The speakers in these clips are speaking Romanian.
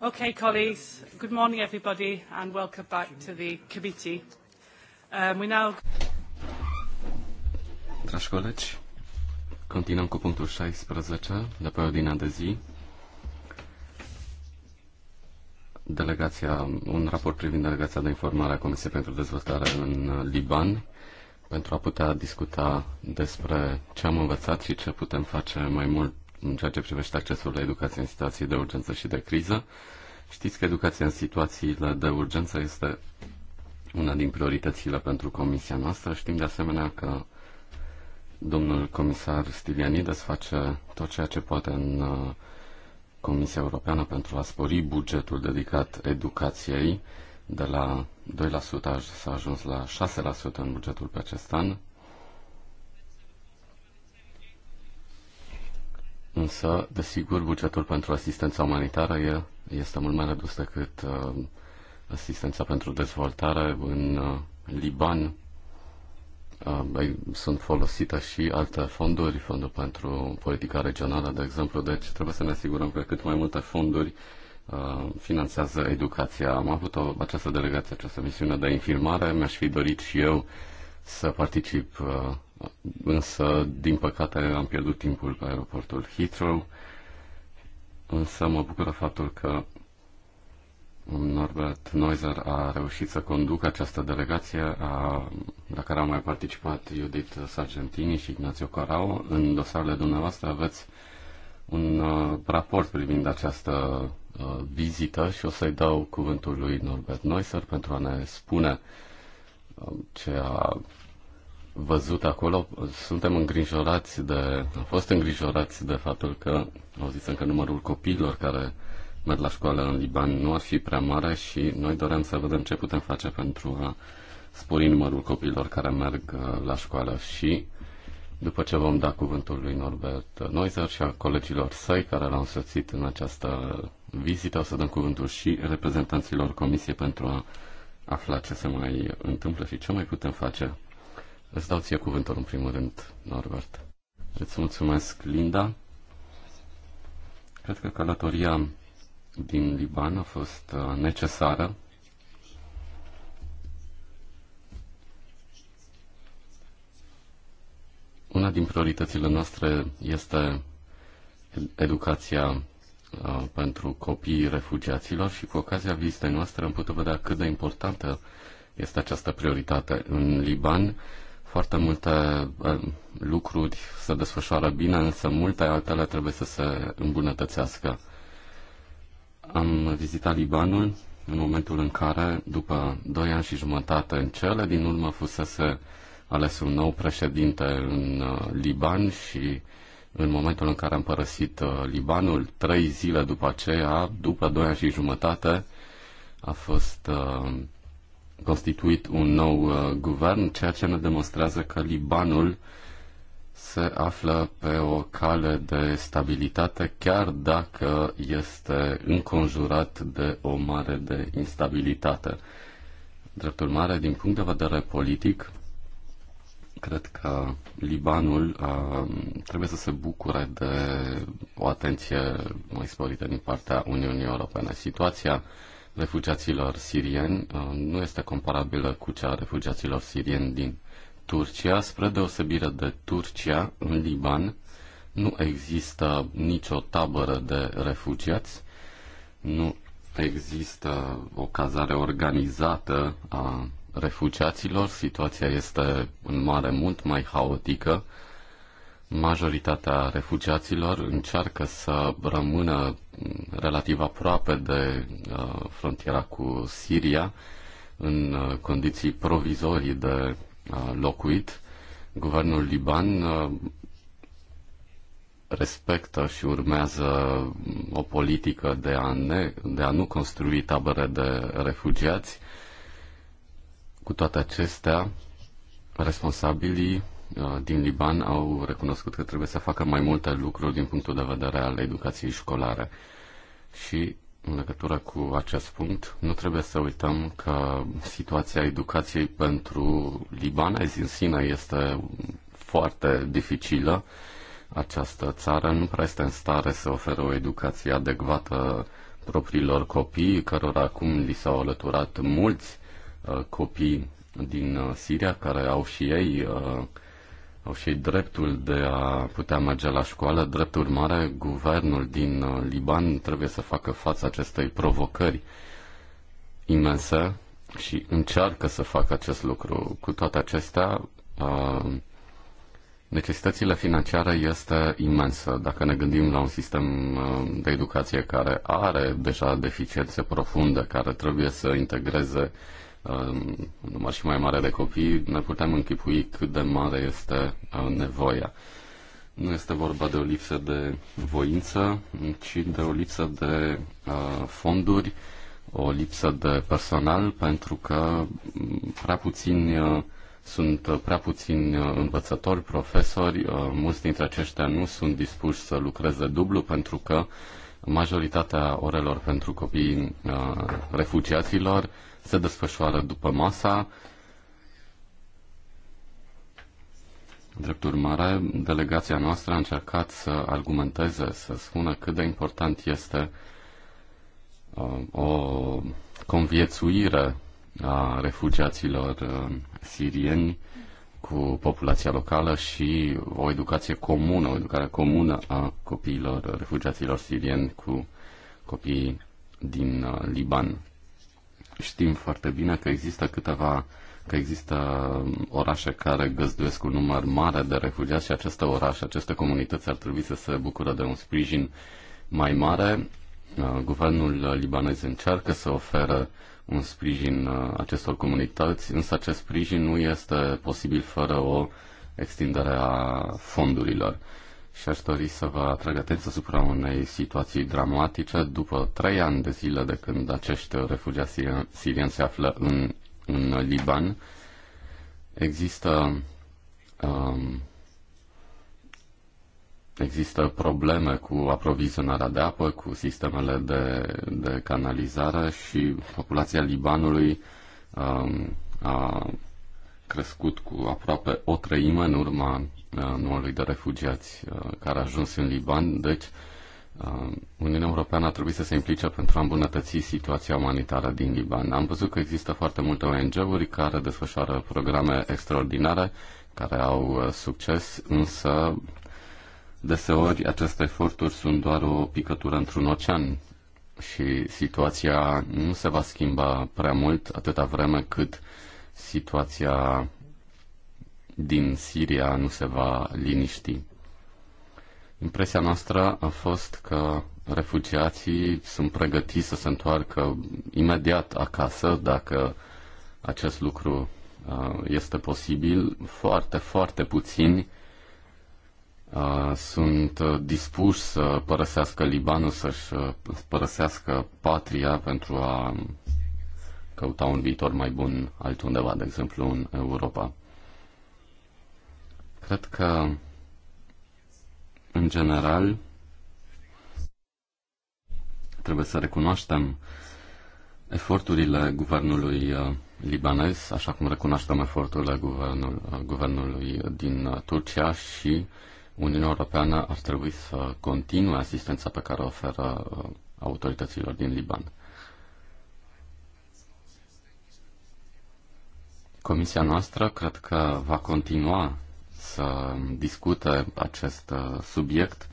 Okay, colleagues, good morning everybody and welcome back to the committee. Um, we now... Dragi colegi, continuăm cu punctul 16 de pe ordinea de zi. Delegația, un raport privind delegația de informare a Comisiei pentru Dezvoltare în Liban pentru a putea discuta despre ce am învățat și ce putem face mai mult în ceea ce privește accesul la educație în situații de urgență și de criză. Știți că educația în situațiile de urgență este una din prioritățile pentru comisia noastră. Știm de asemenea că domnul comisar Stilianides face tot ceea ce poate în uh, Comisia Europeană pentru a spori bugetul dedicat educației de la 2% s-a ajuns la 6% în bugetul pe acest an Însă, desigur, bugetul pentru asistența umanitară e, este mult mai redus decât uh, asistența pentru dezvoltare în uh, Liban. Uh, sunt folosite și alte fonduri, fondul pentru politica regională, de exemplu, deci trebuie să ne asigurăm că cât mai multe fonduri uh, finanțează educația. Am avut o, această delegație, această misiune de infirmare, mi-aș fi dorit și eu să particip uh, însă, din păcate, am pierdut timpul pe aeroportul Heathrow. Însă mă bucură faptul că Norbert Neuser a reușit să conducă această delegație a, la care au mai participat Judith Sargentini și Ignacio Corau. În dosarele dumneavoastră aveți un uh, raport privind această uh, vizită și o să-i dau cuvântul lui Norbert Neuser pentru a ne spune uh, ce a văzut acolo. Suntem îngrijorați de, am fost îngrijorați de faptul că, au zis că numărul copiilor care merg la școală în Liban nu ar fi prea mare și noi doream să vedem ce putem face pentru a spori numărul copiilor care merg uh, la școală și după ce vom da cuvântul lui Norbert Noizer și a colegilor săi care l-au însoțit în această vizită, o să dăm cuvântul și reprezentanților Comisiei pentru a afla ce se mai întâmplă și ce mai putem face Îți dau ție cuvântul în primul rând, Norbert. Îți mulțumesc, Linda. Cred că călătoria din Liban a fost uh, necesară. Una din prioritățile noastre este educația uh, pentru copiii refugiaților și cu ocazia vizitei noastre am putut vedea cât de importantă este această prioritate în Liban foarte multe uh, lucruri se desfășoară bine, însă multe altele trebuie să se îmbunătățească. Am vizitat Libanul în momentul în care, după doi ani și jumătate în cele din urmă, fusese ales un nou președinte în uh, Liban și în momentul în care am părăsit uh, Libanul, trei zile după aceea, după doi ani și jumătate, a fost uh, constituit un nou uh, guvern, ceea ce ne demonstrează că Libanul se află pe o cale de stabilitate, chiar dacă este înconjurat de o mare de instabilitate. Drept urmare, din punct de vedere politic, cred că Libanul uh, trebuie să se bucure de o atenție mai sporită din partea Uniunii Europene. Situația uh, refugiaților sirieni uh, nu este comparabilă cu cea a refugiaților sirieni din Turcia. Spre deosebire de Turcia, în Liban nu există nicio tabără de refugiați, nu există o cazare organizată a refugiaților, situația este în mare mult mai haotică, majoritatea refugiaților încearcă să rămână relativ aproape de uh, frontiera cu Siria în uh, condiții provizorii de uh, locuit. Guvernul Liban respectă și urmează o politică de a, ne, de a nu construi tabere de refugiați. Cu toate acestea, responsabilii Uh, din Liban au recunoscut că trebuie să facă mai multe lucruri din punctul de vedere al educației școlare. Și în legătură cu acest punct, nu trebuie să uităm că situația educației pentru libanezi în sine este foarte dificilă. Această țară nu prea este în stare să ofere o educație adecvată propriilor copii, cărora acum li s-au alăturat mulți uh, copii din uh, Siria, care au și ei uh, au și dreptul de a putea merge la școală. Drept urmare, guvernul din uh, Liban trebuie să facă față acestei provocări imense și încearcă să facă acest lucru. Cu toate acestea, uh, necesitățile financiare este imensă. Dacă ne gândim la un sistem uh, de educație care are deja deficiențe profunde, care trebuie să integreze Um, un număr și mai mare de copii, ne putem închipui cât de mare este uh, nevoia. Nu este vorba de o lipsă de voință, ci de o lipsă de uh, fonduri, o lipsă de personal, pentru că mm, prea puțini uh, sunt prea puțini învățători, profesori, mulți dintre aceștia nu sunt dispuși să lucreze dublu pentru că majoritatea orelor pentru copiii refugiaților se desfășoară după masa. Drept urmare, delegația noastră a încercat să argumenteze, să spună cât de important este uh, o conviețuire a refugiaților uh, sirieni cu populația locală și o educație comună, o educare comună a copiilor refugiaților sirieni cu copiii din uh, Liban. Știm foarte bine că există câteva că există orașe care găzduiesc un număr mare de refugiați și aceste orașe, aceste comunități ar trebui să se bucură de un sprijin mai mare. Uh, guvernul libanez încearcă să oferă un sprijin uh, acestor comunități, însă acest sprijin nu este posibil fără o extindere a fondurilor și aș dori să vă atrag atenția asupra unei situații dramatice. După trei ani de zile de când acești refugiați sirieni se află în, în Liban, există um, Există probleme cu aprovizionarea de apă, cu sistemele de, de canalizare și populația Libanului um, a crescut cu aproape o treime în urma Uh, numărului de refugiați uh, care a ajuns în Liban, deci uh, Uniunea Europeană a trebuit să se implice pentru a îmbunătăți situația umanitară din Liban. Am văzut că există foarte multe ONG-uri care desfășoară programe extraordinare, care au succes, însă deseori aceste eforturi sunt doar o picătură într-un ocean și situația nu se va schimba prea mult atâta vreme cât situația din Siria nu se va liniști. Impresia noastră a fost că refugiații sunt pregătiți să se întoarcă imediat acasă, dacă acest lucru uh, este posibil. Foarte, foarte puțini uh, sunt dispuși să părăsească Libanul, să-și uh, părăsească patria pentru a căuta un viitor mai bun altundeva, de exemplu în Europa. Cred că, în general, trebuie să recunoaștem eforturile guvernului uh, libanez, așa cum recunoaștem eforturile guvernul, uh, guvernului din uh, Turcia și Uniunea Europeană ar trebui să continue asistența pe care o oferă autorităților din Liban. Comisia noastră cred că va continua să discută acest uh, subiect.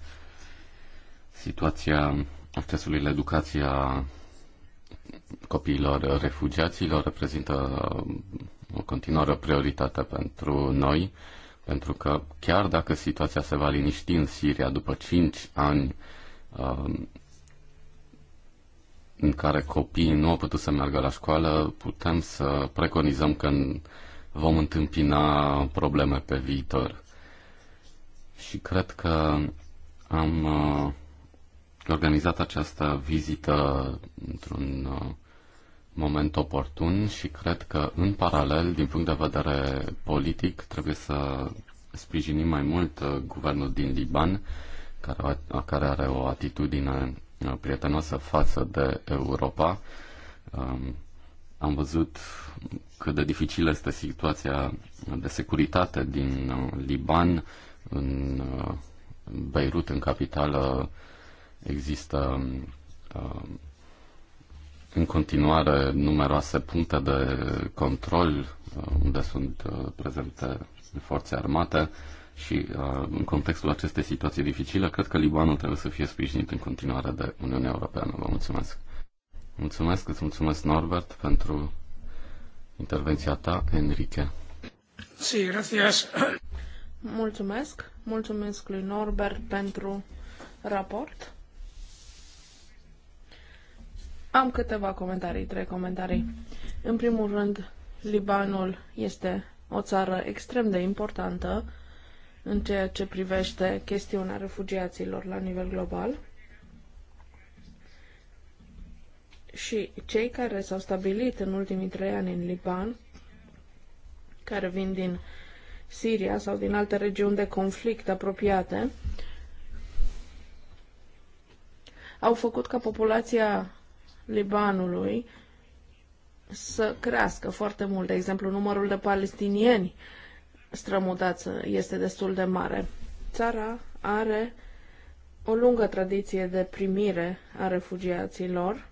Situația accesului la educația copiilor refugiaților reprezintă o continuare prioritate pentru noi, pentru că chiar dacă situația se va liniști în Siria după 5 ani uh, în care copiii nu au putut să meargă la școală, putem să preconizăm că în vom întâmpina probleme pe viitor. Și cred că am uh, organizat această vizită într-un uh, moment oportun și cred că în paralel, din punct de vedere politic, trebuie să sprijinim mai mult uh, guvernul din Liban, care, are o atitudine prietenoasă față de Europa, um, am văzut cât de dificilă este situația de securitate din uh, Liban, în uh, Beirut, în capitală, există uh, în continuare numeroase puncte de control unde sunt prezente forțe armate și în contextul acestei situații dificile, cred că Libanul trebuie să fie sprijinit în continuare de Uniunea Europeană. Vă mulțumesc! Mulțumesc, îți mulțumesc Norbert pentru intervenția ta, Enrique. Sí, gracias. Mulțumesc, mulțumesc lui Norbert pentru raport. Am câteva comentarii, trei comentarii. În primul rând, Libanul este o țară extrem de importantă în ceea ce privește chestiunea refugiaților la nivel global. Și cei care s-au stabilit în ultimii trei ani în Liban, care vin din Siria sau din alte regiuni de conflict apropiate, au făcut ca populația Libanului să crească foarte mult. De exemplu, numărul de palestinieni strămutați este destul de mare. Țara are o lungă tradiție de primire a refugiaților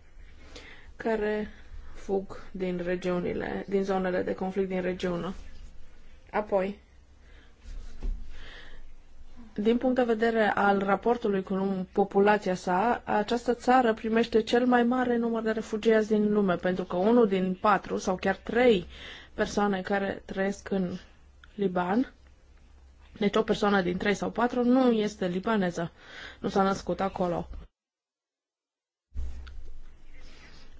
care fug din regiunile, din zonele de conflict din regiune. Apoi, din punct de vedere al raportului cu populația sa, această țară primește cel mai mare număr de refugiați din lume, pentru că unul din patru sau chiar trei persoane care trăiesc în Liban, deci o persoană din trei sau patru nu este libaneză, nu s-a născut acolo.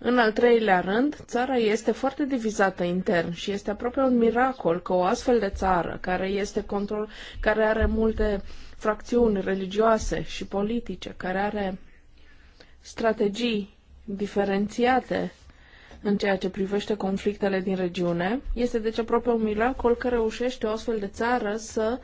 În al treilea rând, țara este foarte divizată intern și este aproape un miracol că o astfel de țară, care este control, care are multe fracțiuni religioase și politice, care are strategii diferențiate în ceea ce privește conflictele din regiune, este deci aproape un miracol că reușește o astfel de țară să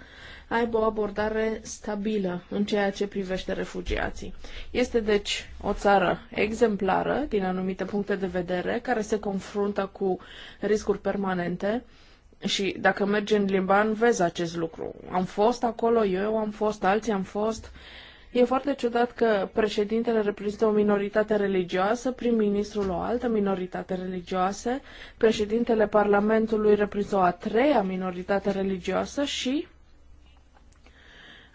aibă o abordare stabilă în ceea ce privește refugiații. Este deci o țară exemplară din anumite puncte de vedere care se confruntă cu riscuri permanente și dacă mergi în Liban vezi acest lucru. Am fost acolo, eu am fost, alții am fost. E foarte ciudat că președintele reprezintă o minoritate religioasă, prim-ministrul o altă minoritate religioasă, președintele Parlamentului reprezintă o a treia minoritate religioasă și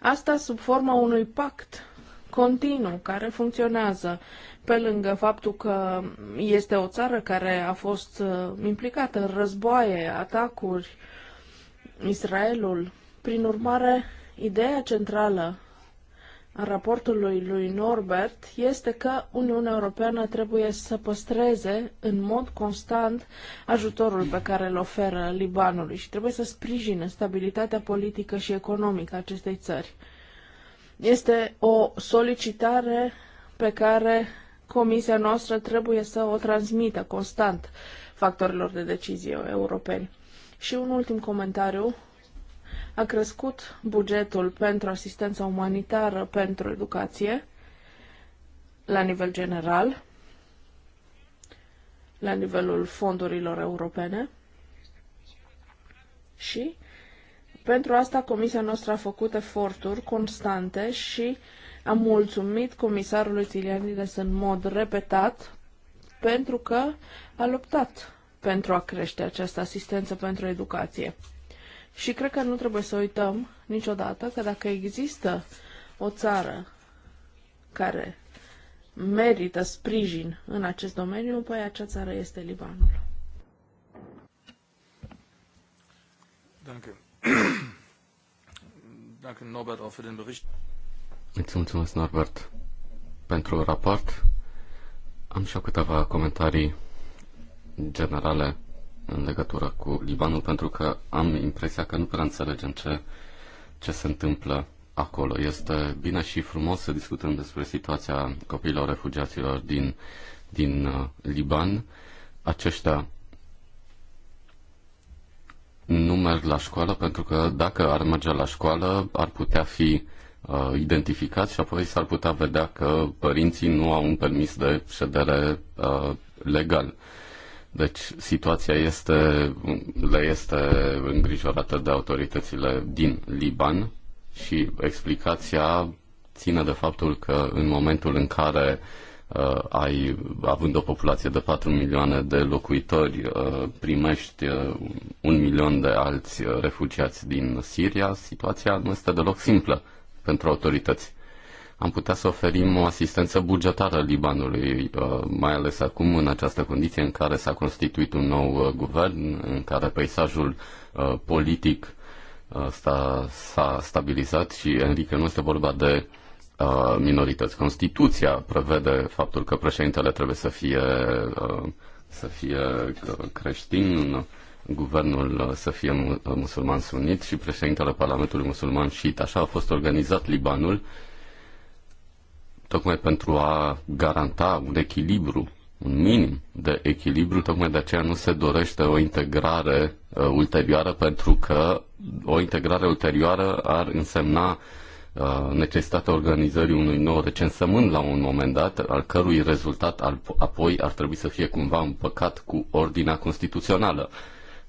Asta sub forma unui pact continuu care funcționează, pe lângă faptul că este o țară care a fost uh, implicată în războaie, atacuri, Israelul. Prin urmare, ideea centrală lui, lui Norbert este că Uniunea Europeană trebuie să păstreze în mod constant ajutorul pe care îl oferă Libanului și trebuie să sprijine stabilitatea politică și economică a acestei țări. Este o solicitare pe care Comisia noastră trebuie să o transmită constant factorilor de decizie europeni. Și un ultim comentariu a crescut bugetul pentru asistența umanitară pentru educație la nivel general, la nivelul fondurilor europene și pentru asta comisia noastră a făcut eforturi constante și am mulțumit comisarului Tilianides în mod repetat pentru că a luptat pentru a crește această asistență pentru educație. Și cred că nu trebuie să uităm niciodată că dacă există o țară care merită sprijin în acest domeniu, păi acea țară este Libanul. Danke. Danke Norbert auch für den Bericht. Îți mulțumesc, Norbert, pentru raport. Am și eu câteva comentarii generale în legătură cu Libanul, pentru că am impresia că nu prea înțelegem ce, ce se întâmplă acolo. Este bine și frumos să discutăm despre situația copiilor refugiaților din, din uh, Liban. Aceștia nu merg la școală pentru că dacă ar merge la școală ar putea fi uh, identificați și apoi s-ar putea vedea că părinții nu au un permis de ședere uh, legal. Uh, deci situația este, le este îngrijorată de autoritățile din Liban și explicația ține de faptul că în momentul în care uh, ai, având o populație de 4 milioane de locuitori, uh, primești uh, un milion de alți refugiați din Siria, situația nu este deloc simplă pentru autorități am putea să oferim o asistență bugetară Libanului, uh, mai ales acum în această condiție în care s-a constituit un nou uh, guvern, în care peisajul uh, politic s-a, s-a stabilizat și, Enrique, nu este vorba de minorități. Constituția prevede faptul că președintele trebuie să fie, să fie creștin, guvernul să fie musulman sunit și președintele Parlamentului musulman șit. Așa a fost organizat Libanul tocmai pentru a garanta un echilibru, un minim de echilibru, tocmai de aceea nu se dorește o integrare uh, ulterioară, pentru că o integrare ulterioară ar însemna uh, necesitatea organizării unui nou recensământ la un moment dat, al cărui rezultat al, apoi ar trebui să fie cumva împăcat cu ordinea constituțională,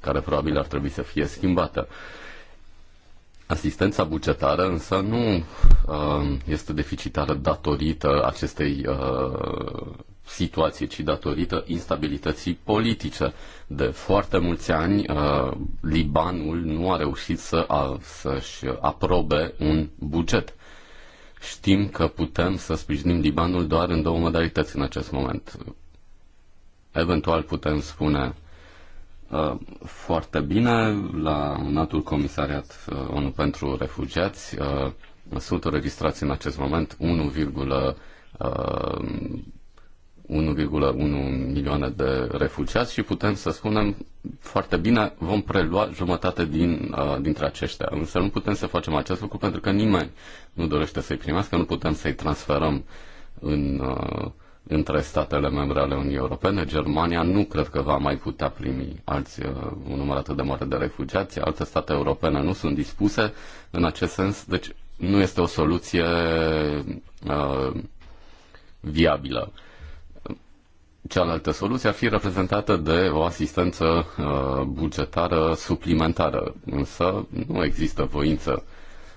care probabil ar trebui să fie schimbată. Uh, Asistența bugetară însă nu uh, este deficitară datorită acestei uh, situații, ci datorită instabilității politice. De foarte mulți ani, uh, Libanul nu a reușit să, să-și aprobe un buget. Știm că putem să sprijinim Libanul doar în două modalități în acest moment. Eventual putem spune Uh, foarte bine la Înaltul Comisariat uh, ONU pentru Refugiați. Uh, sunt înregistrați în acest moment 1,1 milioane de refugiați și putem să spunem foarte bine vom prelua jumătate din, dintre aceștia. Însă nu putem să facem acest lucru pentru că nimeni nu dorește să-i primească, nu putem să-i transferăm în uh, între statele membre ale Uniunii Europene. Germania nu cred că va mai putea primi alți, uh, un număr atât de mare de refugiați. Alte state europene nu sunt dispuse în acest sens, deci nu este o soluție uh, viabilă. Cealaltă soluție ar fi reprezentată de o asistență uh, bugetară suplimentară, însă nu există voință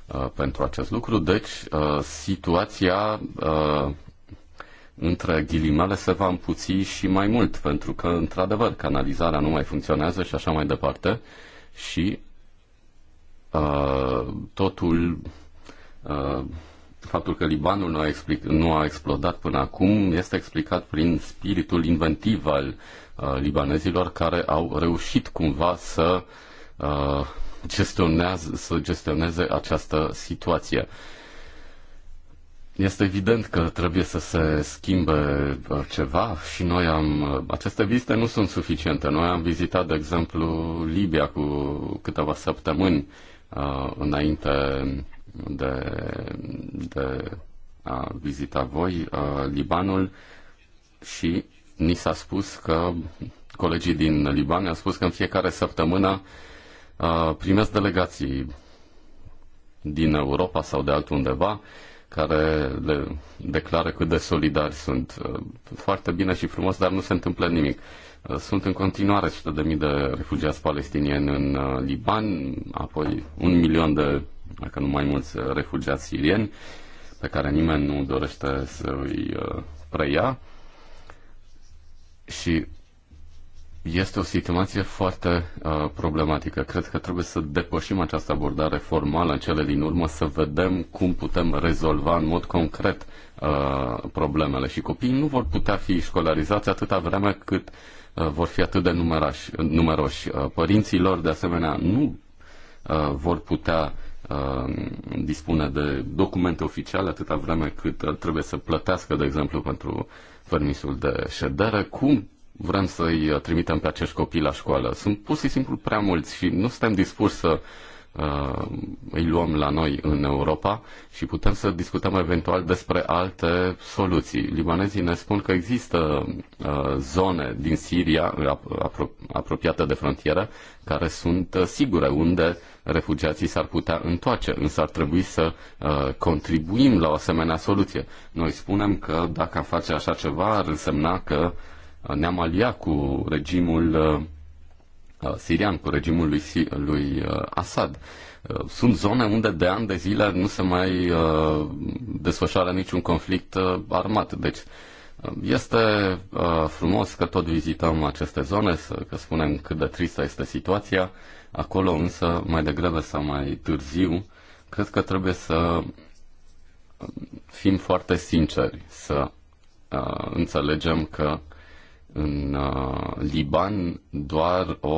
uh, pentru acest lucru, deci uh, situația uh, între ghilimele, se va împuți și mai mult, pentru că, într-adevăr, canalizarea nu mai funcționează și așa mai departe și uh, totul, uh, faptul că Libanul nu a, explic, nu a explodat până acum este explicat prin spiritul inventiv al uh, libanezilor care au reușit cumva să uh, gestionează, să gestioneze această situație. Uh, este evident că trebuie să se schimbe uh, ceva și noi am... Uh, aceste vizite nu sunt suficiente. Noi am vizitat, de exemplu, Libia cu câteva săptămâni uh, înainte de, de a vizita voi, uh, Libanul, și ni s-a spus că colegii din Liban au spus că în fiecare săptămână uh, primesc delegații din Europa sau de altundeva care le declară cât de solidari sunt. Uh, foarte bine și frumos, dar nu se întâmplă nimic. Uh, sunt în continuare sute de mii de refugiați palestinieni în uh, Liban, apoi un milion de, dacă nu mai mulți, refugiați sirieni, pe care nimeni nu dorește să îi preia. Și este o situație foarte uh, problematică. Cred că trebuie să depășim această abordare formală în cele din urmă, să vedem cum putem rezolva în mod concret uh, problemele. Și copiii nu vor putea fi școlarizați atâta vreme cât uh, vor fi atât de numerași, numeroși. Uh, părinții lor, de asemenea, nu uh, vor putea uh, dispune de documente oficiale atâta vreme cât uh, trebuie să plătească, de exemplu, pentru permisul de ședere. Cum vrem să-i uh, trimitem pe acești copii la școală. Sunt pur și simplu prea mulți și nu suntem dispuși să uh, îi luăm la noi în Europa și putem să discutăm eventual despre alte soluții. Libanezii ne spun că există uh, zone din Siria apro- apropiate de frontieră care sunt uh, sigure unde refugiații s-ar putea întoarce, însă ar trebui să uh, contribuim la o asemenea soluție. Noi spunem că dacă am face așa ceva ar însemna că ne-am aliat cu regimul uh, uh, sirian, cu regimul lui, lui uh, Assad. Sunt zone unde de ani de zile nu se mai desfășoară niciun conflict armat. Deci este frumos că tot vizităm aceste zone, că spunem cât de tristă este situația. Acolo însă, mai degrabă sau mai târziu, cred că trebuie să fim foarte sinceri, să înțelegem că uh, în uh, Liban, doar o,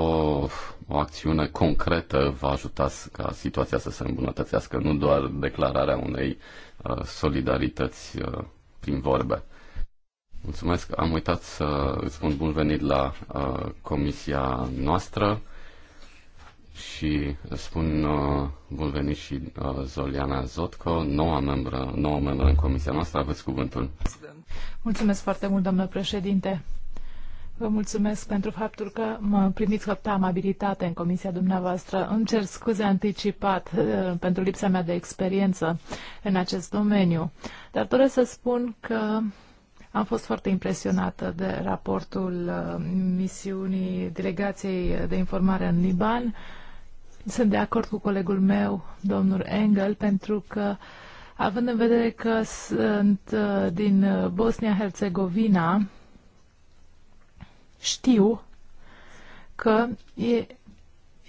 o acțiune concretă va ajuta ca situația să se îmbunătățească, nu doar declararea unei uh, solidarități uh, prin vorbe. Mulțumesc, am uitat să îți spun bun venit la uh, comisia noastră și spun uh, bun venit și uh, Zoliana Zotco, noua membră, noua membră în comisia noastră, aveți cuvântul. Mulțumesc foarte mult, doamnă președinte. Vă mulțumesc pentru faptul că mă primiți cu amabilitate în comisia dumneavoastră. Îmi cer scuze anticipat uh, pentru lipsa mea de experiență în acest domeniu, dar doresc să spun că am fost foarte impresionată de raportul uh, misiunii delegației de informare în Liban. Sunt de acord cu colegul meu, domnul Engel, pentru că având în vedere că sunt uh, din Bosnia-Herzegovina, știu că e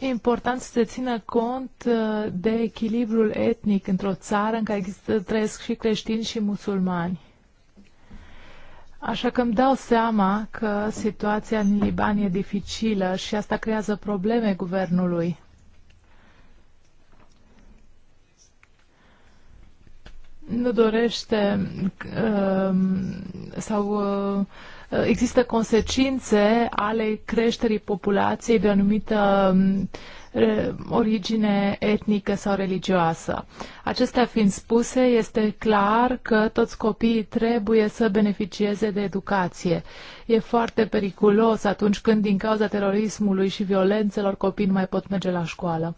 important să se țină cont uh, de echilibrul etnic într-o țară în care există, trăiesc și creștini și musulmani. Așa că îmi dau seama că situația în Liban e dificilă și asta creează probleme guvernului. Nu dorește uh, sau uh, există consecințe ale creșterii populației de o anumită um, origine etnică sau religioasă. Acestea fiind spuse, este clar că toți copiii trebuie să beneficieze de educație. E foarte periculos atunci când, din cauza terorismului și violențelor, copiii nu mai pot merge la școală.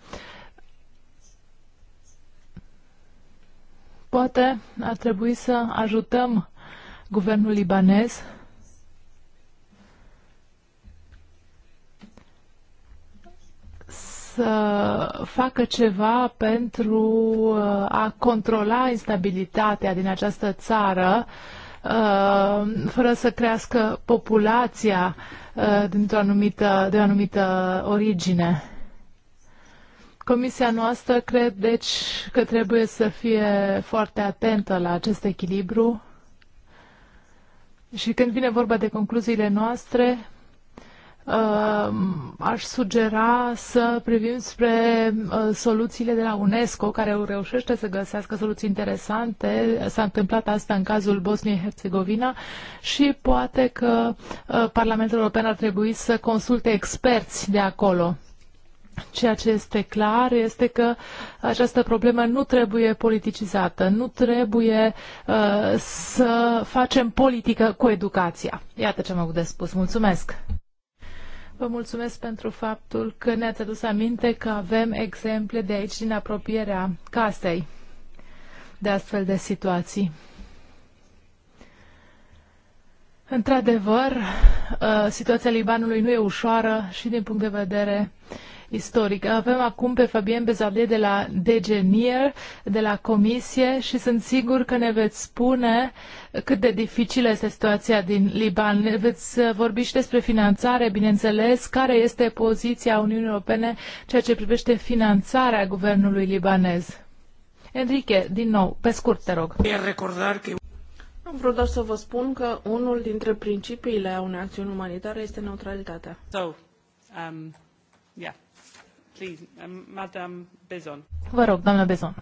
Poate ar trebui să ajutăm guvernul libanez să facă ceva pentru uh, a controla instabilitatea din această țară uh, fără să crească populația uh, dintr-o anumită, de o anumită origine. Comisia noastră cred, deci, că trebuie să fie foarte atentă la acest echilibru și când vine vorba de concluziile noastre, Uh, aș sugera să privim spre uh, soluțiile de la UNESCO care reușește să găsească soluții interesante. S-a întâmplat asta în cazul Bosniei-Herzegovina și poate că uh, Parlamentul European ar trebui să consulte experți de acolo. Ceea ce este clar este că această problemă nu trebuie politicizată, nu trebuie uh, să facem politică cu educația. Iată ce am avut de spus. Mulțumesc! Vă mulțumesc pentru faptul că ne-ați adus aminte că avem exemple de aici, din apropierea casei, de astfel de situații. Într-adevăr, uh, situația Libanului nu e ușoară și din punct de vedere uh, istoric. Avem acum pe Fabien Bezalier de la Degenier, de la Comisie și sunt sigur că ne veți spune cât de dificilă este situația din Liban. Ne veți uh, vorbi și despre finanțare, bineînțeles, care este poziția Uniunii Europene ceea ce privește finanțarea guvernului libanez. Enrique, din nou, pe scurt, te rog. Vreau doar să vă spun că unul dintre principiile unei acțiuni umanitare este neutralitatea. So, um, Um, Vă rog, doamnă Bezon.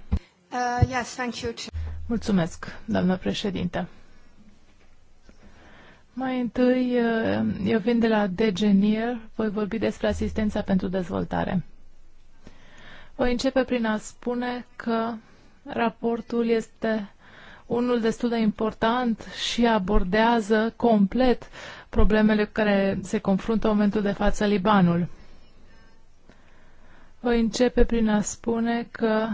Uh, yes, thank you. Mulțumesc, doamnă președinte. Mai întâi, uh, eu vin de la Degenier, voi vorbi despre asistența pentru dezvoltare. Voi începe prin a spune că raportul este unul destul de important și abordează complet problemele cu care se confruntă în momentul de față Libanul. Voi începe prin a spune că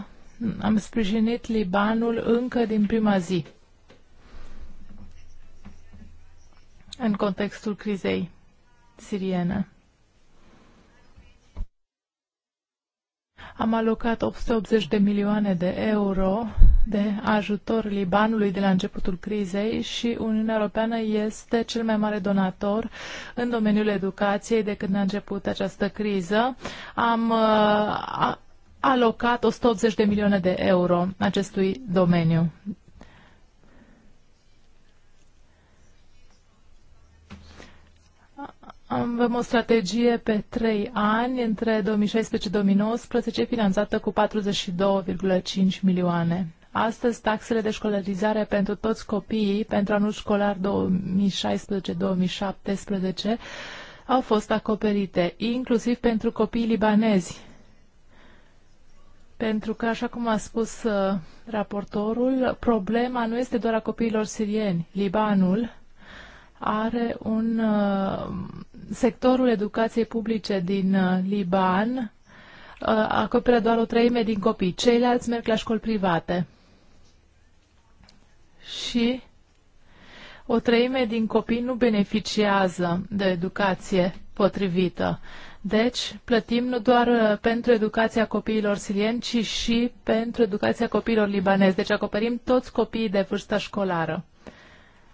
am sprijinit Libanul încă din prima zi în contextul crizei siriene. Am alocat 880 de milioane de euro de ajutor Libanului de la începutul crizei și Uniunea Europeană este cel mai mare donator în domeniul educației de când a început această criză. Am uh, alocat 180 de milioane de euro acestui domeniu. Avem o strategie pe trei ani, între 2016-2019, finanțată cu 42,5 milioane Astăzi, taxele de școlarizare pentru toți copiii pentru anul școlar 2016-2017 au fost acoperite, inclusiv pentru copiii libanezi. Pentru că, așa cum a spus uh, raportorul, problema nu este doar a copiilor sirieni. Libanul are un uh, sectorul educației publice din uh, Liban uh, acoperă doar o treime din copii. Ceilalți merg la școli private și o treime din copii nu beneficiază de educație potrivită. Deci, plătim nu doar uh, pentru educația copiilor sirieni, ci și pentru educația copiilor libanezi. Deci acoperim toți copiii de vârstă școlară.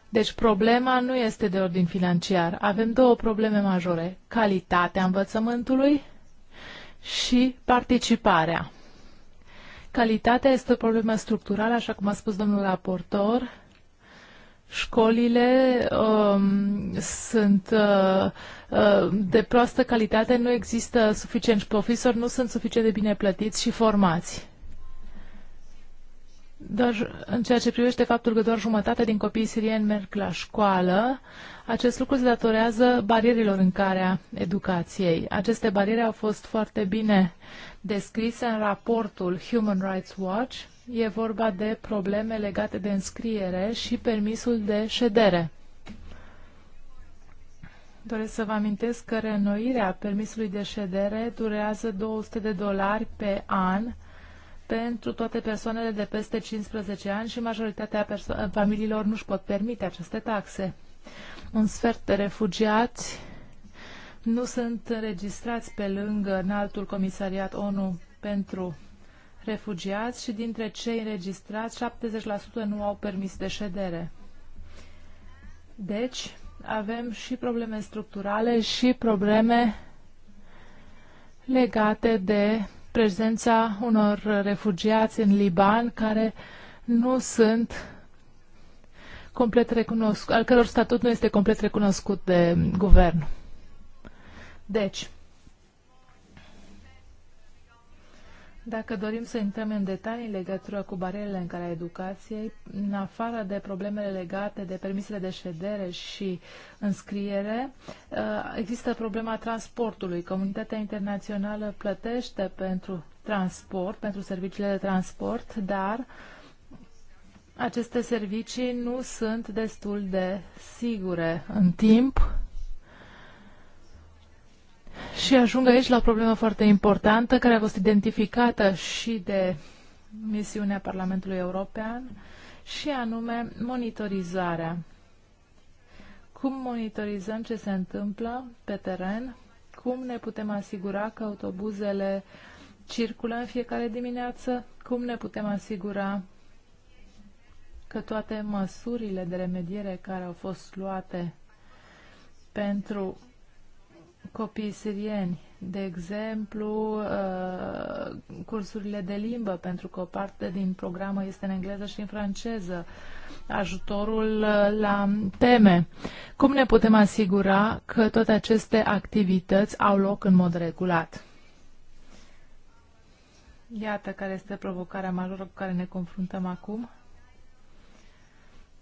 Deci problema nu este de ordin financiar. Avem două probleme majore. Calitatea învățământului și participarea. Calitatea este o problemă structurală, așa cum a spus domnul raportor. Școlile um, sunt uh, uh, de proastă calitate, nu există suficienți profesori, nu sunt suficient de bine plătiți și formați. Dar în ceea ce privește faptul că doar jumătate din copiii sirieni merg la școală, acest lucru se datorează barierilor în care a educației. Aceste bariere au fost foarte bine descrise în raportul Human Rights Watch. E vorba de probleme legate de înscriere și permisul de ședere. Doresc să vă amintesc că renoirea permisului de ședere durează 200 de dolari pe an pentru toate persoanele de peste 15 ani și majoritatea familiilor nu-și pot permite aceste taxe. Un sfert de refugiați nu sunt înregistrați pe lângă înaltul comisariat ONU pentru refugiați și dintre cei înregistrați, 70% nu au permis de ședere. Deci, avem și probleme structurale și probleme legate de prezența unor refugiați în Liban care nu sunt complet recunoscut, al căror statut nu este complet recunoscut de guvern. Deci, Dacă dorim să intrăm în detalii în legătură cu barierele în care educației, în afară de problemele legate de permisele de ședere și înscriere, uh, există problema transportului. Comunitatea internațională plătește pentru transport, pentru serviciile de transport, dar aceste servicii nu sunt destul de sigure în timp și ajung aici la o problemă foarte importantă care a fost identificată și de misiunea Parlamentului European și anume monitorizarea. Cum monitorizăm ce se întâmplă pe teren? Cum ne putem asigura că autobuzele circulă în fiecare dimineață? Cum ne putem asigura că toate măsurile de remediere care au fost luate pentru copii sirieni. De exemplu, uh, cursurile de limbă, pentru că o parte din programă este în engleză și în franceză, ajutorul uh, la teme. Cum ne putem asigura că toate aceste activități au loc în mod regulat? Iată care este provocarea majoră cu care ne confruntăm acum.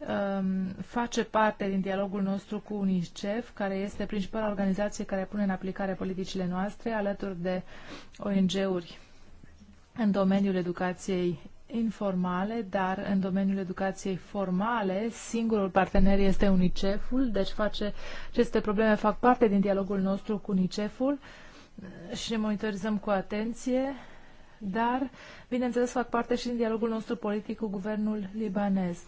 Um, face parte din dialogul nostru cu UNICEF, care este principala organizație care pune în aplicare politicile noastre, alături de ONG-uri în domeniul educației informale, dar în domeniul educației formale, singurul partener este UNICEF-ul, deci face, aceste probleme fac parte din dialogul nostru cu UNICEF-ul și ne monitorizăm cu atenție, dar, bineînțeles, fac parte și din dialogul nostru politic cu guvernul libanez.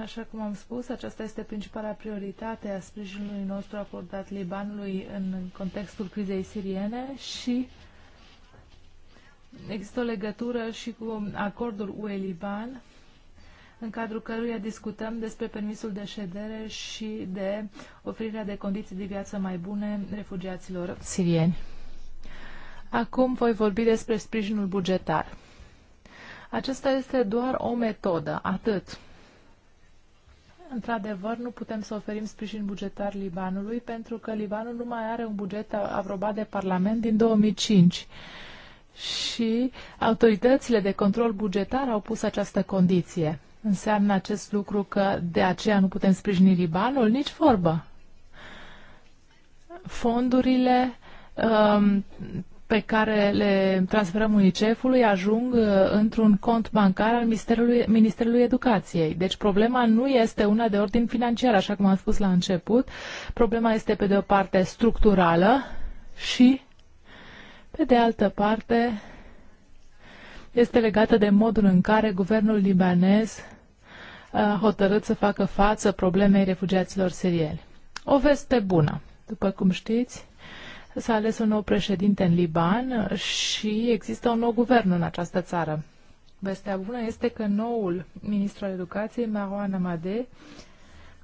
Așa cum am spus, aceasta este principala prioritate a sprijinului nostru acordat Libanului în contextul crizei siriene și există o legătură și cu acordul UE-Liban, în cadrul căruia discutăm despre permisul de ședere și de oferirea de condiții de viață mai bune refugiaților sirieni. Acum voi vorbi despre sprijinul bugetar. Acesta este doar o metodă, atât. Într-adevăr, nu putem să oferim sprijin bugetar Libanului pentru că Libanul nu mai are un buget aprobat de Parlament din 2005 și autoritățile de control bugetar au pus această condiție. Înseamnă acest lucru că de aceea nu putem sprijini Libanul? Nici vorbă. Fondurile um, pe care le transferăm UNICEF-ului ajung uh, într-un cont bancar al Ministerului, Ministerului Educației. Deci problema nu este una de ordin financiar, așa cum am spus la început. Problema este pe de o parte structurală și pe de altă parte este legată de modul în care guvernul libanez uh, a hotărât să facă față problemei refugiaților sirieni. O veste bună, după cum știți, S-a ales un nou președinte în Liban și există un nou guvern în această țară. Vestea bună este că noul ministru al educației, Marouane Amade,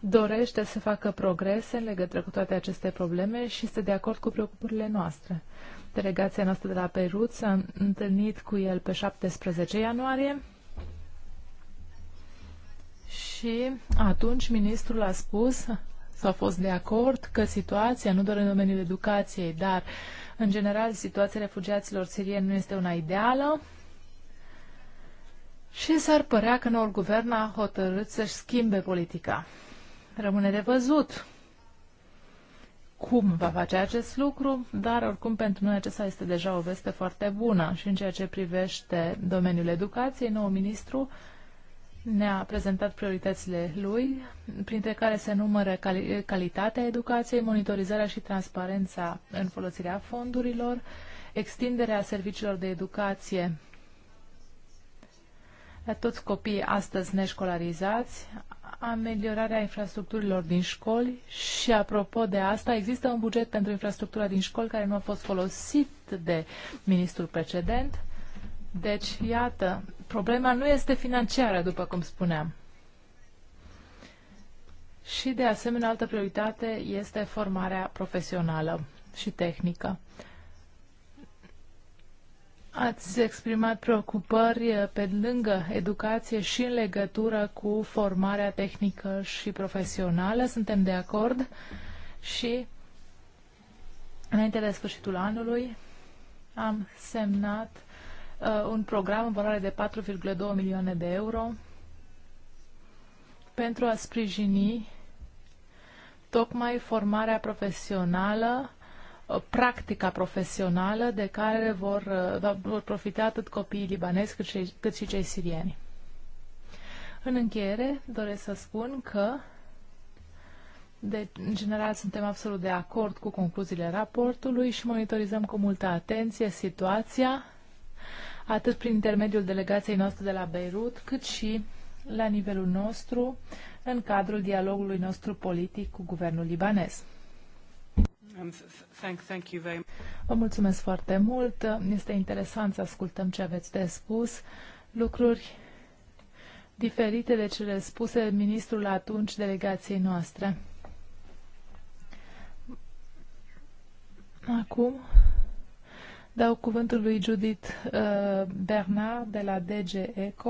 dorește să facă progrese în legătură cu toate aceste probleme și este de acord cu preocupările noastre. Delegația noastră de la Perut s-a întâlnit cu el pe 17 ianuarie și atunci ministrul a spus a fost de acord că situația, nu doar în domeniul educației, dar în general situația refugiaților sirieni nu este una ideală și s-ar părea că noul guvern a hotărât să-și schimbe politica. Rămâne de văzut cum va face acest lucru, dar oricum pentru noi acesta este deja o veste foarte bună și în ceea ce privește domeniul educației, nou ministru ne-a prezentat prioritățile lui, printre care se numără cali calitatea educației, monitorizarea și transparența în folosirea fondurilor, extinderea serviciilor de educație la toți copiii astăzi neșcolarizați, ameliorarea infrastructurilor din școli și, apropo de asta, există un buget pentru infrastructura din școli care nu a fost folosit de ministrul precedent deci, iată, problema nu este financiară, după cum spuneam. Și, de asemenea, altă prioritate este formarea profesională și tehnică. Ați exprimat preocupări pe lângă educație și în legătură cu formarea tehnică și profesională. Suntem de acord și înainte de sfârșitul anului am semnat Uh, un program în valoare de 4,2 milioane de euro pentru a sprijini tocmai formarea profesională, uh, practica profesională de care vor, uh, vor profita atât copiii libanezi cât și, cât și cei sirieni. În încheiere, doresc să spun că, de, în general, suntem absolut de acord cu concluziile raportului și monitorizăm cu multă atenție situația atât prin intermediul delegației noastre de la Beirut, cât și la nivelul nostru, în cadrul dialogului nostru politic cu guvernul libanez. Um, Vă mulțumesc foarte mult. Este interesant să ascultăm ce aveți de spus. Lucruri diferite de cele spuse ministrul atunci delegației noastre. Acum Dau cuvântul lui Judith uh, Bernard de la DG ECO.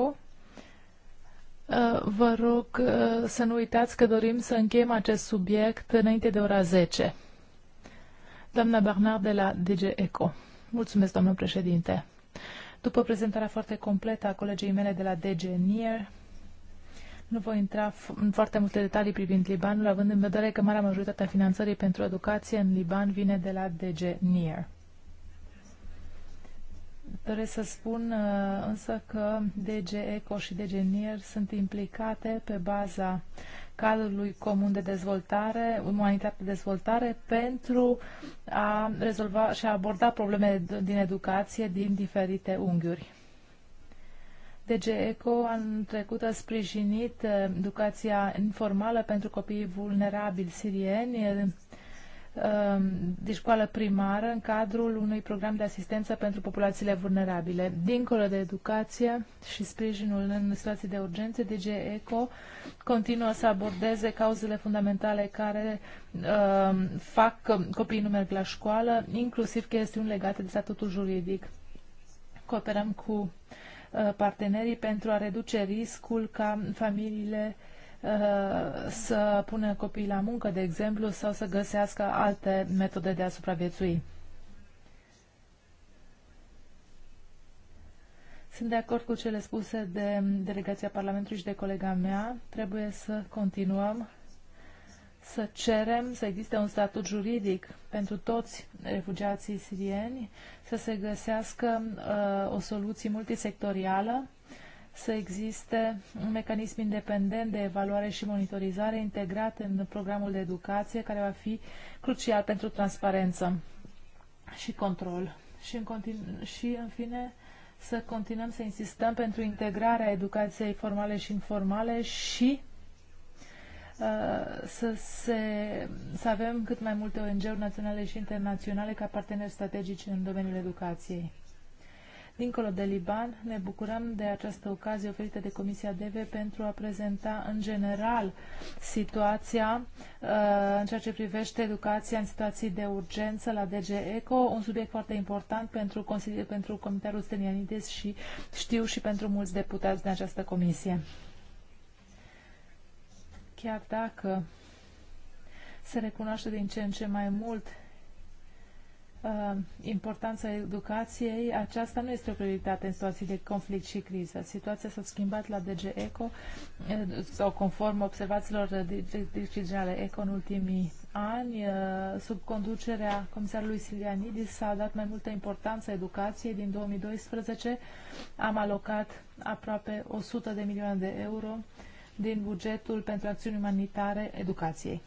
Uh, vă rog uh, să nu uitați că dorim să încheiem acest subiect înainte de ora 10. Doamna Bernard de la DG ECO. Mulțumesc, doamnă președinte. După prezentarea foarte completă a colegii mele de la DG NIR, nu voi intra în foarte multe detalii privind Libanul, având în vedere că marea majoritate a finanțării pentru educație în Liban vine de la DG NIR. Doresc să spun uh, însă că DG ECO și DG NIR sunt implicate pe baza cadrului comun de dezvoltare, umanitate de dezvoltare, pentru a rezolva și a aborda problemele din educație din diferite unghiuri. DG ECO anul trecut a sprijinit uh, educația informală pentru copiii vulnerabili sirieni Um, de școală primară în cadrul unui program de asistență pentru populațiile vulnerabile. Dincolo de educație și sprijinul în situații de urgență, DG ECO continuă să abordeze cauzele fundamentale care uh, fac copiii nu merg la școală, inclusiv chestiuni legate de statutul juridic. Cooperăm cu uh, partenerii pentru a reduce riscul ca familiile uh, Uh, să pună copiii la muncă, de exemplu, sau să găsească alte metode de a supraviețui. Sunt de acord cu cele spuse de delegația Parlamentului și de colega mea. Trebuie să continuăm să cerem să existe un statut juridic pentru toți refugiații sirieni, să se găsească uh, o soluție multisectorială să existe un mecanism independent de evaluare și monitorizare integrat în programul de educație, care va fi crucial pentru transparență și control. Și în, continu- și, în fine, să continuăm să insistăm pentru integrarea educației formale și informale și uh, să, se, să avem cât mai multe ONG-uri naționale și internaționale ca parteneri strategici în domeniul educației. Dincolo de Liban, ne bucurăm de această ocazie oferită de Comisia DV pentru a prezenta în general situația uh, în ceea ce privește educația în situații de urgență la DG ECO, un subiect foarte important pentru, pentru Comitetul Stenianides și știu și pentru mulți deputați din această comisie. Chiar dacă se recunoaște din ce în ce mai mult Uh, importanța educației, aceasta nu este o prioritate în situații de conflict și criză. Situația s-a schimbat la DG ECO uh, sau conform observațiilor Generale ECO în ultimii ani, uh, sub conducerea comisarului Silianidis s-a dat mai multă importanță educației. Din 2012 am alocat aproape 100 de milioane de euro din bugetul pentru acțiuni umanitare educației.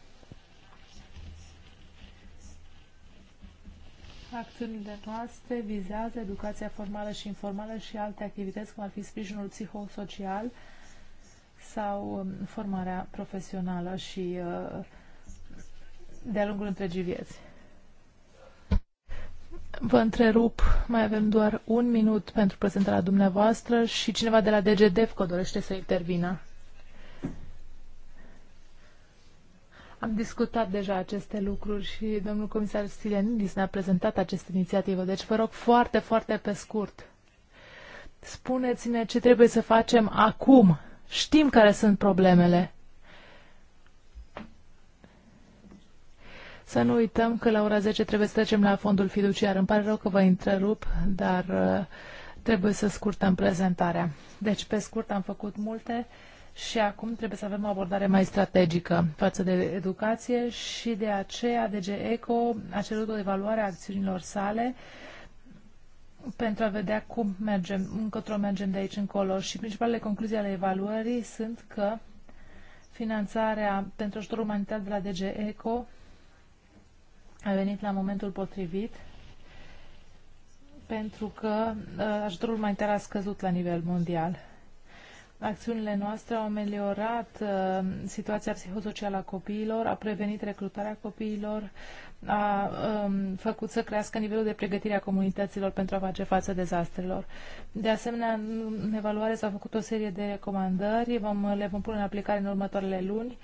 acțiunile noastre vizează educația formală și informală și alte activități, cum ar fi sprijinul psihosocial sau um, formarea profesională și uh, de-a lungul întregii vieți. Vă întrerup, mai avem doar un minut pentru prezentarea dumneavoastră și cineva de la DGDEFCO dorește să intervină. Am discutat deja aceste lucruri și domnul comisar Stilianidis ne-a prezentat această inițiativă, deci vă rog foarte, foarte pe scurt. Spuneți-ne ce trebuie să facem acum. Știm care sunt problemele. Să nu uităm că la ora 10 trebuie să trecem la fondul fiduciar. Îmi pare rău că vă întrerup, dar uh, trebuie să scurtăm prezentarea. Deci, pe scurt, am făcut multe și acum trebuie să avem o abordare mai strategică față de educație și de aceea DG ECO a cerut o evaluare a acțiunilor sale pentru a vedea cum mergem, încotro mergem de aici încolo și principalele concluzii ale evaluării sunt că finanțarea pentru ajutorul umanitar de la DG ECO a venit la momentul potrivit pentru că uh, ajutorul umanitar a scăzut la nivel mondial Acțiunile noastre au ameliorat uh, situația psihosocială a copiilor, a prevenit recrutarea copiilor, a um, făcut să crească nivelul de pregătire a comunităților pentru a face față dezastrelor. De asemenea, în evaluare s a făcut o serie de recomandări, vom, le vom pune în aplicare în următoarele luni,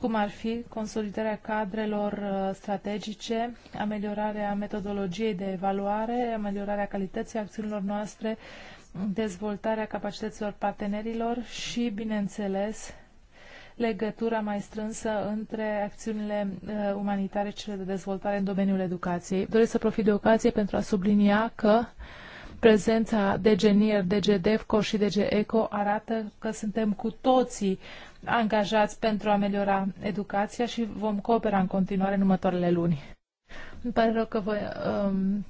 cum ar fi consolidarea cadrelor uh, strategice, ameliorarea metodologiei de evaluare, ameliorarea calității acțiunilor noastre, uh, dezvoltarea capacităților partenerilor și, bineînțeles, legătura mai strânsă între acțiunile uh, umanitare și cele de dezvoltare în domeniul educației. Doresc să profit de ocazie pentru a sublinia că prezența DGNIR, DGDEFCO și DGECO arată că suntem cu toții angajați pentru a ameliora educația și vom coopera în continuare în următoarele luni. Îmi pare rău că voi um,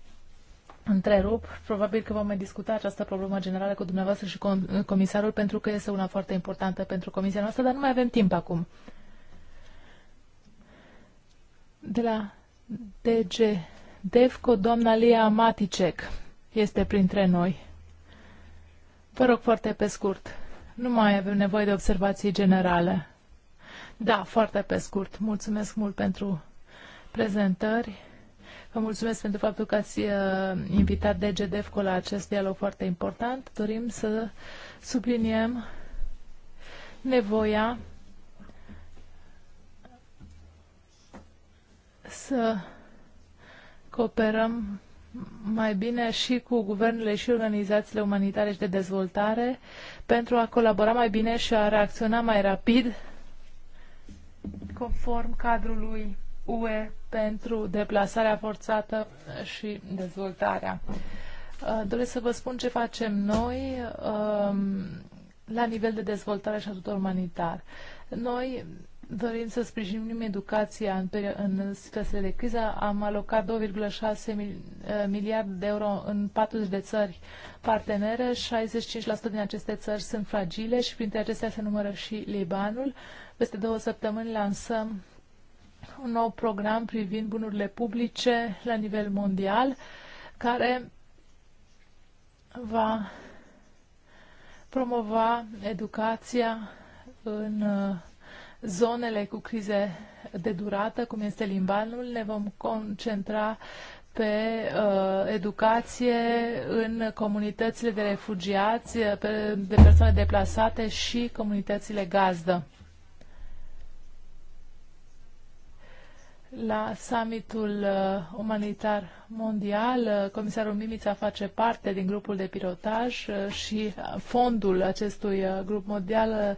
întrerup. Probabil că vom mai discuta această problemă generală cu dumneavoastră și cu comisarul, pentru că este una foarte importantă pentru comisia noastră, dar nu mai avem timp acum. De la DG DEFCO, doamna Lia Maticek este printre noi. Vă rog foarte pe scurt. Nu mai avem nevoie de observații generale. Da, foarte pe scurt. Mulțumesc mult pentru prezentări. Vă mulțumesc pentru faptul că ați uh, invitat DGDEFCO la acest dialog foarte important. Dorim să subliniem nevoia să cooperăm mai bine și cu guvernele și organizațiile umanitare și de dezvoltare pentru a colabora mai bine și a reacționa mai rapid conform cadrului UE pentru deplasarea forțată și dezvoltarea. Uh, doresc să vă spun ce facem noi um, la nivel de dezvoltare și ajutor umanitar. Noi dorim să sprijinim educația în, în situațiile de criză. Am alocat 2,6 uh, miliarde de euro în 40 de țări partenere. 65% din aceste țări sunt fragile și printre acestea se numără și Libanul. Peste două săptămâni lansăm un nou program privind bunurile publice la nivel mondial, care va promova educația în uh, zonele cu crize de durată, cum este limbanul. Ne vom concentra pe uh, educație în comunitățile de refugiați, uh, pe, de persoane deplasate și comunitățile gazdă. la summitul uh, umanitar mondial. Uh, comisarul Mimița face parte din grupul de pilotaj uh, și uh, fondul acestui uh, grup mondial uh,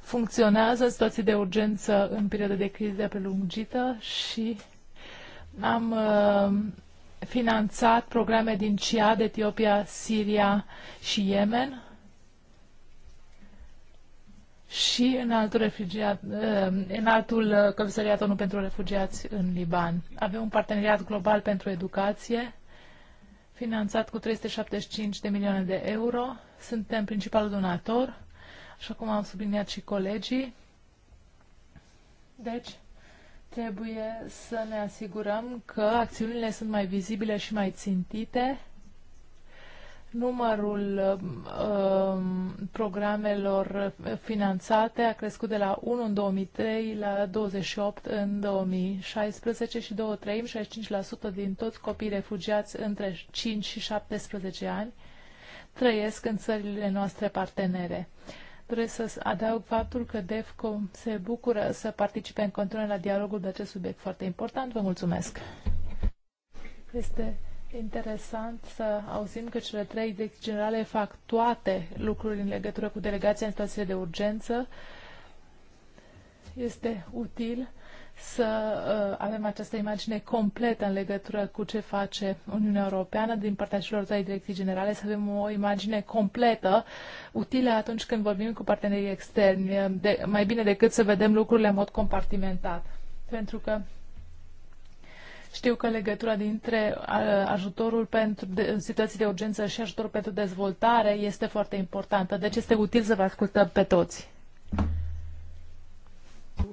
funcționează în situații de urgență în perioada de criză prelungită și am uh, finanțat programe din CIA, Etiopia, Siria și Yemen și în altul, refugiat, eh, în altul eh, Comisariat ONU pentru Refugiați în Liban. Avem un parteneriat global pentru educație, finanțat cu 375 de milioane de euro. Suntem principalul donator, așa cum am subliniat și colegii. Deci, trebuie să ne asigurăm că acțiunile sunt mai vizibile și mai țintite numărul uh, programelor finanțate a crescut de la 1 în 2003 la 28 în 2016 și 2 treimi, 65% din toți copiii refugiați între 5 și 17 ani trăiesc în țările noastre partenere. Doresc să adaug faptul că DEFCO se bucură să participe în continuare la dialogul de acest subiect foarte important. Vă mulțumesc! Este interesant să auzim că cele trei direcții generale fac toate lucrurile în legătură cu delegația în situație de urgență. Este util să uh, avem această imagine completă în legătură cu ce face Uniunea Europeană din partea celor trei direcții generale, să avem o imagine completă, utilă atunci când vorbim cu partenerii externi, de, mai bine decât să vedem lucrurile în mod compartimentat. Pentru că știu că legătura dintre ajutorul pentru de, situații de urgență și ajutorul pentru dezvoltare este foarte importantă, deci este util să vă ascultăm pe toți. Oh,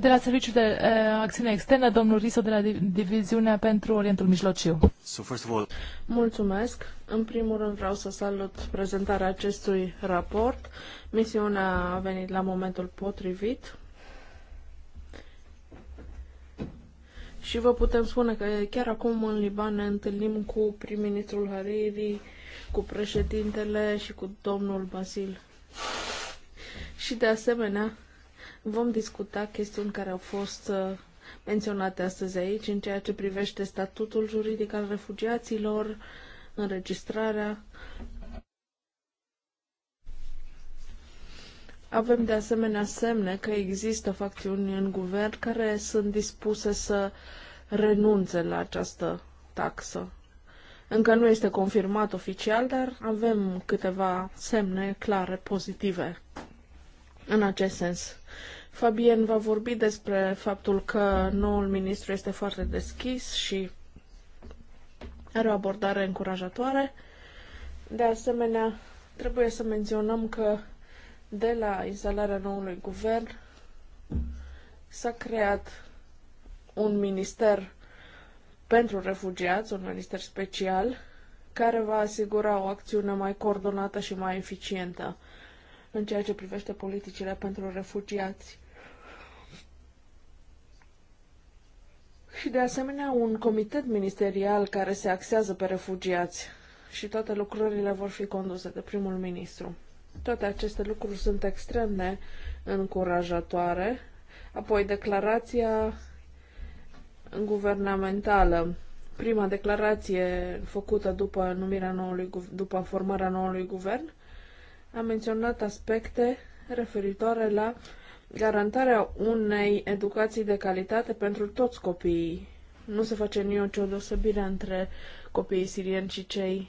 de la Serviciul de Acțiune Externă, domnul Riso de la Diviziunea pentru Orientul Mijlociu. Mulțumesc. În primul rând vreau să salut prezentarea acestui raport. Misiunea a venit la momentul potrivit Și vă putem spune că chiar acum în Liban ne întâlnim cu prim-ministrul Hariri, cu președintele și cu domnul Basil. Și de asemenea, vom discuta chestiuni care au fost uh, menționate astăzi aici în ceea ce privește statutul juridic al refugiaților, înregistrarea, Avem de asemenea semne că există facțiuni în guvern care sunt dispuse să renunțe la această taxă. Încă nu este confirmat oficial, dar avem câteva semne clare pozitive în acest sens. Fabien va vorbi despre faptul că noul ministru este foarte deschis și are o abordare încurajatoare. De asemenea, trebuie să menționăm că de la instalarea noului guvern s-a creat un minister pentru refugiați, un minister special, care va asigura o acțiune mai coordonată și mai eficientă în ceea ce privește politicile pentru refugiați. Și de asemenea un comitet ministerial care se axează pe refugiați și toate lucrurile vor fi conduse de primul ministru. Toate aceste lucruri sunt extrem de încurajatoare. Apoi, declarația guvernamentală. Prima declarație făcută după, numirea noului, după formarea noului guvern a menționat aspecte referitoare la garantarea unei educații de calitate pentru toți copiii. Nu se face nicio deosebire între copiii sirieni și cei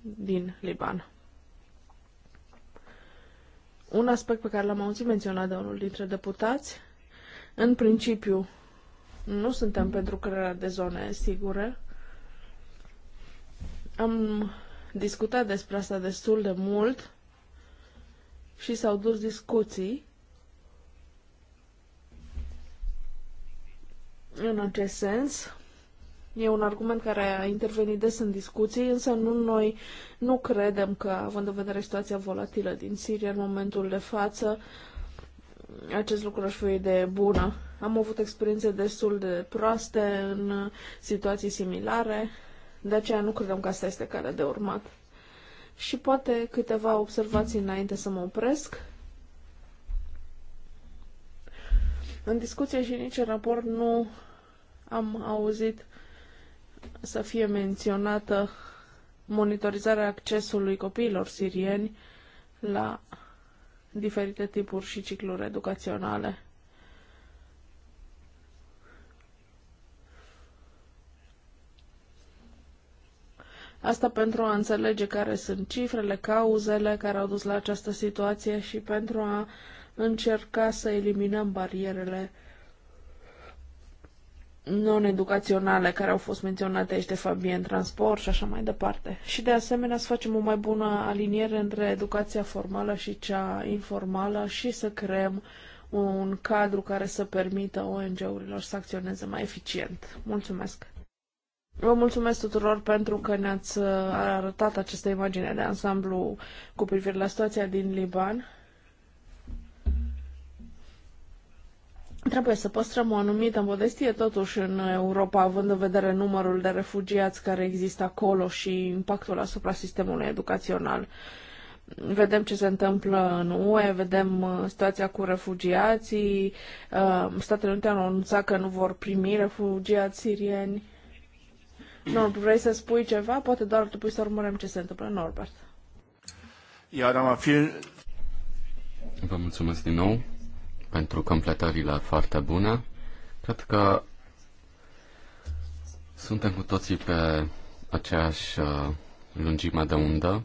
din Liban un aspect pe care l-am auzit menționat de unul dintre deputați. În principiu, nu suntem pentru crearea de zone sigure. Am discutat despre asta destul de mult și s-au dus discuții în acest sens. E un argument care a intervenit des în discuții, însă nu noi nu credem că, având în vedere situația volatilă din Siria în momentul de față, acest lucru aș fi de bună. Am avut experiențe destul de proaste în situații similare, de aceea nu credem că asta este calea de urmat. Și poate câteva observații înainte să mă opresc. În discuție și nici în raport nu am auzit să fie menționată monitorizarea accesului copiilor sirieni la diferite tipuri și cicluri educaționale. Asta pentru a înțelege care sunt cifrele, cauzele care au dus la această situație și pentru a încerca să eliminăm barierele uh, non-educaționale care au fost menționate aici de Fabien, transport și așa mai departe. Și de asemenea să facem o mai bună aliniere între educația formală și cea informală și să creăm un cadru care să permită ONG-urilor să acționeze mai eficient. Mulțumesc! Vă mulțumesc tuturor pentru că ne-ați uh, arătat această imagine de ansamblu cu privire la situația din Liban. Trebuie să păstrăm o anumită modestie totuși în Europa, având în vedere numărul de refugiați care există acolo și impactul asupra sistemului educațional. Vedem ce se întâmplă în UE, vedem uh, situația cu refugiații, uh, Statele Unite au anunțat că nu vor primi refugiați sirieni. Norbert, vrei să spui ceva? Poate doar trebuie să urmărim ce se întâmplă, Norbert. am doamna, Vă mulțumesc din nou pentru completările foarte bune. Cred că suntem cu toții pe aceeași uh, lungime de undă.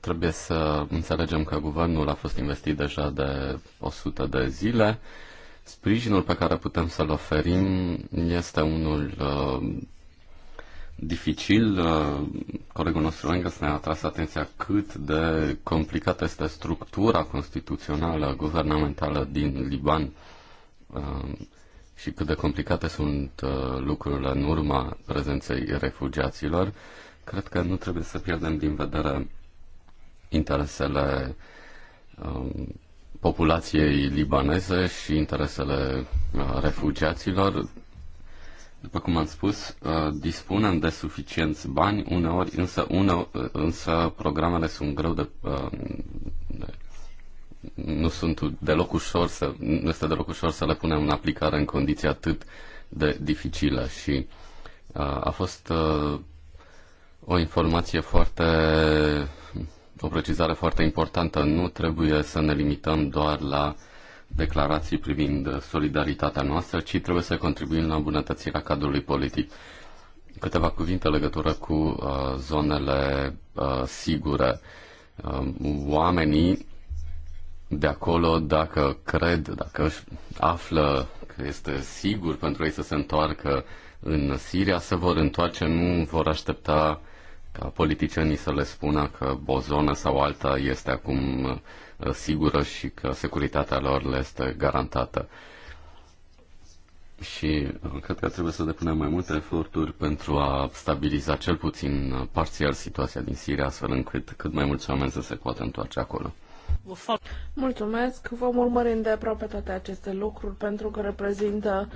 Trebuie să înțelegem că guvernul a fost investit deja de 100 de zile. Sprijinul pe care putem să-l oferim este unul uh, dificil. Uh, colegul nostru Engels ne-a atras atenția cât de complicată este structura constituțională guvernamentală din Liban uh, și cât de complicate sunt uh, lucrurile în urma prezenței refugiaților. Cred că nu trebuie să pierdem din vedere interesele um, populației libaneze și interesele refugiaților după cum am spus, uh, dispunem de suficienți bani, uneori, însă, une, uh, însă programele sunt greu de, uh, de nu sunt deloc ușor să, nu este deloc ușor să le punem în aplicare în condiții atât de dificile și a fost o informație foarte, o precizare foarte importantă. Nu trebuie să ne limităm doar la declarații privind solidaritatea noastră, ci trebuie să contribuim la îmbunătățirea cadrului politic. Câteva cuvinte legătură cu uh, zonele uh, sigure. Uh, oamenii de acolo, dacă cred, dacă își află că este sigur pentru ei să se întoarcă în Siria, se vor întoarce, nu vor aștepta ca politicienii să le spună că o zonă sau alta este acum uh, sigură și că securitatea lor le este garantată. Și uh, cred că trebuie să depunem mai multe eforturi pentru a stabiliza cel puțin uh, parțial situația din Siria, astfel încât cât mai mulți oameni să se poată întoarce acolo. Mulțumesc! Vom urmări îndeaproape toate aceste lucruri pentru că reprezintă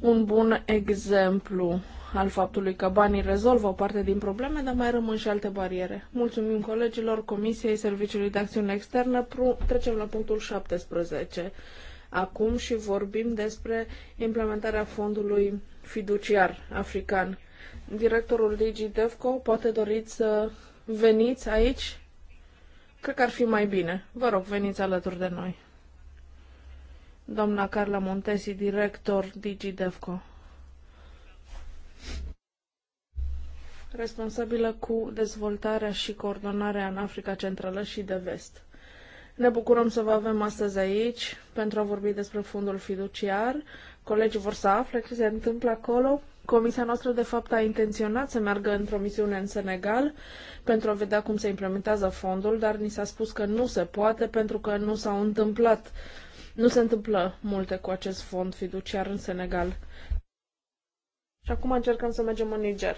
un bun exemplu al faptului că banii rezolvă o parte din probleme, dar mai rămân și alte bariere. Mulțumim colegilor Comisiei Serviciului de Acțiune Externă. Trecem la punctul 17 acum și vorbim despre implementarea fondului fiduciar african. Directorul Digi Devco, poate doriți să veniți aici? Cred că ar fi mai bine. Vă rog, veniți alături de noi. Doamna Carla Montesi, director Digi Devco. responsabilă cu dezvoltarea și coordonarea în Africa Centrală și de Vest. Ne bucurăm să vă avem astăzi aici pentru a vorbi despre fondul fiduciar. Colegii vor să afle ce se întâmplă acolo. Comisia noastră, de fapt, a intenționat să meargă într-o misiune în Senegal pentru a vedea cum se implementează fondul, dar ni s-a spus că nu se poate pentru că nu s-au întâmplat, nu se întâmplă multe cu acest fond fiduciar în Senegal. Și acum încercăm să mergem în Niger.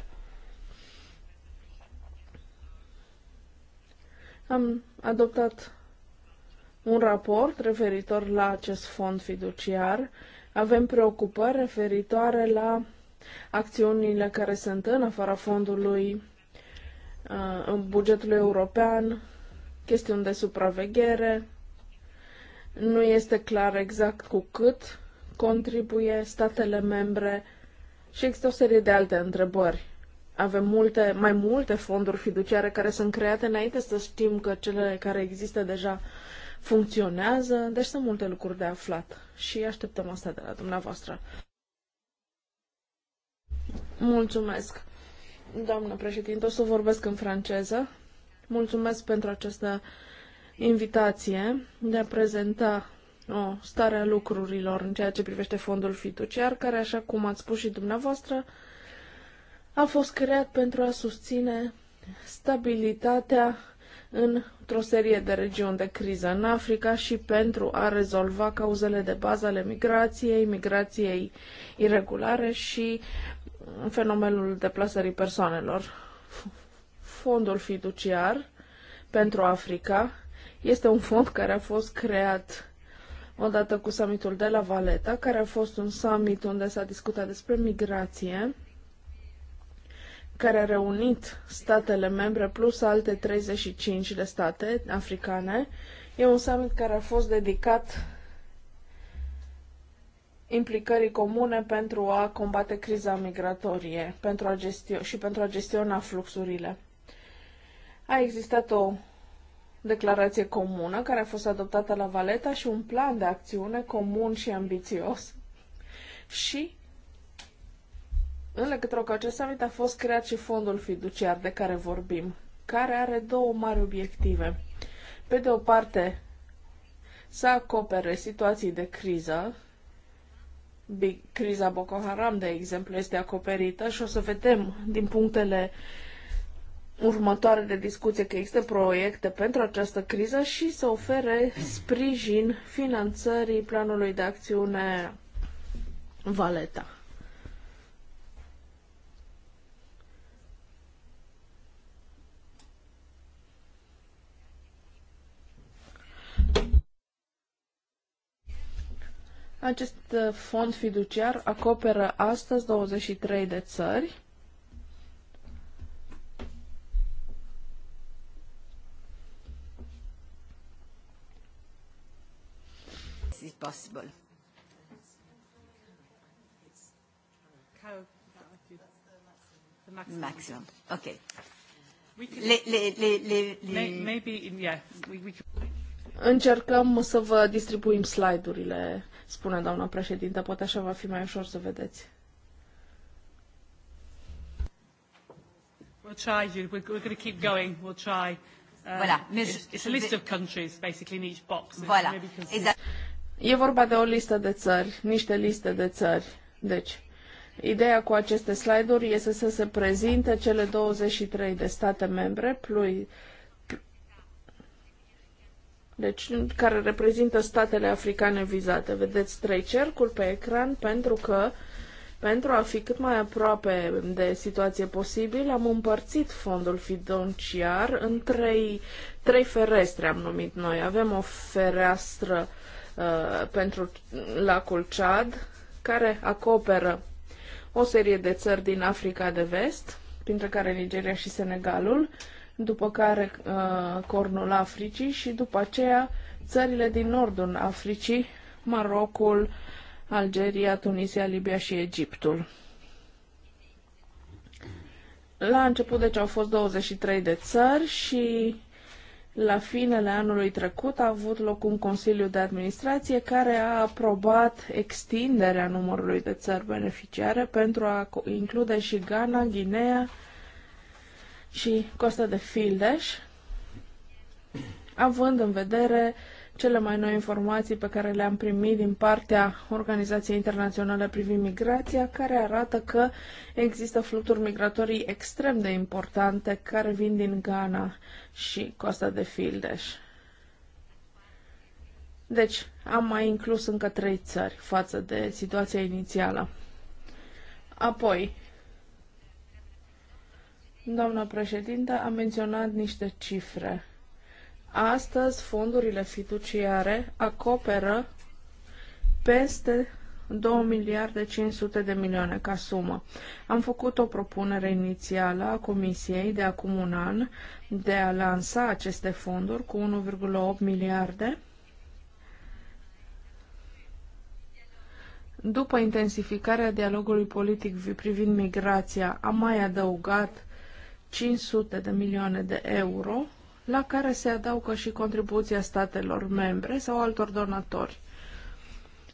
Am adoptat un raport referitor la acest fond fiduciar. Avem preocupări referitoare la acțiunile care sunt în afara fondului, uh, în bugetul european, chestiuni de supraveghere. Nu este clar exact cu cât contribuie statele membre și există o serie de alte întrebări avem multe, mai multe fonduri fiduciare care sunt create înainte să știm că cele care există deja funcționează, deci sunt multe lucruri de aflat și așteptăm asta de la dumneavoastră. Mulțumesc, doamnă președinte, o să vorbesc în franceză. Mulțumesc pentru această invitație de a prezenta o stare a lucrurilor în ceea ce privește fondul fiduciar, care, așa cum ați spus și dumneavoastră, a fost creat pentru a susține stabilitatea într-o serie de regiuni de criză în Africa și pentru a rezolva cauzele de bază ale migrației, migrației irregulare și fenomenul deplasării persoanelor. Fondul fiduciar pentru Africa este un fond care a fost creat odată cu summitul de la Valeta, care a fost un summit unde s-a discutat despre migrație care a reunit statele membre plus alte 35 de state africane. E un summit care a fost dedicat implicării comune pentru a combate criza migratorie pentru a gestio- și pentru a gestiona fluxurile. A existat o declarație comună care a fost adoptată la Valeta și un plan de acțiune comun și ambițios. Și în legătură cu acest summit a fost creat și fondul fiduciar de care vorbim, care are două mari obiective. Pe de o parte, să acopere situații de criză, criza Boko Haram, de exemplu, este acoperită și o să vedem din punctele următoare de discuție că există proiecte pentru această criză și să ofere sprijin finanțării planului de acțiune Valeta. Acest uh, fond fiduciar acoperă astăzi 23 de țări. is possible. Maximum. Ok. Încercăm să vă distribuim slide-urile spune doamna președintă. Poate așa va fi mai ușor să vedeți. We'll try, Jude. We're, we're going to keep going. We'll try. Uh, voilà. it's, it's a list of countries, basically, in each box. Voilà. Exact. E vorba de o listă de țări, niște liste de țări. Deci, Ideea cu aceste slide-uri este să se prezinte cele 23 de state membre, plus deci, care reprezintă statele africane vizate. Vedeți trei cercuri pe ecran pentru că, pentru a fi cât mai aproape de situație posibil, am împărțit fondul fiduciar în trei, trei ferestre, am numit noi. Avem o fereastră uh, pentru lacul Chad, care acoperă o serie de țări din Africa de Vest, printre care Nigeria și Senegalul, după care uh, Cornul Africii și după aceea țările din nordul Africii, Marocul, Algeria, Tunisia, Libia și Egiptul. La început, deci, au fost 23 de țări și la finele anului trecut a avut loc un Consiliu de Administrație care a aprobat extinderea numărului de țări beneficiare pentru a include și Ghana, Guinea, și Costa de Fildeș, având în vedere cele mai noi informații pe care le-am primit din partea Organizației Internaționale privind migrația, care arată că există fluturi migratorii extrem de importante care vin din Ghana și Costa de Fildeș. Deci, am mai inclus încă trei țări față de situația inițială. Apoi, Doamna președintă, am menționat niște cifre. Astăzi, fondurile fiduciare acoperă peste 2 miliarde 500 de milioane ca sumă. Am făcut o propunere inițială a Comisiei de acum un an de a lansa aceste fonduri cu 1,8 miliarde. După intensificarea dialogului politic privind migrația, am mai adăugat 500 de milioane de euro, la care se adaugă și contribuția statelor membre sau altor donatori.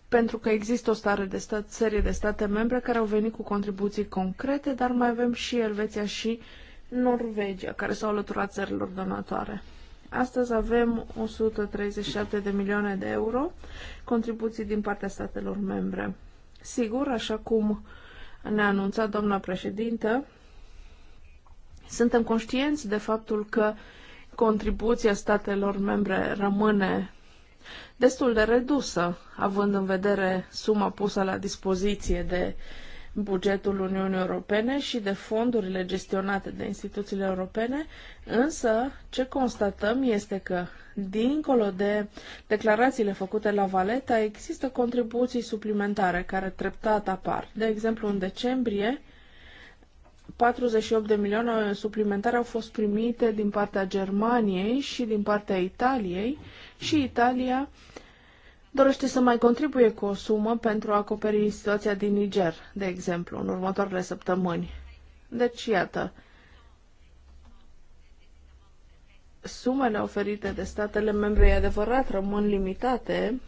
Pentru că există o stare de stat, serie de state membre care au venit cu contribuții concrete, dar mai avem și Elveția și Norvegia, care s-au alăturat țărilor donatoare. Astăzi avem 137 de milioane de euro contribuții din partea statelor membre. Sigur, așa cum ne-a anunțat doamna președintă, suntem conștienți de faptul că contribuția statelor membre rămâne destul de redusă, având în vedere suma pusă la dispoziție de bugetul Uniunii Europene și de fondurile gestionate de instituțiile europene, însă ce constatăm este că, dincolo de declarațiile făcute la Valeta, există contribuții suplimentare care treptat apar. De exemplu, în decembrie, 48 de milioane suplimentare au fost primite din partea Germaniei și din partea Italiei și Italia dorește să mai contribuie cu o sumă pentru a acoperi situația din Niger, de exemplu, în următoarele săptămâni. Deci, iată, sumele oferite de statele membre, e adevărat, rămân limitate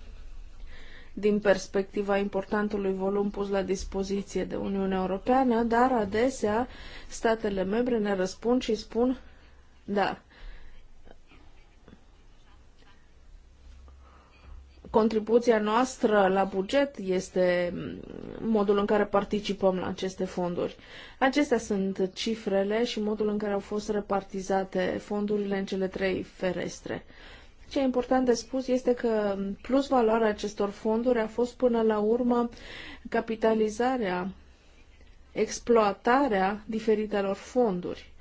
din perspectiva importantului volum pus la dispoziție de Uniunea Europeană, dar adesea statele membre ne răspund și spun da. Contribuția noastră la buget este modul în care participăm la aceste fonduri. Acestea sunt cifrele și modul în care au fost repartizate fondurile în cele trei ferestre. Ce e important de spus este că plus valoarea acestor fonduri a fost până la urmă capitalizarea, exploatarea diferitelor fonduri.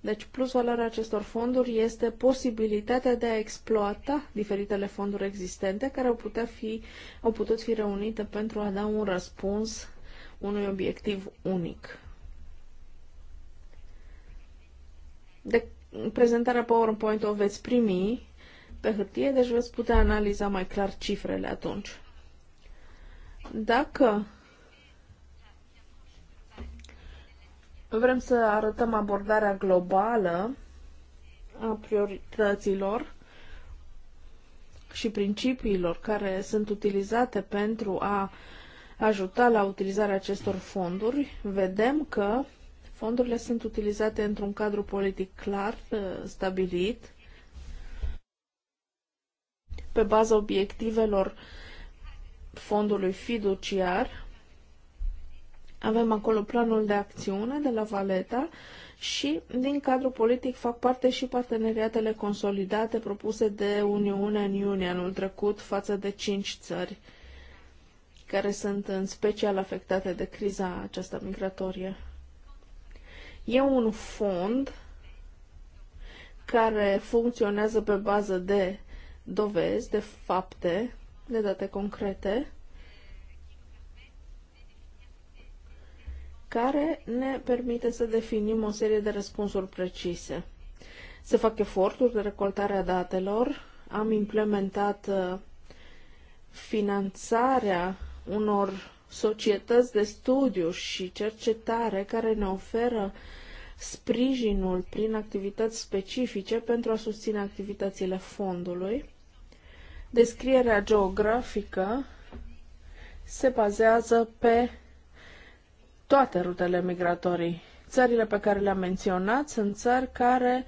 Deci plus valoarea acestor fonduri este posibilitatea de a exploata diferitele fonduri existente care au, putea fi, au putut fi reunite pentru a da un răspuns unui obiectiv unic. De prezentarea PowerPoint o veți primi pe hârtie, deci veți putea analiza mai clar cifrele atunci. Dacă vrem să arătăm abordarea globală a priorităților și principiilor care sunt utilizate pentru a ajuta la utilizarea acestor fonduri, vedem că Fondurile sunt utilizate într-un cadru politic clar, uh, stabilit, pe baza obiectivelor fondului fiduciar. Avem acolo planul de acțiune de la Valeta și din cadrul politic fac parte și parteneriatele consolidate propuse de Uniunea în iunie anul trecut față de cinci țări care sunt în special afectate de criza aceasta migratorie. E un fond care funcționează pe bază de dovezi, de fapte, de date concrete, care ne permite să definim o serie de răspunsuri precise. Se fac eforturi de recoltare a datelor, am implementat uh, finanțarea unor societăți de studiu și cercetare care ne oferă sprijinul prin activități specifice pentru a susține activitățile fondului. Descrierea geografică se bazează pe toate rutele migratorii. Țările pe care le-am menționat sunt țări care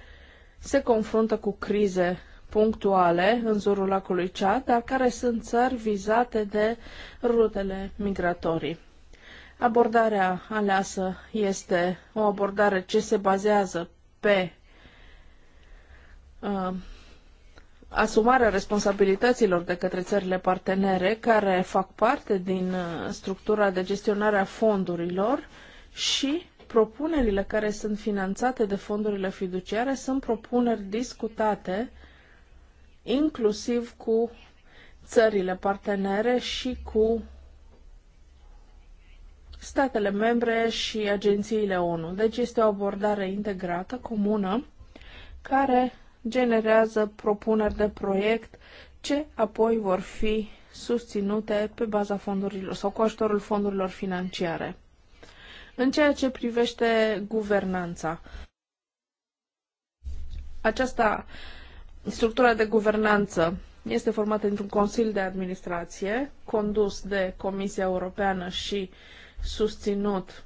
se confruntă cu crize punctuale în jurul lacului Chad, dar care sunt țări vizate de rutele migratorii. Abordarea aleasă este o abordare ce se bazează pe uh, asumarea responsabilităților de către țările partenere care fac parte din uh, structura de gestionare a fondurilor și propunerile care sunt finanțate de fondurile fiduciare sunt propuneri discutate inclusiv cu țările partenere și cu statele membre și agențiile ONU. Deci este o abordare integrată, comună, care generează propuneri de proiect ce apoi vor fi susținute pe baza fondurilor sau cu ajutorul fondurilor financiare. În ceea ce privește guvernanța, aceasta Structura de guvernanță este formată dintr-un Consiliu de Administrație, condus de Comisia Europeană și susținut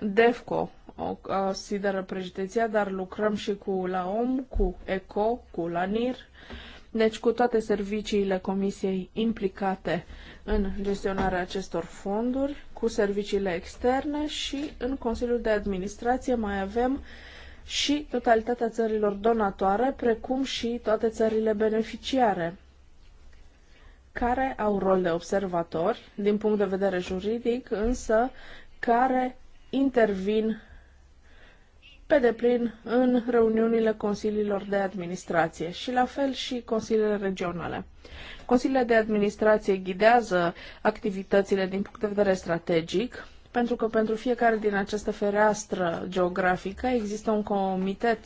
DEFCO o consideră președinția, dar lucrăm și cu la OM, cu ECO, cu LANIR, deci cu toate serviciile Comisiei implicate în gestionarea acestor fonduri, cu serviciile externe și în Consiliul de Administrație mai avem uh, și totalitatea țărilor donatoare, precum și toate țările beneficiare, care au rol de observatori din punct de vedere juridic, însă care intervin pe deplin în reuniunile consiliilor de administrație și la fel și consiliile regionale. Consiliile de administrație ghidează activitățile din punct de vedere strategic, pentru că pentru fiecare din această fereastră geografică există un comitet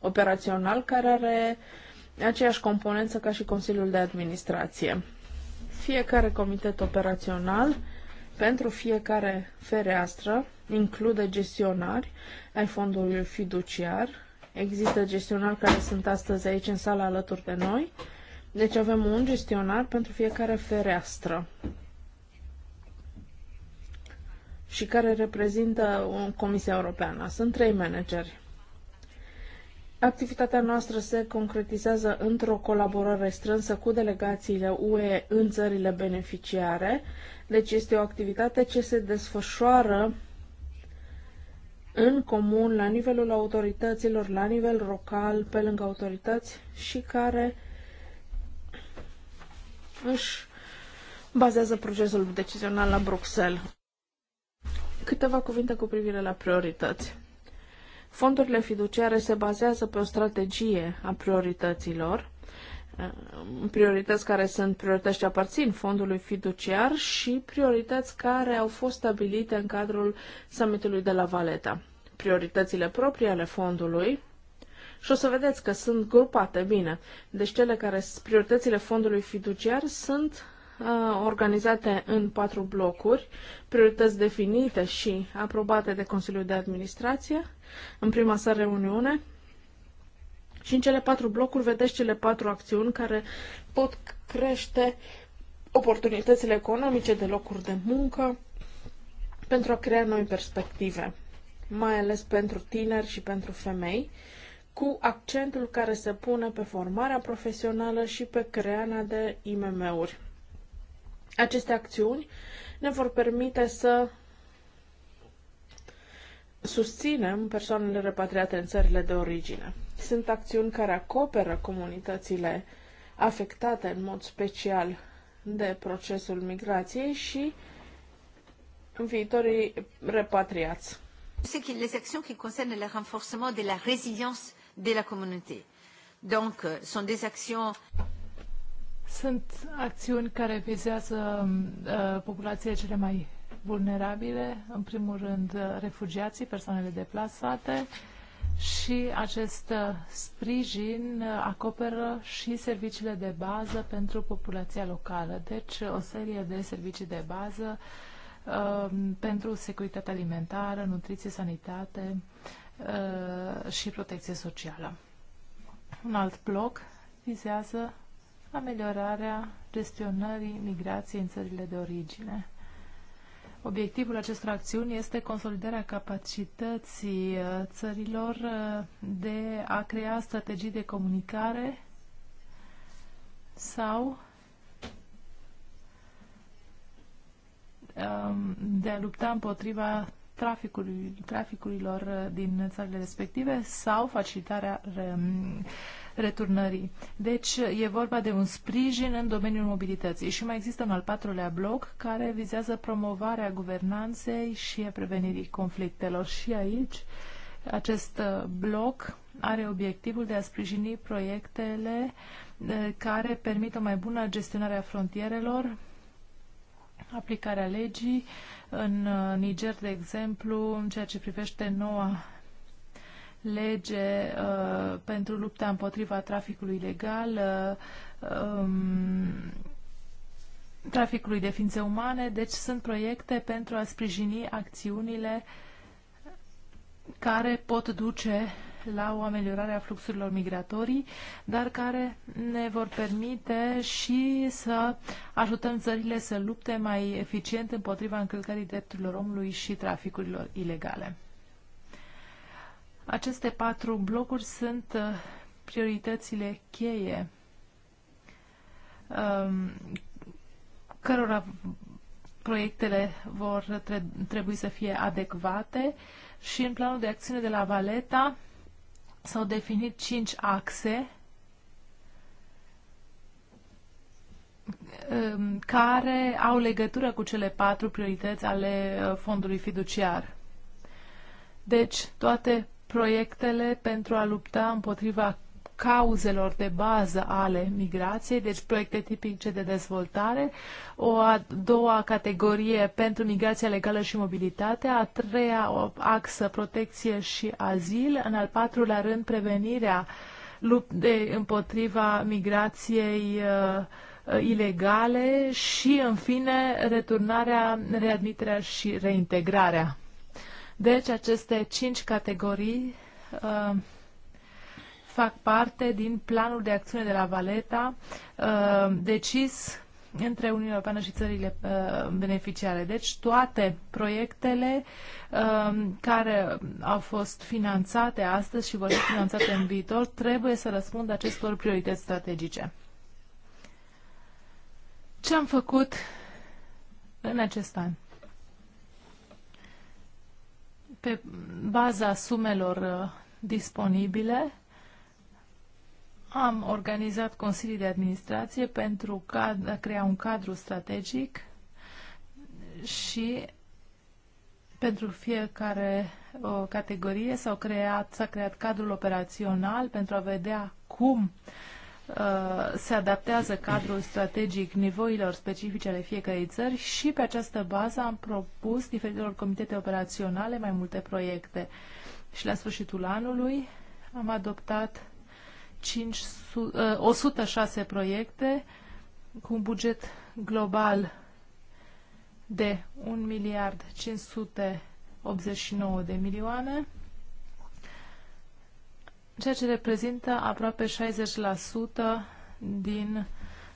operațional care are aceeași componență ca și Consiliul de Administrație. Fiecare comitet operațional pentru fiecare fereastră include gestionari ai fondului fiduciar. Există gestionari care sunt astăzi aici în sala alături de noi. Deci avem un gestionar pentru fiecare fereastră și care reprezintă Comisia Europeană. Sunt trei manageri. Activitatea noastră se concretizează într-o colaborare strânsă cu delegațiile UE în țările beneficiare, deci este o activitate ce se desfășoară în comun la nivelul autorităților, la nivel local, pe lângă autorități și care își bazează procesul decizional la Bruxelles. Câteva cuvinte cu privire la priorități. Fondurile fiduciare se bazează pe o strategie a priorităților, uh, priorități care sunt priorități ce aparțin fondului fiduciar și priorități care au fost stabilite în cadrul summitului de la Valeta. Prioritățile proprii ale fondului și o să vedeți că sunt grupate bine. Deci cele care sunt prioritățile fondului fiduciar sunt Uh, organizate în patru blocuri, priorități definite și aprobate de Consiliul de Administrație în prima sa reuniune. Și în cele patru blocuri vedeți cele patru acțiuni care pot crește oportunitățile economice de locuri de muncă pentru a crea noi perspective, mai ales pentru tineri și pentru femei, cu accentul care se pune pe formarea profesională și pe crearea de IMM-uri. Aceste acțiuni ne vor permite să susținem persoanele repatriate în țările de origine. Sunt acțiuni care acoperă comunitățile afectate în mod special de procesul migrației și viitorii repatriați. Les actions qui concernent le renforcement de la résilience de la communauté. Donc, euh, sont des actions sunt acțiuni care vizează mm, uh, populația cele mai vulnerabile, în primul rând uh, refugiații, persoanele deplasate și acest uh, sprijin uh, acoperă și serviciile de bază pentru populația locală, deci o serie de servicii de bază uh, pentru securitate alimentară, nutriție, sanitate uh, și protecție socială. Un alt bloc vizează ameliorarea gestionării migrației în țările de origine. Obiectivul acestor acțiuni este consolidarea capacității uh, țărilor uh, de a crea strategii de comunicare sau um, de a lupta împotriva traficului, traficurilor uh, din țările respective sau facilitarea re, mm, returnării. Deci e vorba de un sprijin în domeniul mobilității. Și mai există un al patrulea bloc care vizează promovarea guvernanței și a prevenirii conflictelor. Și aici acest uh, bloc are obiectivul de a sprijini proiectele uh, care permit o mai bună gestionare a frontierelor, aplicarea legii. În uh, Niger, de exemplu, în ceea ce privește noua lege uh, pentru lupta împotriva traficului ilegal, uh, um, traficului de ființe umane, deci sunt proiecte pentru a sprijini acțiunile care pot duce la o ameliorare a fluxurilor migratorii, dar care ne vor permite și să ajutăm țările să lupte mai eficient împotriva încălcării drepturilor omului și traficurilor ilegale. Aceste patru blocuri sunt uh, prioritățile cheie um, cărora proiectele vor trebui să fie adecvate și în planul de acțiune de la Valeta s-au definit cinci axe um, care au legătură cu cele patru priorități ale uh, fondului fiduciar. Deci, toate proiectele pentru a lupta împotriva cauzelor de bază ale migrației, deci proiecte tipice de dezvoltare, o a doua categorie pentru migrația legală și mobilitate, a treia o axă protecție și azil, în al patrulea rând prevenirea lupte împotriva migrației uh, ilegale și, în fine, returnarea, readmiterea și reintegrarea. Deci, aceste cinci categorii uh, fac parte din planul de acțiune de la Valeta, uh, decis între Uniunea Europeană și țările uh, beneficiare. Deci toate proiectele uh, care au fost finanțate astăzi și vor fi finanțate în viitor trebuie să răspundă acestor priorități strategice. Ce am făcut în acest an? Pe baza sumelor disponibile, am organizat consilii de administrație pentru a crea un cadru strategic și pentru fiecare o categorie s-a creat, creat cadrul operațional pentru a vedea cum uh, se adaptează cadrul strategic nivoilor specifice ale fiecărei țări și pe această bază am propus diferitelor comitete operaționale mai multe proiecte. Și la sfârșitul anului am adoptat 500, 106 uh, proiecte cu un buget global de 1 miliard 589 de milioane, ceea ce reprezintă aproape 60% din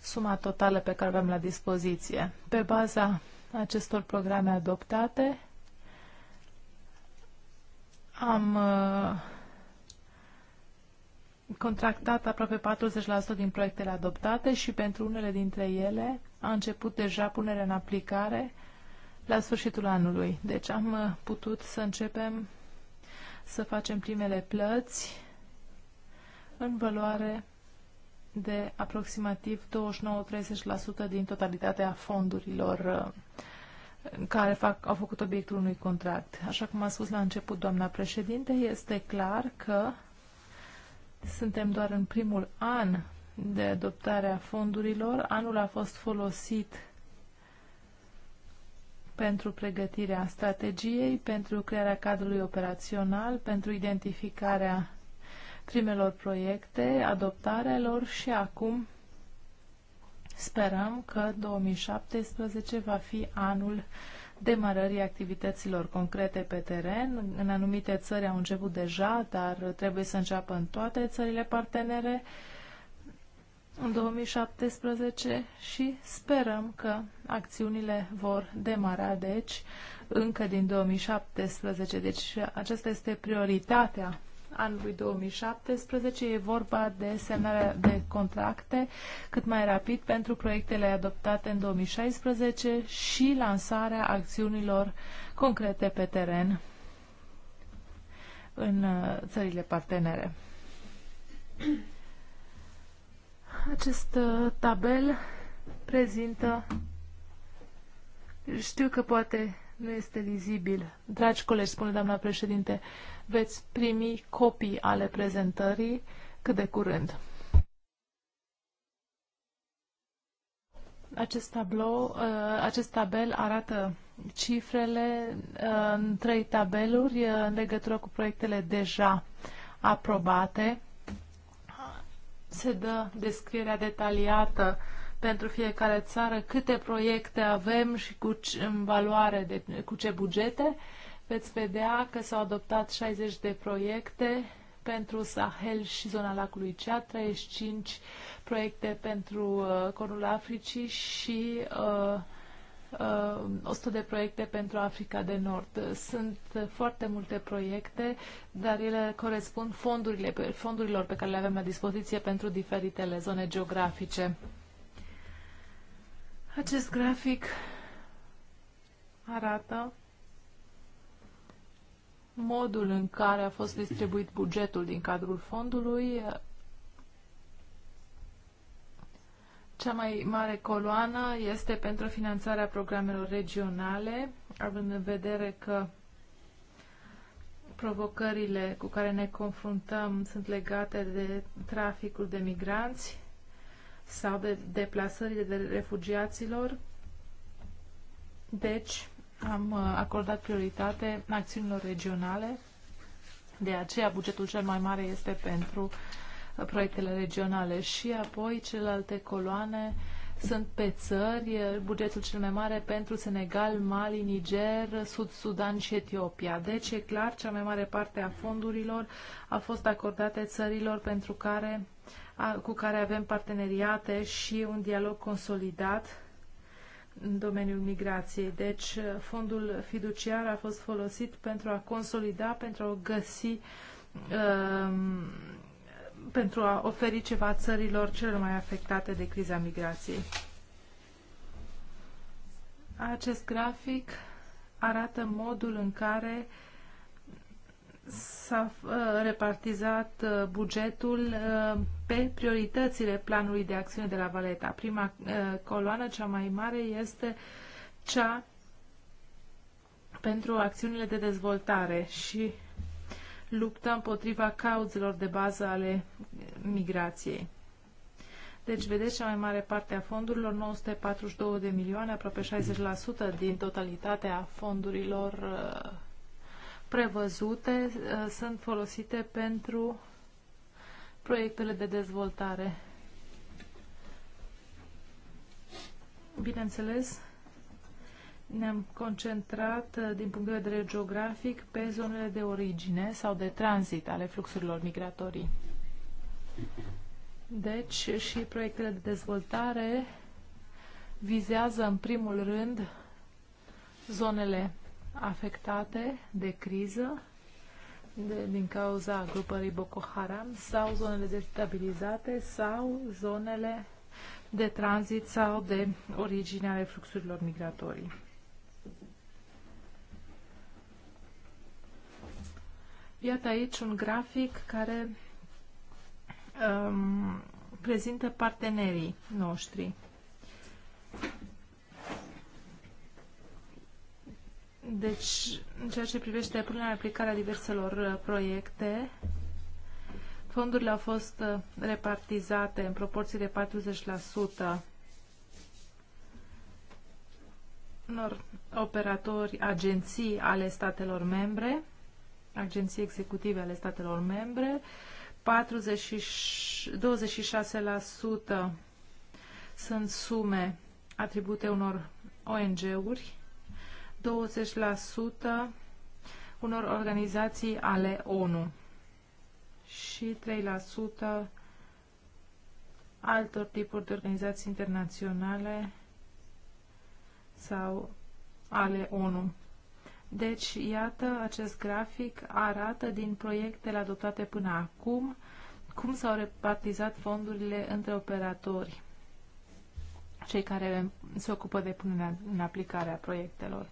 suma totală pe care avem la dispoziție. Pe baza acestor programe adoptate, am uh, contractat aproape 40% din proiectele adoptate și pentru unele dintre ele a început deja punerea în aplicare la sfârșitul anului. Deci am uh, putut să începem să facem primele plăți în valoare de aproximativ 29-30% din totalitatea fondurilor uh, care fac, au făcut obiectul unui contract. Așa cum a spus la început doamna președinte, este clar că suntem doar în primul an de adoptare a fondurilor. Anul a fost folosit pentru pregătirea strategiei, pentru crearea cadrului operațional, pentru identificarea primelor proiecte, adoptarea lor și acum sperăm că 2017 va fi anul uh, demarării activităților concrete pe teren. În anumite țări au început deja, dar trebuie să înceapă în toate țările partenere în 2017 și sperăm că acțiunile vor demara, deci, încă din 2017. Deci aceasta este prioritatea anului 2017. E vorba de semnarea de contracte cât mai rapid pentru proiectele adoptate în 2016 și lansarea acțiunilor concrete pe teren în uh, țările partenere. Acest uh, tabel prezintă știu că poate nu este lizibil. Dragi colegi, spune doamna președinte, veți primi copii ale prezentării cât de curând. Acest tablou, uh, acest tabel arată cifrele uh, în trei tabeluri uh, în legătură cu proiectele deja aprobate. Se dă descrierea detaliată pentru fiecare țară, câte proiecte avem și cu ce, în valoare, de, cu ce bugete. Veți vedea că s-au adoptat 60 de proiecte pentru Sahel și zona lacului Cea, 35 proiecte pentru uh, Corul Africii și uh, uh, 100 de proiecte pentru Africa de Nord. Sunt foarte multe proiecte, dar ele corespund fondurile, fondurilor pe care le avem la dispoziție pentru diferitele zone geografice. Acest grafic arată modul în care a fost distribuit bugetul din cadrul fondului. Cea mai mare coloană este pentru finanțarea programelor regionale, având în vedere că provocările cu care ne confruntăm sunt legate de traficul de migranți sau de deplasările de refugiaților. Deci, am uh, acordat prioritate acțiunilor regionale. De aceea, bugetul cel mai mare este pentru uh, proiectele regionale și apoi celelalte coloane sunt pe țări, bugetul cel mai mare pentru Senegal, Mali, Niger, Sud-Sudan și Etiopia. Deci e clar, cea mai mare parte a fondurilor a fost acordate țărilor pentru care cu care avem parteneriate și un dialog consolidat în domeniul migrației. Deci, uh, fondul fiduciar a fost folosit pentru a consolida, pentru a găsi, um, pentru a oferi ceva țărilor cele mai afectate de criza migrației. Acest grafic arată modul în care uh, s-a uh, repartizat uh, bugetul uh, pe prioritățile planului de acțiune de la Valeta. Prima coloană, cea mai mare, este cea pentru acțiunile de dezvoltare și luptă împotriva cauzelor de bază ale migrației. Deci, vedeți, cea mai mare parte a fondurilor, 942 de milioane, aproape 60% din totalitatea fondurilor prevăzute uh, sunt folosite pentru proiectele de dezvoltare. Bineînțeles, ne-am concentrat uh, din punct de vedere geografic pe zonele de origine sau de tranzit ale fluxurilor migratorii. Deci și proiectele de dezvoltare vizează în primul rând zonele afectate de criză de, din cauza grupării Boko Haram sau zonele destabilizate sau zonele de tranzit sau de origine ale fluxurilor migratorii. Iată aici un grafic care um, prezintă partenerii noștri. Deci, în ceea ce privește punerea în aplicare a diverselor uh, proiecte, fondurile au fost uh, repartizate în proporție de 40% unor operatori, agenții ale statelor membre, agenții executive ale statelor membre, 40, 26% sunt sume atribute unor ONG-uri, 20% unor organizații ale ONU și 3% altor tipuri de organizații internaționale sau ale ONU. Deci, iată, acest grafic arată din proiectele adoptate până acum cum s-au repartizat fondurile între operatori, cei care se ocupă de punerea în aplicare a proiectelor.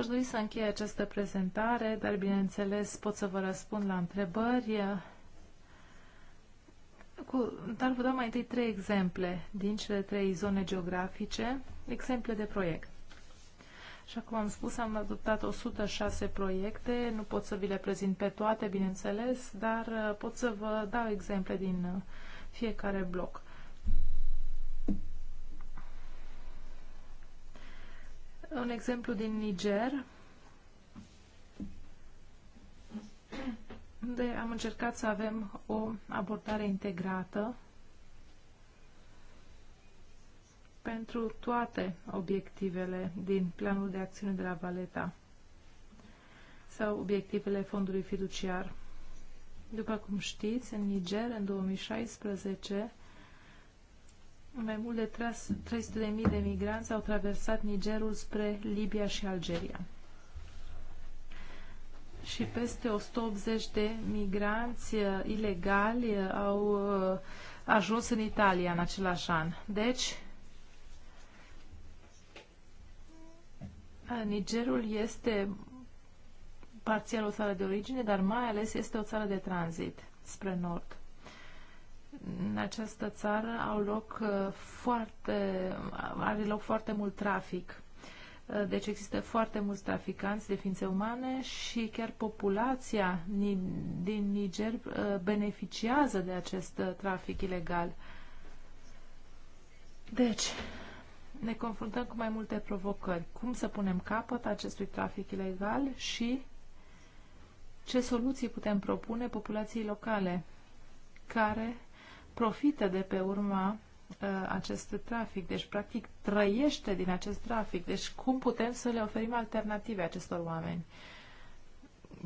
Aș dori să închei această prezentare, dar bineînțeles pot să vă răspund la întrebări. Cu, dar vă dau mai întâi trei exemple din cele trei zone geografice, exemple de proiect. Așa cum am spus, am adoptat 106 proiecte, nu pot să vi le prezint pe toate, bineînțeles, dar uh, pot să vă dau exemple din uh, fiecare bloc. un exemplu din Niger, unde am încercat să avem o abordare integrată pentru toate obiectivele din planul de acțiune de la Valeta sau obiectivele fondului fiduciar. După cum știți, în Niger, în 2016, mai mult de 300.000 de migranți au traversat Nigerul spre Libia și Algeria. Și peste 180 de migranți uh, ilegali uh, au uh, ajuns în Italia în același an. Deci, Nigerul este parțial o țară de origine, dar mai ales este o țară de tranzit spre nord în această țară au loc uh, foarte, are loc foarte mult trafic. Uh, deci există foarte mulți traficanți de ființe umane și chiar populația din Niger uh, beneficiază de acest trafic ilegal. Deci, ne confruntăm cu mai multe provocări. Cum să punem capăt acestui trafic ilegal și ce soluții putem propune populației locale care profită de pe urma uh, acest trafic, deci practic trăiește din acest trafic. Deci cum putem să le oferim alternative acestor oameni?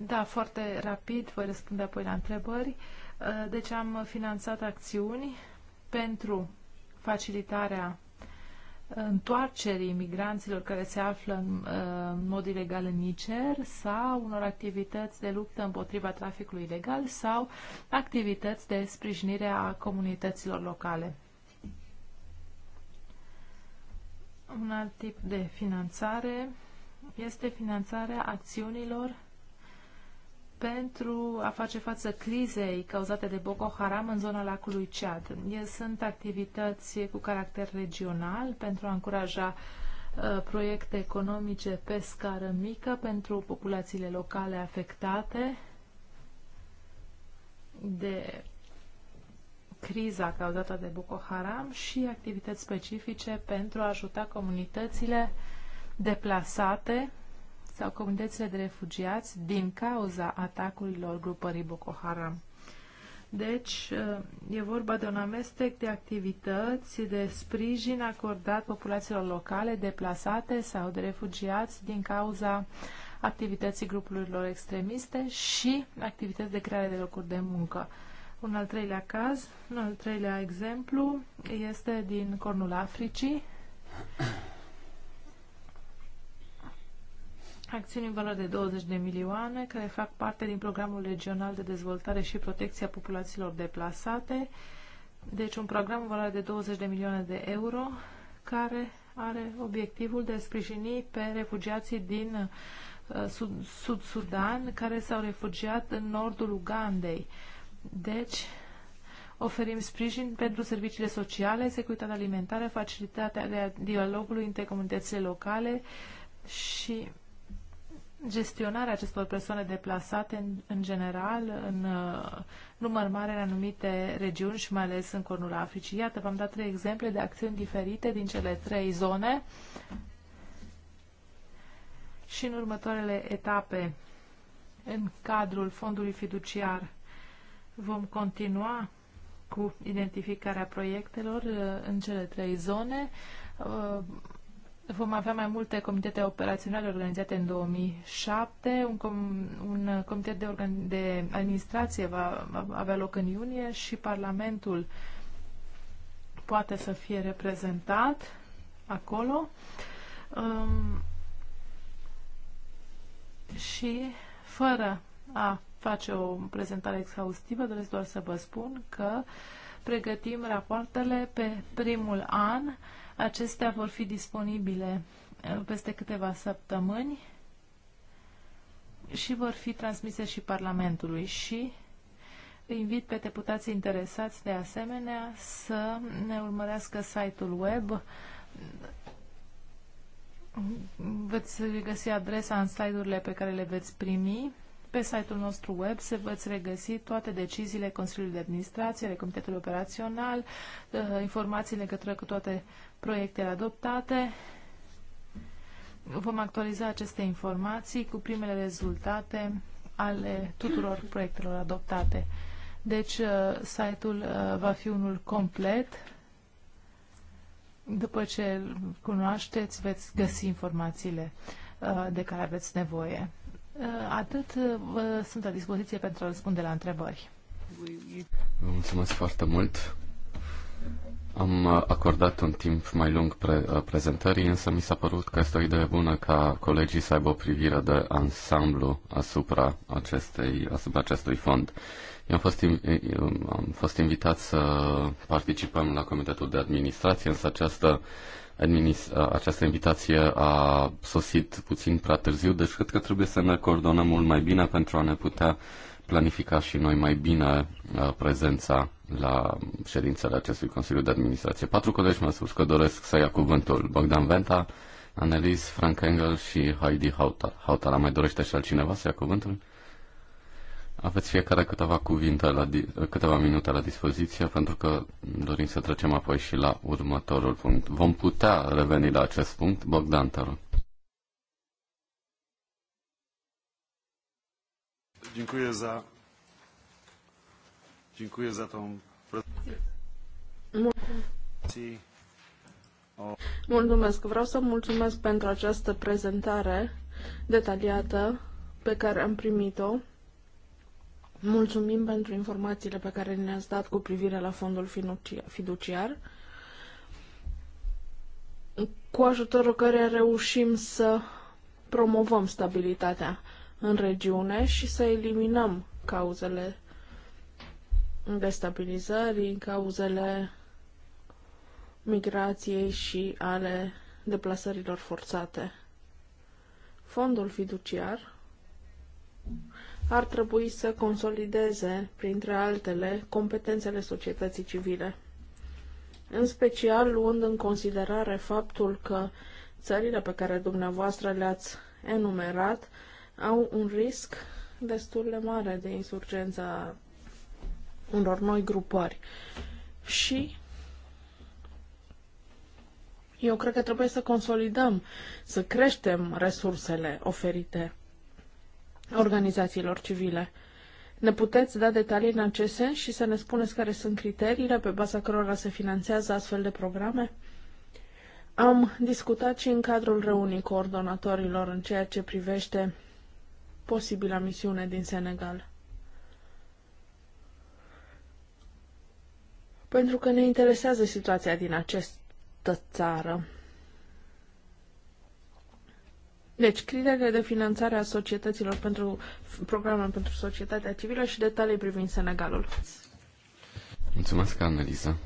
Da, foarte rapid, voi răspunde apoi la întrebări. Uh, deci am finanțat acțiuni pentru facilitarea întoarcerii migranților care se află în, uh, în mod ilegal în Niger sau unor activități de luptă împotriva traficului ilegal sau activități de sprijinire a comunităților locale. Un alt tip de finanțare este finanțarea acțiunilor pentru a face față crizei cauzate de Boko Haram în zona lacului Chad. Sunt activități cu caracter regional pentru a încuraja ă, proiecte economice pe scară mică pentru populațiile locale afectate de criza cauzată de Boko Haram și activități specifice pentru a ajuta comunitățile deplasate sau comunitățile de refugiați din cauza atacurilor grupării Boko Haram. Deci, e vorba de un amestec de activități, de sprijin acordat populațiilor locale deplasate sau de refugiați din cauza activității grupurilor extremiste și activități de creare de locuri de muncă. Un al treilea caz, un al treilea exemplu este din Cornul Africii, acțiuni în valoare de 20 de milioane care fac parte din programul regional de dezvoltare și protecția populațiilor deplasate, deci un program în valoare de 20 de milioane de euro care are obiectivul de a sprijini pe refugiații din uh, Sud-Sudan -Sud care s-au refugiat în nordul Ugandei. Deci, oferim sprijin pentru serviciile sociale, securitatea alimentară, facilitatea dialogului între comunitățile locale și gestionarea acestor persoane deplasate în, în general, în uh, număr mare în anumite regiuni și mai ales în cornul Africii. Iată, v-am dat trei exemple de acțiuni diferite din cele trei zone și în următoarele etape în cadrul fondului fiduciar vom continua cu identificarea proiectelor uh, în cele trei zone uh, Vom avea mai multe comitete operaționale organizate în 2007, un, com- un comitet de, organ- de administrație va avea loc în iunie și Parlamentul poate să fie reprezentat acolo. Um, și fără a face o prezentare exhaustivă, doresc doar să vă spun că pregătim rapoartele pe primul an uh, Acestea vor fi disponibile uh, peste câteva săptămâni și vor fi transmise și Parlamentului și îi invit pe deputații interesați de asemenea să ne urmărească site-ul web. Veți găsi adresa în slide-urile pe care le veți primi. Pe site-ul nostru web se veți regăsi toate deciziile Consiliului de Administrație, ale Comitetului Operațional, uh, informații legătură cu toate proiectele adoptate. Vom actualiza aceste informații cu primele rezultate ale tuturor proiectelor adoptate. Deci, uh, site-ul uh, va fi unul complet. După ce îl cunoașteți, veți găsi informațiile de care aveți nevoie. Eh, atât sunt la dispoziție pentru a răspunde la întrebări. Vă mulțumesc foarte mult. Am acordat un timp mai lung pre- eh, prezentării, însă mi s-a părut că este o idee bună ca colegii să aibă o privire de ansamblu asupra, acestei, asupra acestui fond. Eu am fost, eh, am fost invitat să participăm la Comitetul de Administrație, însă această această invitație a sosit puțin prea târziu, deci cred că trebuie să ne coordonăm mult mai bine pentru a ne putea planifica și noi mai bine prezența la ședințele acestui Consiliu de Administrație. Patru colegi mi-au spus că doresc să ia cuvântul. Bogdan Venta, Annelies, Frank Engel și Heidi Hauta. Hauta, la mai dorește și altcineva să ia cuvântul? Aveți fiecare câteva cuvinte, la câteva minute la dispoziție, pentru că dorim să trecem apoi și la următorul punct. Vom putea reveni la acest punct. Bogdan, te rog. Dziękuję za, dziękuję za tą prezentację. Mulțumesc. Vreau să mulțumesc pentru această prezentare detaliată pe care am primit-o Mulțumim pentru informațiile pe care ne-ați dat cu privire la fondul fiduciar, cu ajutorul care reușim să promovăm stabilitatea în regiune și să eliminăm cauzele destabilizării, cauzele migrației și ale deplasărilor forțate. Fondul fiduciar ar trebui să consolideze, printre altele, competențele societății civile. În special luând în considerare faptul că țările pe care dumneavoastră le-ați enumerat au un risc destul de mare de insurgența unor noi grupări. Și eu cred că trebuie să consolidăm, să creștem resursele oferite organizațiilor civile. Ne puteți da detalii în acest sens și să ne spuneți care sunt criteriile pe baza cărora se finanțează astfel de programe? Am discutat și în cadrul reunii coordonatorilor în ceea ce privește posibila misiune din Senegal. Pentru că ne interesează situația din această țară. Deci, criteriile de finanțare a societăților pentru programul pentru societatea civilă și detalii privind Senegalul. Mulțumesc, Anneliza.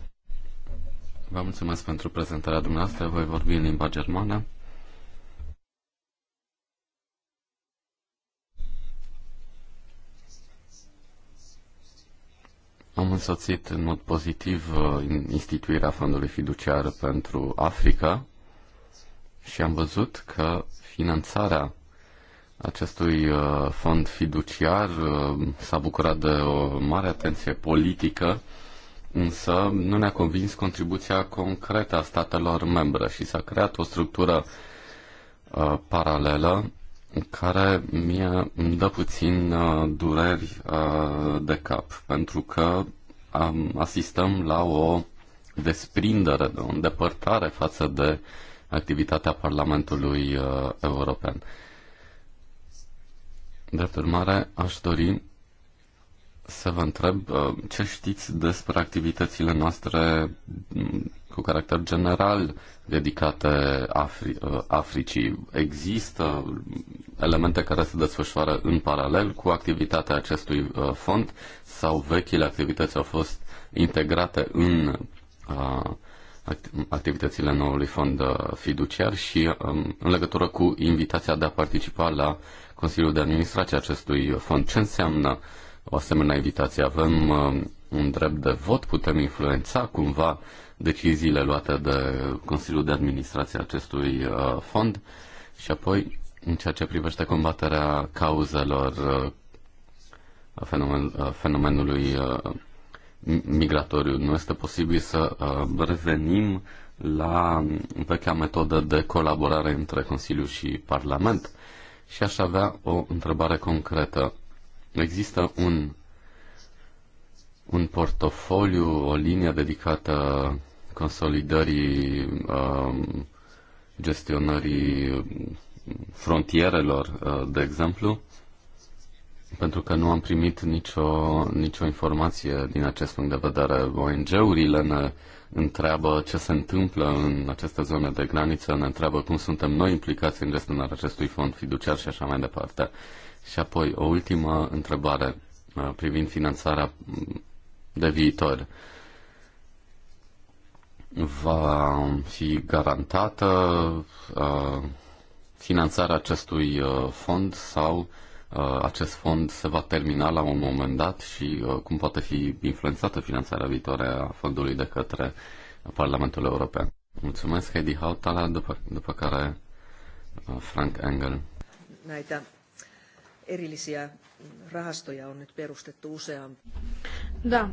Vă mulțumesc pentru prezentarea dumneavoastră. Voi vorbi în limba germană. Am însoțit în mod pozitiv uh, instituirea Fondului Fiduciar pentru Africa și am văzut că finanțarea acestui uh, fond fiduciar uh, s-a bucurat de o mare atenție politică, însă nu ne-a convins contribuția concretă a statelor membre și s-a creat o structură uh, paralelă care mie îmi dă puțin dureri de cap, pentru că asistăm la o desprindere, de o îndepărtare față de uh, activitatea Parlamentului uh, European. Drept urmare, aș dori să vă întreb uh, ce știți despre activitățile noastre mm, cu caracter general dedicate Afri- uh, Africii. Există elemente care se desfășoară în paralel cu activitatea acestui uh, fond sau vechile activități au fost integrate în uh, activitățile noului fond uh, fiduciar și um, în legătură cu invitația de a participa la Consiliul de Administrație acestui fond. Ce înseamnă o asemenea invitație? Avem um, un drept de vot? Putem influența cumva deciziile luate de Consiliul de Administrație acestui uh, fond? Și apoi, în ceea ce privește combaterea cauzelor uh, fenomen, fenomenului migratoriu. Nu este posibil să uh, revenim la vechea metodă de colaborare între Consiliu și Parlament. Și aș avea o întrebare concretă. Există un, un portofoliu, o linie dedicată consolidării um, gestionării frontierelor, uh, de exemplu, pentru că nu am primit nicio, nicio informație din acest punct de vedere. ONG-urile ne întreabă ce se întâmplă în aceste zone de graniță, ne întreabă cum suntem noi implicați în gestionarea acestui fond fiduciar și așa mai departe. Și apoi o ultimă întrebare uh, privind finanțarea mm, de viitor. Va fi garantată uh, finanțarea acestui uh, fond sau uh, Uh, acest fond se va termina la un moment dat și uh, cum poate fi influențată finanțarea viitoare a fondului de către Parlamentul European. Mulțumesc, Heidi Hautala, după, după care uh, Frank Engel. Naita erillisiä rahastoja on nyt perustettu useampi. Da.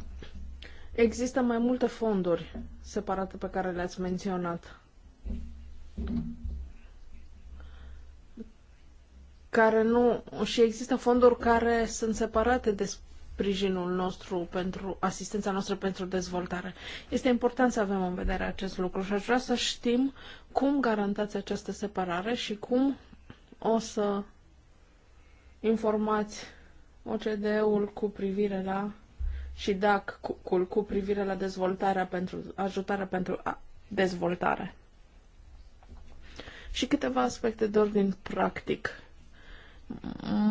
Există mai multe fonduri separate pe care le-ați menționat. care nu și există fonduri care sunt separate de sprijinul nostru pentru asistența noastră pentru dezvoltare. Este important să avem în vedere acest lucru și aș vrea să știm cum garantați această separare și cum o să informați OCDE-ul cu privire la și DAC-ul cu privire la dezvoltarea pentru ajutarea pentru dezvoltare. Și câteva aspecte de ordin practic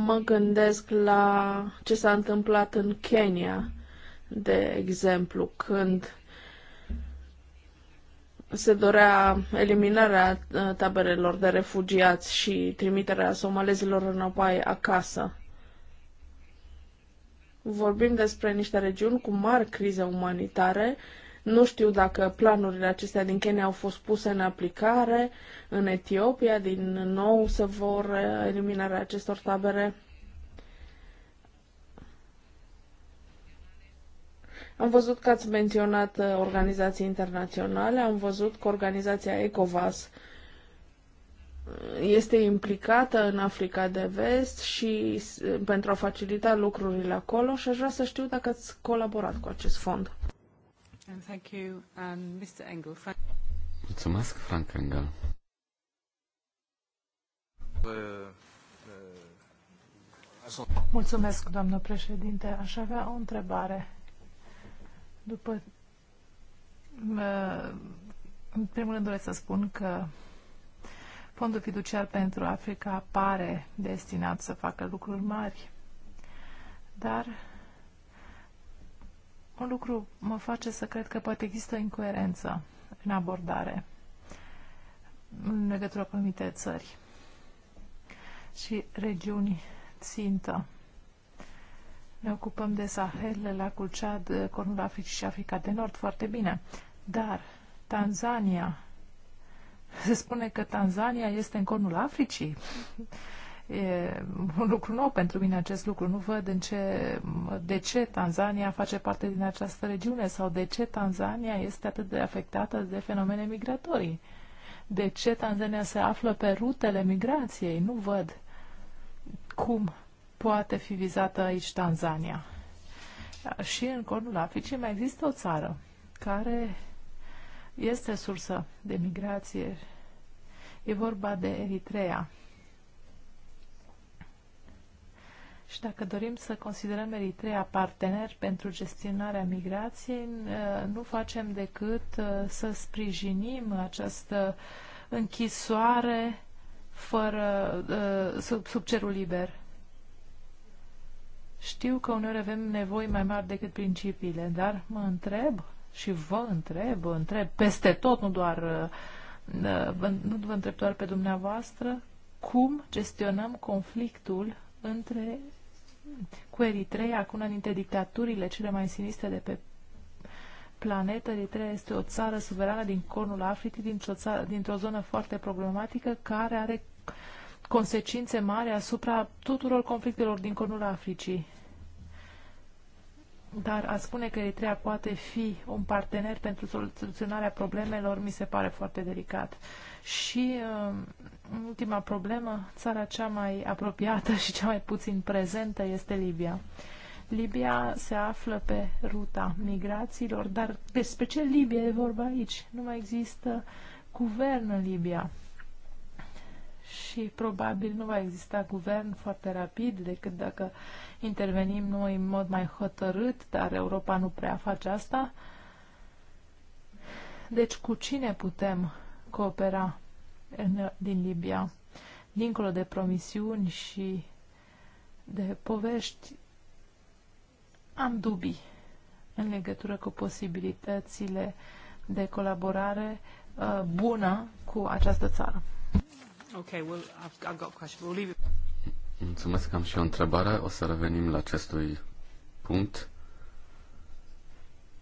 Mă gândesc la ce s-a întâmplat în Kenya, de exemplu, când se dorea eliminarea uh, taberelor de refugiați și trimiterea somalezilor înapoi acasă. Vorbim despre niște regiuni cu mari crize umanitare nu știu dacă planurile acestea din Kenya au fost puse în aplicare în Etiopia, din nou se vor eliminarea acestor tabere. Am văzut că ați menționat uh, organizații internaționale, am văzut că organizația ECOVAS uh, este implicată în Africa de Vest și uh, pentru a facilita lucrurile acolo și aș vrea să știu dacă ați colaborat cu acest fond. And thank you, and um, Mr. Engel. Mulțumesc, Frank Engel. Mulțumesc, doamnă președinte. Aș avea o întrebare. După... În primul rând doresc să spun că Fondul fiduciar pentru Africa pare destinat să facă lucruri mari, dar un lucru mă face să cred că poate există incoerență în abordare în legătură cu anumite țări și regiuni țintă. Ne ocupăm de Sahel, lacul Chad, Cornul Africii și Africa de Nord foarte bine, dar Tanzania, se spune că Tanzania este în Cornul Africii. E un lucru nou pentru mine acest lucru. Nu văd în ce, de ce Tanzania face parte din această regiune sau de ce Tanzania este atât de afectată de fenomene migratorii. De ce Tanzania se află pe rutele migrației? Nu văd cum poate fi vizată aici Tanzania. Și în cornul Africii mai există o țară care este sursă de migrație. E vorba de Eritrea. Și dacă dorim să considerăm Eritrea partener pentru gestionarea migrației, uh, nu facem decât uh, să sprijinim această închisoare fără, uh, sub, sub cerul liber. Știu că uneori avem nevoi mai mari decât principiile, dar mă întreb și vă întreb, întreb peste tot, nu doar nu vă întreb doar pe dumneavoastră, cum gestionăm conflictul între cu Eritrea, cu una dintre dictaturile cele mai sinistre de pe planetă. Eritreea este o țară suverană din cornul Africii, dintr-o, dintr-o zonă foarte problematică, care are consecințe mari asupra tuturor conflictelor din cornul Africii. Dar a spune că Eritrea poate fi un partener pentru soluționarea problemelor mi se pare foarte delicat. Și uh, ultima problemă, țara cea mai apropiată și cea mai puțin prezentă este Libia. Libia se află pe ruta migrațiilor, dar despre ce Libia e vorba aici? Nu mai există guvern în Libia. Și probabil nu va exista guvern foarte rapid decât dacă intervenim noi în mod mai hotărât, dar Europa nu prea face asta. Deci cu cine putem coopera în, din Libia. Dincolo de promisiuni și de povești, am dubii în legătură cu posibilitățile de colaborare uh, bună cu această țară. Okay, well, I've, I've got a question. We'll leave it. Mulțumesc că am și o întrebare. O să revenim la acestui punct.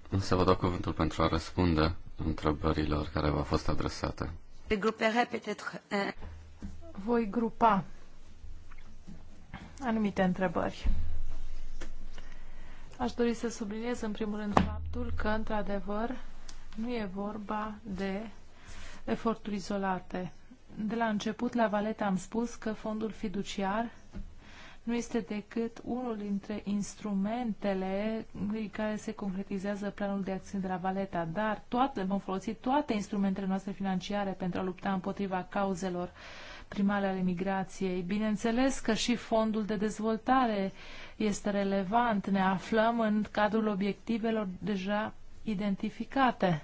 Însă vă dau cuvântul pentru a răspunde întrebărilor care v-au fost adresate. Voi grupa anumite întrebări. Aș dori să subliniez în primul rând faptul că, într-adevăr, nu e vorba de eforturi izolate. De la început, la Valeta am spus că fondul fiduciar nu este decât unul dintre instrumentele care se concretizează planul de acțiune de la Valeta, dar toate, vom folosi toate instrumentele noastre financiare pentru a lupta împotriva cauzelor primale ale migrației. Bineînțeles că și fondul de dezvoltare este relevant. Ne aflăm în cadrul obiectivelor deja identificate.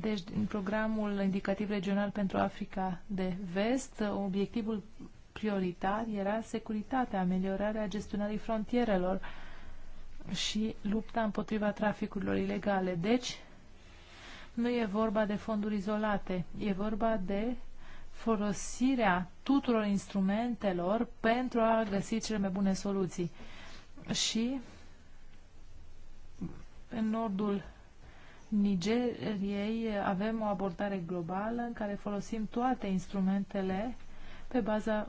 Deci, în programul indicativ regional pentru Africa de Vest, obiectivul prioritar era securitatea, ameliorarea gestionării frontierelor și lupta împotriva traficurilor ilegale. Deci, nu e vorba de fonduri izolate, e vorba de folosirea tuturor instrumentelor pentru a găsi cele mai bune soluții. Și în nordul Nigeriei avem o abordare globală în care folosim toate instrumentele pe baza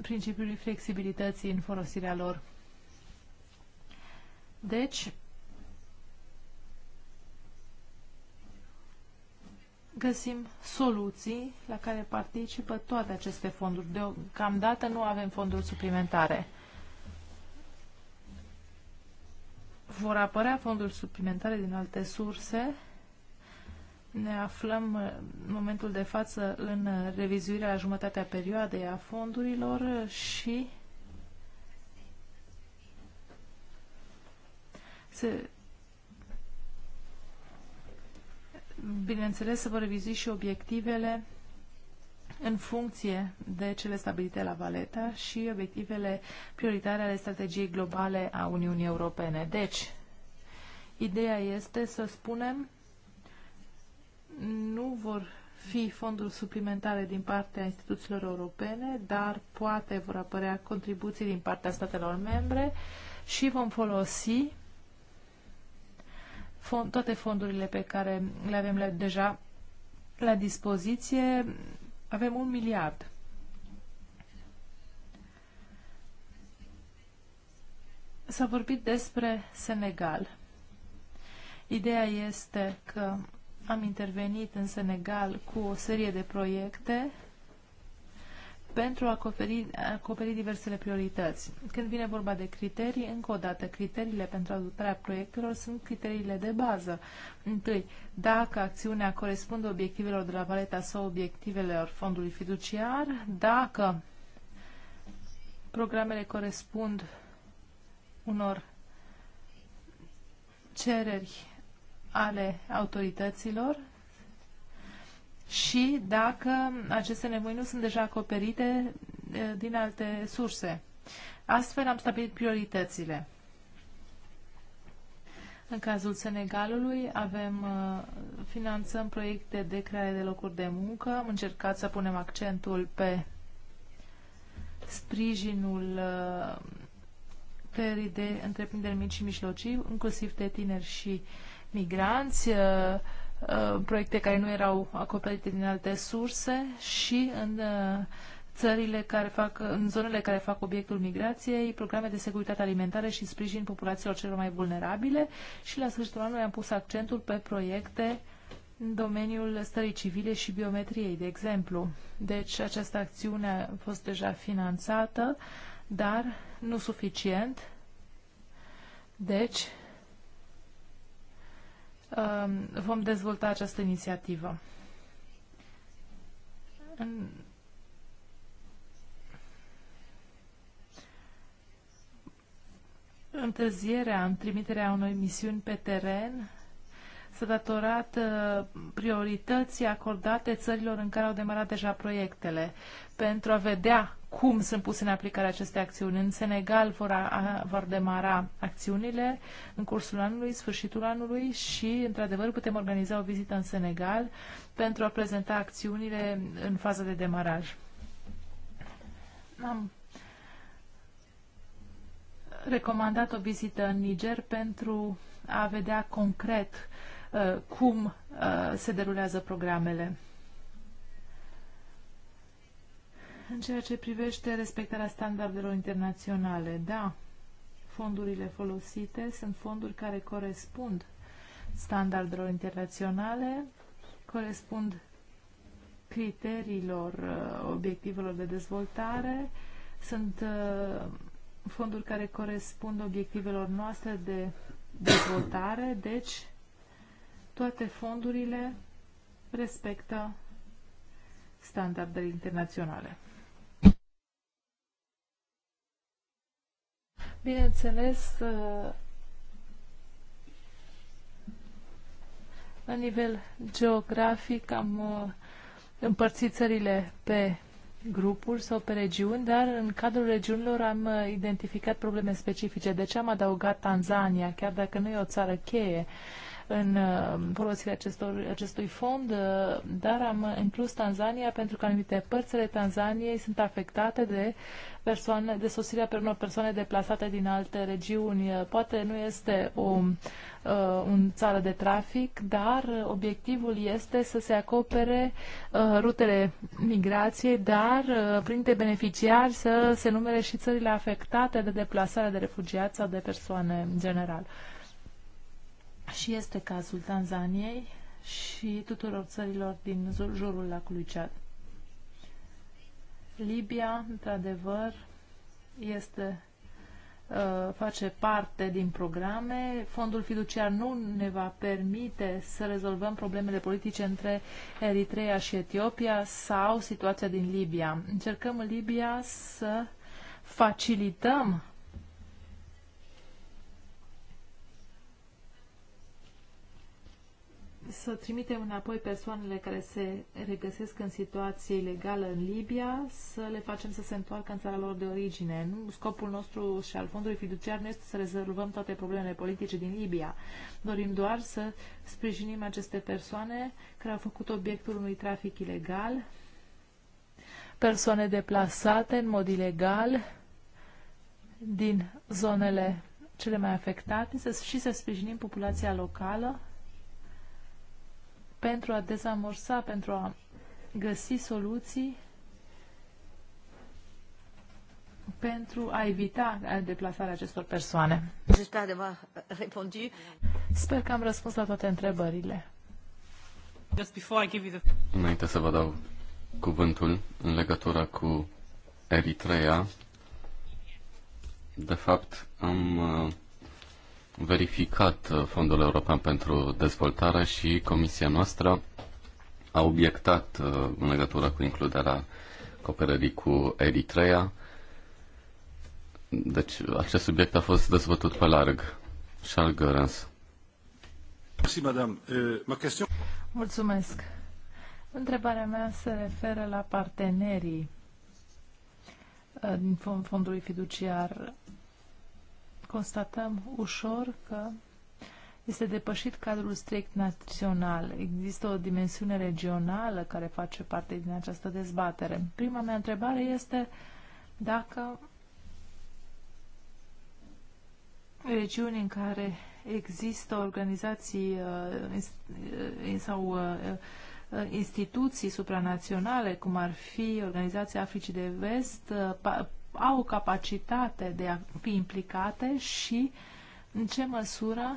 principiului flexibilității în folosirea lor. Deci, găsim soluții la care participă toate aceste fonduri. Deocamdată nu avem fonduri suplimentare. Vor apărea fonduri suplimentare din alte surse, ne aflăm uh, în momentul de față în uh, revizuirea jumătatea perioadei a fondurilor uh, și se bineînțeles, se vor revizui și obiectivele în funcție de cele stabilite la Valeta și obiectivele prioritare ale strategiei globale a Uniunii Europene. Deci, ideea este să spunem nu vor fi fonduri suplimentare din partea instituțiilor europene, dar poate vor apărea contribuții din partea statelor membre și vom folosi fond, toate fondurile pe care le avem la, deja la dispoziție. Avem un miliard. S-a vorbit despre Senegal. Ideea este că am intervenit în Senegal cu o serie de proiecte pentru a acoperi, a acoperi diversele priorități. Când vine vorba de criterii, încă o dată, criteriile pentru adoptarea proiectelor sunt criteriile de bază. Întâi, dacă acțiunea corespunde obiectivelor de la paleta sau obiectivelor fondului fiduciar, dacă programele corespund unor cereri ale autorităților și dacă aceste nevoi nu sunt deja acoperite din alte surse. Astfel am stabilit prioritățile. În cazul Senegalului avem, finanțăm proiecte de creare de locuri de muncă. Am încercat să punem accentul pe sprijinul creării de întreprinderi mici și mijlocii, inclusiv de tineri și uh, migranți, uh, uh, proiecte care nu erau acoperite din alte surse și în uh, țările care fac, în zonele care fac obiectul migrației, programe de securitate alimentară și sprijin populațiilor celor mai vulnerabile și la sfârșitul anului am pus accentul pe proiecte în domeniul stării civile și biometriei, de exemplu. Deci această acțiune a fost deja finanțată, dar nu suficient. Deci Um, vom dezvolta această inițiativă. Întârzierea în trimiterea unei misiuni pe teren să a uh, priorității acordate țărilor în care au demarat deja proiectele pentru a vedea cum sunt puse în aplicare aceste acțiuni. În Senegal vor, a, vor demara acțiunile în cursul anului, sfârșitul anului și, într-adevăr, putem organiza o vizită în Senegal pentru a prezenta acțiunile în fază de demaraj. Am recomandat o vizită în Niger pentru a vedea concret uh, Uh, cum uh, se derulează programele. În ceea ce privește respectarea standardelor internaționale, da, fondurile folosite sunt fonduri care corespund standardelor internaționale, corespund criteriilor, uh, obiectivelor de dezvoltare, sunt fonduri care corespund obiectivelor noastre de dezvoltare, deci toate fondurile respectă standardele internaționale. Bineînțeles, la nivel geografic am uh, împărțit țările pe grupuri sau pe regiuni, dar în cadrul regiunilor am uh, identificat probleme specifice. De deci ce am adăugat Tanzania, chiar dacă nu e o țară cheie în uh, folosirea acestor, acestui fond, uh, dar am inclus Tanzania pentru că anumite părțile Tanzaniei sunt afectate de persoane, de sosirea unor persoane deplasate din alte regiuni. Uh, poate nu este o un țară de trafic, dar obiectivul este să se acopere rutele migrației, dar printre beneficiari să se numere și țările afectate de deplasarea de refugiați sau de persoane în general. Și este cazul Tanzaniei și tuturor țărilor din jurul lacului Chad. Libia, într-adevăr, este ă, face parte din programe. Fondul fiduciar nu ne va permite să rezolvăm problemele politice între Eritrea și Etiopia sau situația din Libia. Încercăm în Libia să facilităm să trimitem înapoi persoanele care se regăsesc în situație ilegală în Libia, să le facem să se întoarcă în țara lor de origine. Nu, scopul nostru și al fondului fiduciar nu este să rezolvăm toate problemele politice din Libia. Dorim doar să sprijinim aceste persoane care au făcut obiectul unui trafic ilegal, persoane deplasate în mod ilegal din zonele cele mai afectate și să sprijinim populația locală pentru a dezamorsa, pentru a găsi soluții pentru a evita deplasarea acestor persoane. Sper că am răspuns la toate întrebările. Înainte să vă dau cuvântul în legătură cu Eritrea, de fapt am uh, verificat uh, Fondul European pentru Dezvoltare și Comisia noastră a obiectat uh, în legătură cu includerea cooperării cu Eritrea. Deci acest subiect a fost dezbătut pe larg. Charles Görens. Euh, Mulțumesc. Întrebarea mea se referă la partenerii uh, din fondului fiduciar constatăm ușor că este depășit cadrul strict național. Există o dimensiune regională care face parte din această dezbatere. Prima mea întrebare este dacă regiuni în care există organizații uh, uh, sau uh, instituții supranaționale, cum ar fi Organizația Africii de Vest, au capacitate de a fi implicate și în ce măsură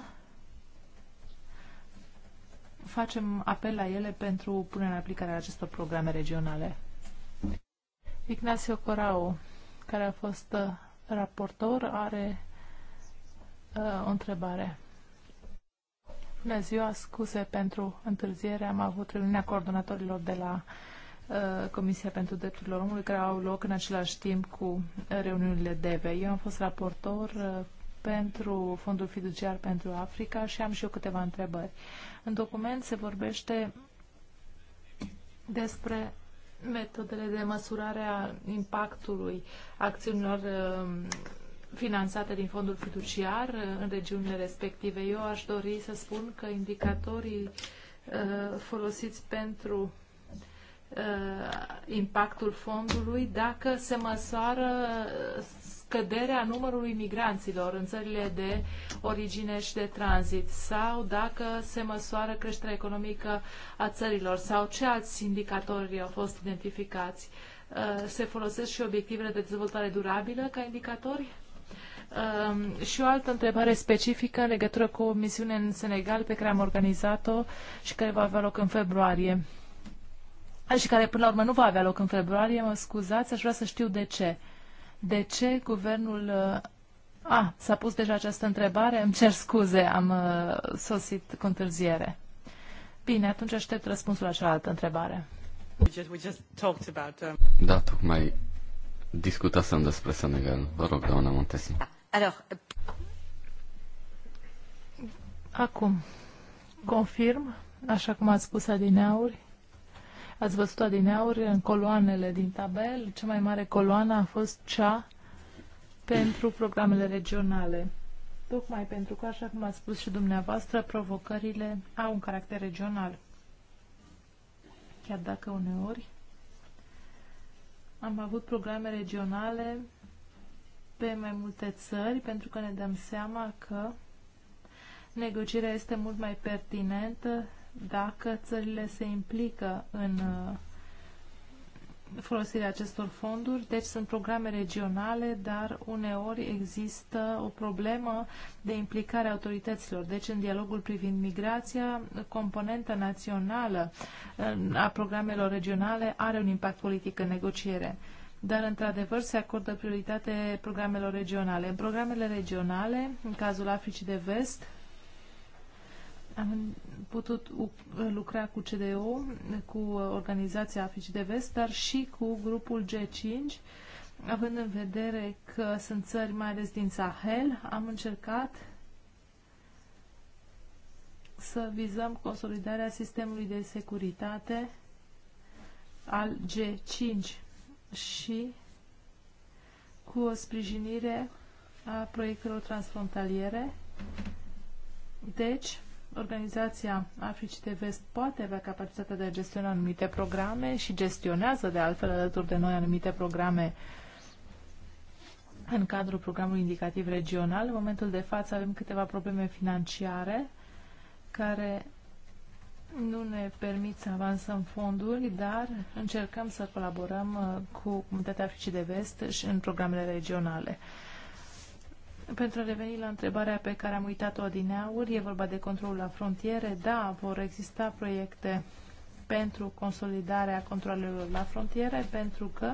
facem apel la ele pentru punerea în aplicare a acestor programe regionale. Ignacio Corao, care a fost uh, raportor, are uh, o întrebare. Bună ziua, scuze pentru întârziere, am avut reuniunea coordonatorilor de la Uh, Comisia pentru Drepturile Omului, care au loc în același timp cu uh, reuniunile DEVE. Eu am fost raportor uh, pentru Fondul Fiduciar pentru Africa și am și eu câteva întrebări. În document se vorbește despre metodele de măsurare a impactului acțiunilor finanțate din fondul fiduciar în regiunile respective. Eu aș dori să spun că indicatorii folosiți pentru Uh, impactul fondului dacă se măsoară scăderea numărului migranților în țările de origine și de tranzit sau dacă se măsoară creșterea economică a țărilor sau ce alți indicatori au fost identificați. Uh, se folosesc și obiectivele de dezvoltare durabilă ca indicatori? Um, și o altă întrebare specifică în legătură cu o misiune în Senegal pe care am organizat-o și care va avea loc în februarie și care până la urmă nu va avea loc în februarie, mă scuzați, aș vrea să știu de ce. De ce guvernul... Uh, a, s-a pus deja această întrebare, îmi cer scuze, am uh, sosit cu întârziere. Bine, atunci aștept răspunsul la cealaltă întrebare. Um, da, tocmai discutasem despre Senegal. Vă rog, doamna Montesi. Euh, Acum, confirm, așa cum ați spus adineauri, Ați văzut adineauri în coloanele din tabel. Cea mai mare coloană a fost cea pentru programele regionale. Tocmai pentru că, așa cum a spus și dumneavoastră, provocările au un caracter regional. Chiar dacă uneori am avut programe regionale pe mai multe țări, pentru că ne dăm seama că negocierea este mult mai pertinentă dacă țările se implică în uh, folosirea acestor fonduri, deci sunt programe regionale, dar uneori există o problemă de implicare a autorităților. Deci în dialogul privind migrația, componenta națională uh, a programelor regionale are un impact politic în negociere. Dar, într-adevăr, se acordă prioritate programelor regionale. În programele regionale, în cazul Africii de Vest, am putut lucra cu CDO, cu organizația Africii de Vest, dar și cu grupul G5, având în vedere că sunt țări mai ales din Sahel, am încercat să vizăm consolidarea sistemului de securitate al G5 și cu o sprijinire a proiectelor transfrontaliere. Deci, Organizația Africii de Vest poate avea capacitatea de a gestiona anumite programe și gestionează de altfel alături de noi anumite programe în cadrul programului indicativ regional. În momentul de față avem câteva probleme financiare care nu ne permit să avansăm fonduri, dar încercăm să colaborăm uh, cu Comunitatea Africii de Vest și în programele regionale. Pentru a reveni la întrebarea pe care am uitat-o adineauri, e vorba de controlul la frontiere. Da, vor exista proiecte pentru consolidarea controlelor la frontiere, pentru că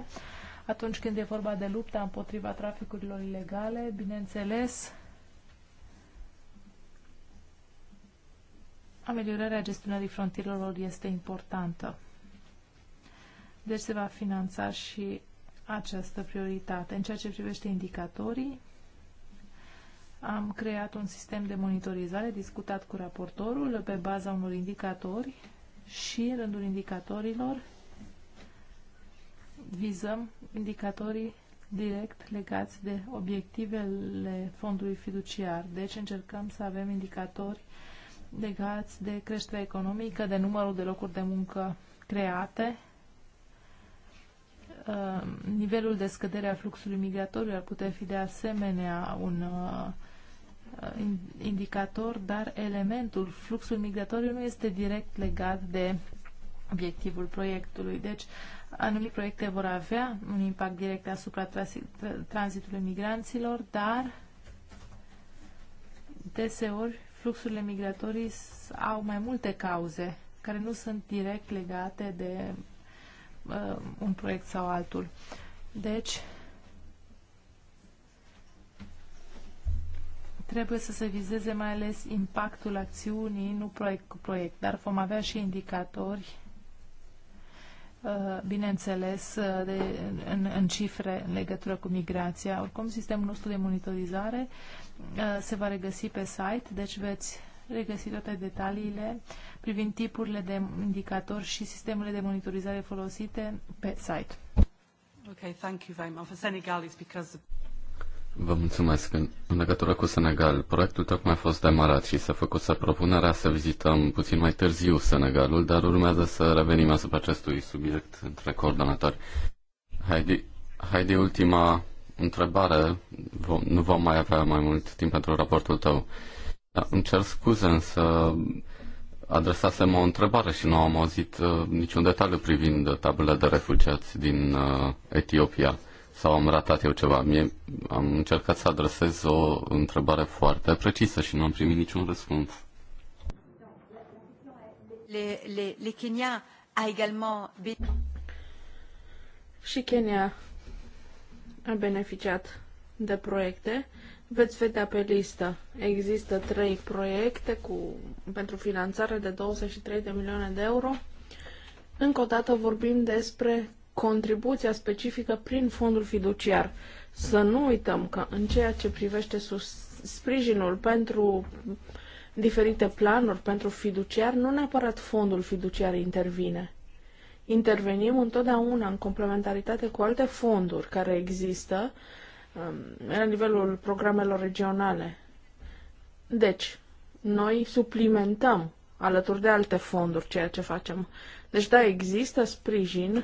atunci când e vorba de lupta împotriva traficurilor ilegale, bineînțeles, ameliorarea gestionării frontierelor este importantă. Deci se va finanța și această prioritate. În ceea ce privește indicatorii, am creat un sistem de monitorizare discutat cu raportorul pe baza unor indicatori și în rândul indicatorilor vizăm indicatorii direct legați de obiectivele fondului fiduciar. Deci încercăm să avem indicatori legați de creșterea economică, de numărul de locuri de muncă create, uh, nivelul de scădere a fluxului migratoriu ar putea fi de asemenea un uh, indicator, dar elementul, fluxul migratoriu nu este direct legat de obiectivul proiectului. Deci, anumite proiecte vor avea un impact direct asupra tranzitului migranților, dar deseori fluxurile migratorii au mai multe cauze care nu sunt direct legate de uh, un proiect sau altul. Deci, trebuie să se vizeze mai ales impactul acțiunii, nu proiect cu proiect, dar vom avea și indicatori, uh, bineînțeles, uh, de, în, în cifre în legătură cu migrația. Oricum, sistemul nostru de monitorizare uh, se va regăsi pe site, deci veți regăsi toate detaliile privind tipurile de indicatori și sistemele de monitorizare folosite pe site. Okay, thank you very much. For Senegal, it's because Vă mulțumesc. În, legătură cu Senegal, proiectul tocmai a fost demarat și s-a făcut să propunerea să vizităm puțin mai târziu Senegalul, dar urmează să revenim asupra acestui subiect între coordonatori. Heidi, Heidi ultima întrebare. nu vom mai avea mai mult timp pentru raportul tău. Da, îmi cer scuze, însă adresasem o întrebare și nu am auzit uh, niciun detaliu privind tablele de refugiați din uh, Etiopia sau am ratat eu ceva? Mie, am încercat să adresez o întrebare foarte precisă și nu am primit niciun răspuns. Le, le, le Kenya a également... Și Kenya a beneficiat de proiecte. Veți vedea pe listă. Există trei proiecte cu, pentru finanțare de 23 de milioane de euro. Încă o dată vorbim despre contribuția specifică prin fondul fiduciar. Să nu uităm că în ceea ce privește sprijinul pentru diferite planuri, pentru fiduciar, nu neapărat fondul fiduciar intervine. Intervenim întotdeauna în complementaritate cu alte fonduri care există um, la nivelul programelor regionale. Deci, noi suplimentăm alături de alte fonduri ceea ce facem. Deci, da, există sprijin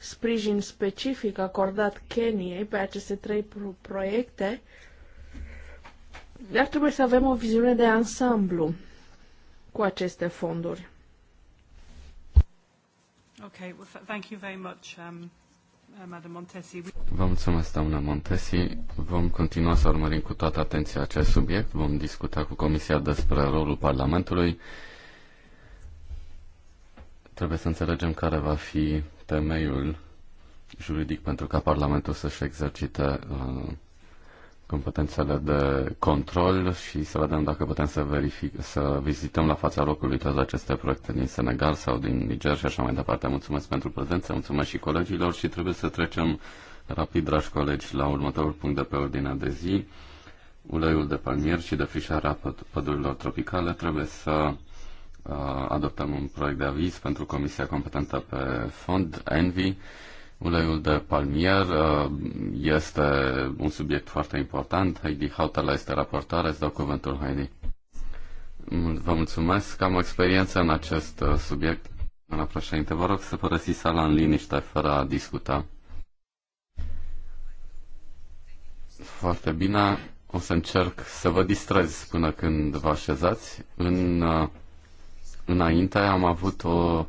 sprijin specific acordat Keniei pe aceste trei proiecte, dar trebuie să avem o viziune de ansamblu cu aceste fonduri. Okay, well, thank you very much, um, uh, Montesi. Vă mulțumesc, doamna Montesi. Vom continua să urmărim cu toată atenția acest subiect. Vom discuta cu Comisia despre rolul Parlamentului. Trebuie să înțelegem care va fi temeiul juridic pentru ca Parlamentul să-și exercite uh, competențele de control și să vedem dacă putem să, verific, să vizităm la fața locului toate aceste proiecte din Senegal sau din Niger și așa mai departe. Mulțumesc pentru prezență, mulțumesc și colegilor și trebuie să trecem rapid, dragi colegi, la următorul punct de pe ordinea de zi. Uleiul de palmier și defrișarea pădurilor tropicale trebuie să Uh, adoptăm un proiect de aviz pentru Comisia Competentă pe Fond, ENVI. Uleiul de palmier uh, este un subiect foarte important. Heidi Hautala este raportare. Îți dau cuvântul, Heidi. Vă mulțumesc. Am o experiență în acest uh, subiect. Doamna președinte, vă rog să părăsiți sala în liniște fără a discuta. Foarte bine. O să încerc să vă distrez până când vă așezați. În Înainte am avut o,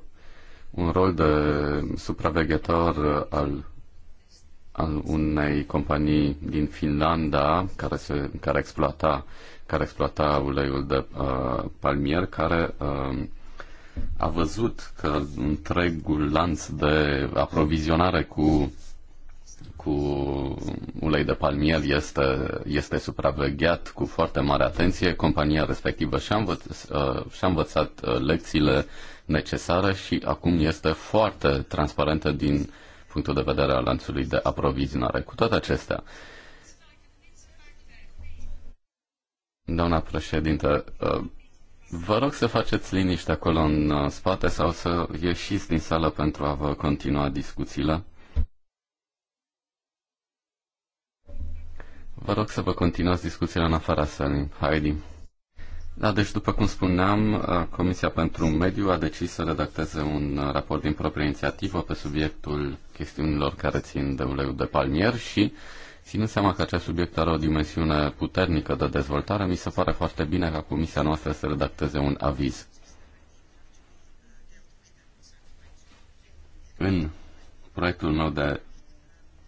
un rol de supraveghetor al, al unei companii din Finlanda care, se, care exploata care exploata uleiul de uh, palmier, care uh, a văzut că întregul lanț de aprovizionare cu cu ulei de palmier este, este supravegheat cu foarte mare atenție. Compania respectivă și-a, învăț, uh, și-a învățat uh, lecțiile necesare și acum este foarte transparentă din punctul de vedere al lanțului de aprovizionare. Cu toate acestea, doamna președinte, uh, Vă rog să faceți liniște acolo în spate sau să ieșiți din sală pentru a vă continua discuțiile. Vă rog să vă continuați discuțiile în afara sălii, Heidi. Da, deci după cum spuneam, uh, Comisia pentru Mediu a decis să redacteze un uh, raport din proprie inițiativă pe subiectul chestiunilor care țin de uleiul de palmier și Ținând seama că acest subiect are o dimensiune puternică de dezvoltare, mi se pare foarte bine ca comisia noastră să redacteze un aviz. În proiectul meu de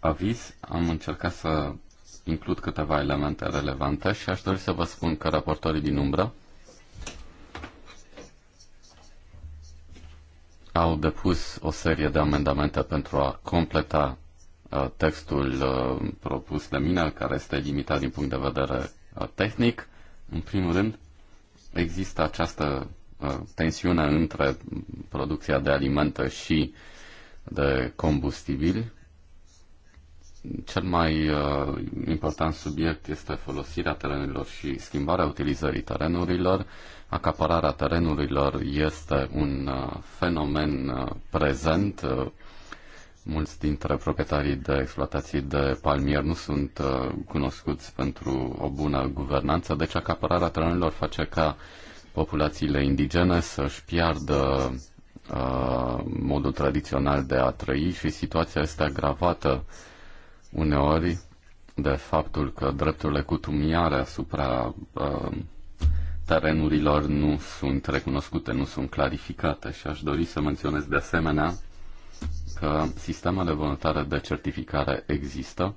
aviz am încercat să includ câteva elemente relevante și aș dori să vă spun că raportorii din umbră au depus o serie de amendamente pentru a completa uh, textul uh, propus de mine, care este limitat din punct de vedere uh, tehnic. În primul rând, există această tensiune între producția de alimente și de combustibili cel mai uh, important subiect este folosirea terenurilor și schimbarea utilizării terenurilor. Acapararea terenurilor este un uh, fenomen uh, prezent. Uh, mulți dintre proprietarii de exploatații de palmier nu sunt uh, cunoscuți pentru o bună guvernanță, deci acapararea terenurilor face ca populațiile indigene să-și piardă uh, modul tradițional de a trăi și situația este agravată uh, uneori de faptul că drepturile cutumiare asupra uh, terenurilor nu sunt recunoscute, nu sunt clarificate și aș dori să menționez de asemenea că sistemele voluntare de certificare există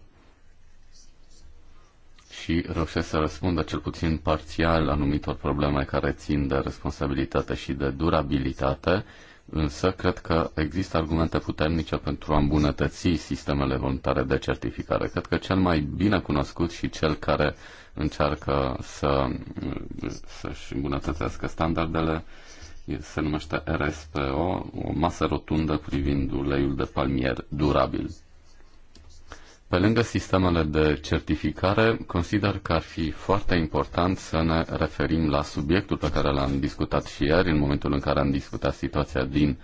și reușesc să răspundă cel puțin parțial anumitor probleme care țin de responsabilitate și de durabilitate însă cred că există argumente puternice pentru a îmbunătăți sistemele voluntare de certificare. Cred că cel mai bine cunoscut și cel care încearcă să, să-și îmbunătățească standardele se numește RSPO, o masă rotundă privind uleiul de palmier durabil. Pe lângă sistemele de certificare, consider că ar fi foarte important să ne referim la subiectul pe care l-am discutat și ieri, în momentul în care am discutat situația din,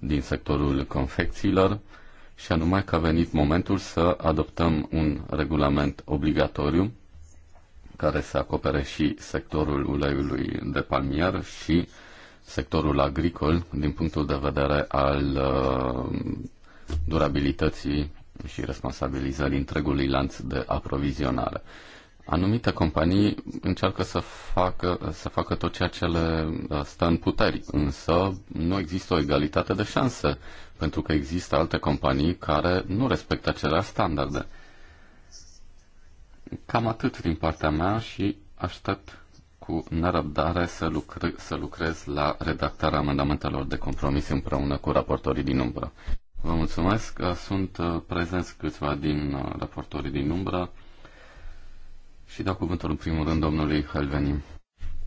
din sectorul confecțiilor, și anume că a venit momentul să adoptăm un regulament obligatoriu care să acopere și sectorul uleiului de palmier și sectorul agricol din punctul de vedere al uh, durabilității și responsabilizării întregului lanț de aprovizionare. Anumite companii încearcă să facă, să facă tot ceea ce le uh, stă în puteri, însă nu există o egalitate de șanse, pentru că există alte companii care nu respectă acelea standarde. Cam atât din partea mea și aștept cu nerăbdare să, lucre, să lucrez la redactarea amendamentelor de compromis împreună cu raportorii din umbră. Vă mulțumesc. Uh, sunt uh, prezenți câțiva din uh, raportorii din umbră și dau cuvântul în primul rând domnului Helveni.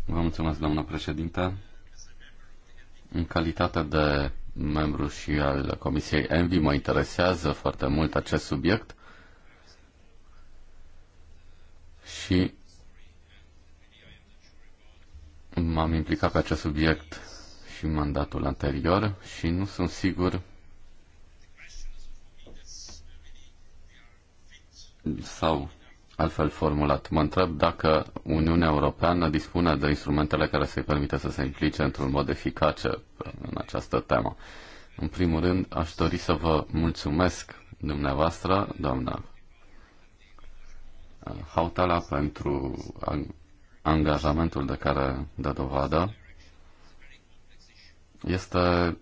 Vă mulțumesc, doamnă președinte. În calitate de membru și al Comisiei Envi, mă interesează foarte mult acest subiect și m-am implicat pe acest subiect și în mandatul anterior și nu sunt sigur sau altfel formulat, mă întreb dacă Uniunea Europeană dispune de instrumentele care să-i permită să se implice într-un mod eficace în această temă. În primul rând, aș dori să vă mulțumesc dumneavoastră, doamna uh, Hautala, pentru angajamentul de care dă dovadă. Este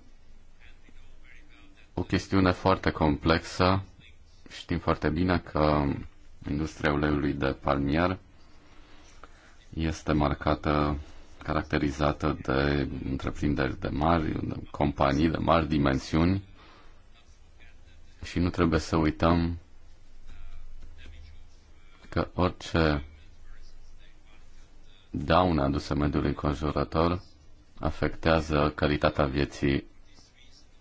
o chestiune foarte complexă Știm foarte bine că industria uleiului de palmier este marcată, caracterizată de întreprinderi de mari, de companii de mari dimensiuni și nu trebuie să uităm că orice daună adusă mediului conjurător afectează calitatea vieții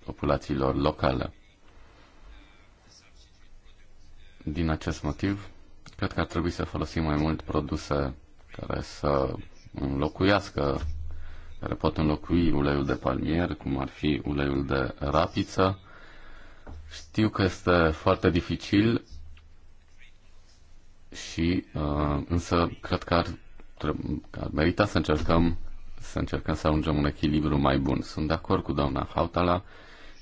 populațiilor locale din acest motiv, cred că ar trebui să folosim mai mult produse care să înlocuiască, care pot înlocui uleiul de palmier, cum ar fi uleiul de rapiță. Știu că este foarte dificil și uh, însă cred că ar, că ar merita să încercăm să încercăm să ajungem un echilibru mai bun. Sunt de acord cu doamna Hautala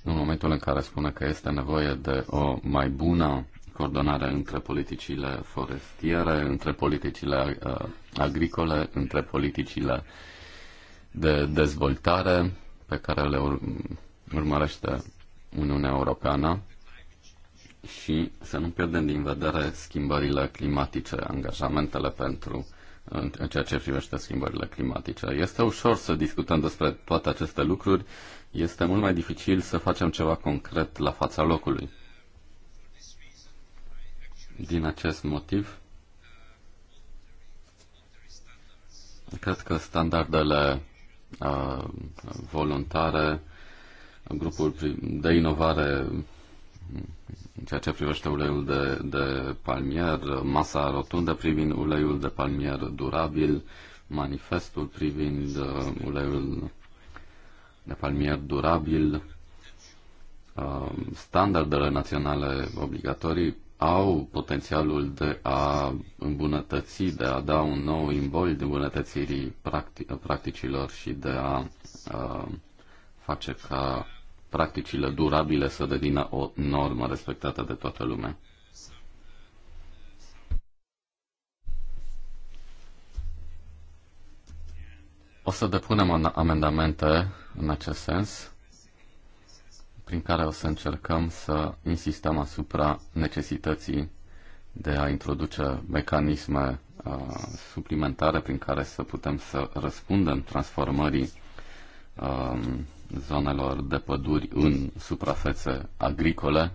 în momentul în care spune că este nevoie de o mai bună coordonare între politicile forestiere, între politicile uh, agricole, între politicile de dezvoltare pe care le urmărește Uniunea Europeană și să nu pierdem din vedere schimbările climatice, angajamentele pentru în ceea ce privește schimbările climatice. Este ușor să discutăm despre toate aceste lucruri, este mult mai dificil să facem ceva concret la fața locului. Din acest motiv, cred că standardele uh, voluntare, grupul de inovare în ceea ce privește uleiul de, de palmier, masa rotundă privind uleiul de palmier durabil, manifestul privind uh, uleiul de palmier durabil, uh, standardele naționale obligatorii au potențialul de a îmbunătăți, de a da un nou imbol de îmbunătățirii practic, practicilor și de a uh, face ca practicile durabile să devină o normă respectată de toată lumea. O să depunem amendamente în acest sens prin care o să încercăm să insistăm asupra necesității de a introduce mecanisme uh, suplimentare prin care să putem să răspundem transformării uh, zonelor de păduri în suprafețe agricole.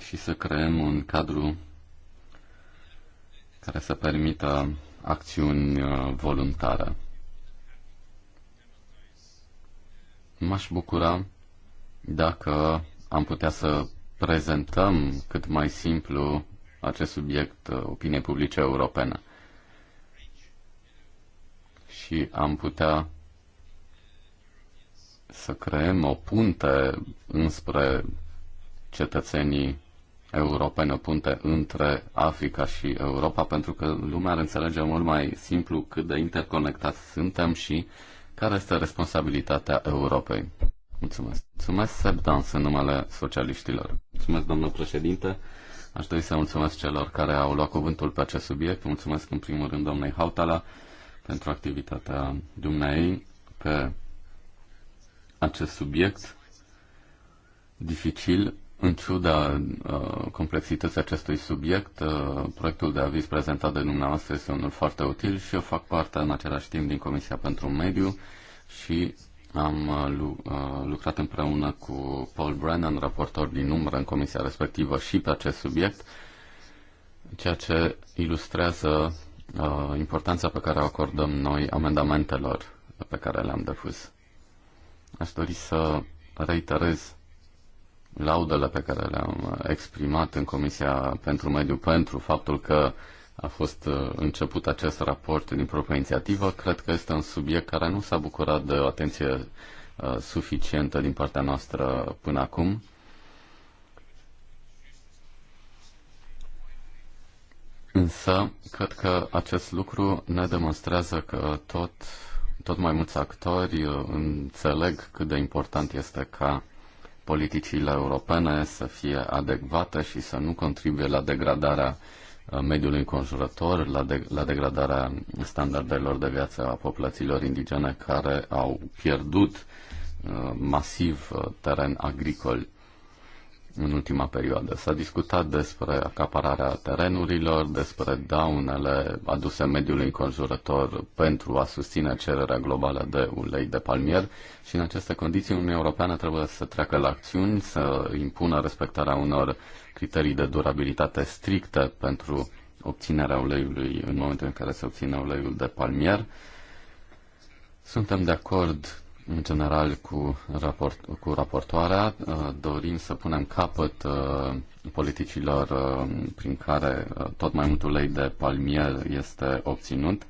și să creăm un cadru care să permită acțiuni uh, voluntare. M-aș bucura dacă am putea să prezentăm cât mai simplu acest subiect uh, opinie publice europene și am putea să creăm o punte înspre cetățenii europene punte între Africa și Europa, pentru că lumea ar înțelege mult mai simplu cât de interconectați suntem și care este responsabilitatea Europei. Mulțumesc. Mulțumesc, Seb Dans, în numele socialiștilor. Mulțumesc, domnul președinte. Aș dori să mulțumesc celor care au luat cuvântul pe acest subiect. Mulțumesc, în primul rând, domnei Hautala pentru activitatea dumneai pe acest subiect dificil în ciuda uh, complexității acestui subiect, uh, proiectul de aviz prezentat de dumneavoastră este unul foarte util și eu fac parte în același timp din Comisia pentru Mediu și am uh, uh, lucrat împreună cu Paul Brennan, raportor din umbră în comisia respectivă și pe acest subiect, ceea ce ilustrează uh, importanța pe care o acordăm noi amendamentelor pe care le-am depus. Aș dori să reiterez laudele pe care le-am exprimat în Comisia pentru Mediu pentru faptul că a fost uh, început acest raport din propria inițiativă, cred că este un subiect care nu s-a bucurat de o atenție uh, suficientă din partea noastră până acum. Însă, cred că acest lucru ne demonstrează că tot, tot mai mulți actori uh, înțeleg cât de important este ca politicile europene să fie adecvate și să nu contribuie la degradarea uh, mediului înconjurător, la, de- la degradarea standardelor de viață a populațiilor indigene care au pierdut uh, masiv uh, teren agricol în ultima perioadă. S-a discutat despre acapararea terenurilor, despre daunele aduse mediului înconjurător pentru a susține cererea globală de ulei de palmier și în aceste condiții Uniunea Europeană trebuie să treacă la acțiuni, să impună respectarea unor criterii de durabilitate stricte pentru obținerea uleiului în momentul în care se obține uleiul de palmier. Suntem de acord în general cu, raport, cu raportoarea. Uh, dorim să punem capăt uh, politicilor uh, prin care tot mai mult ulei de palmier este obținut.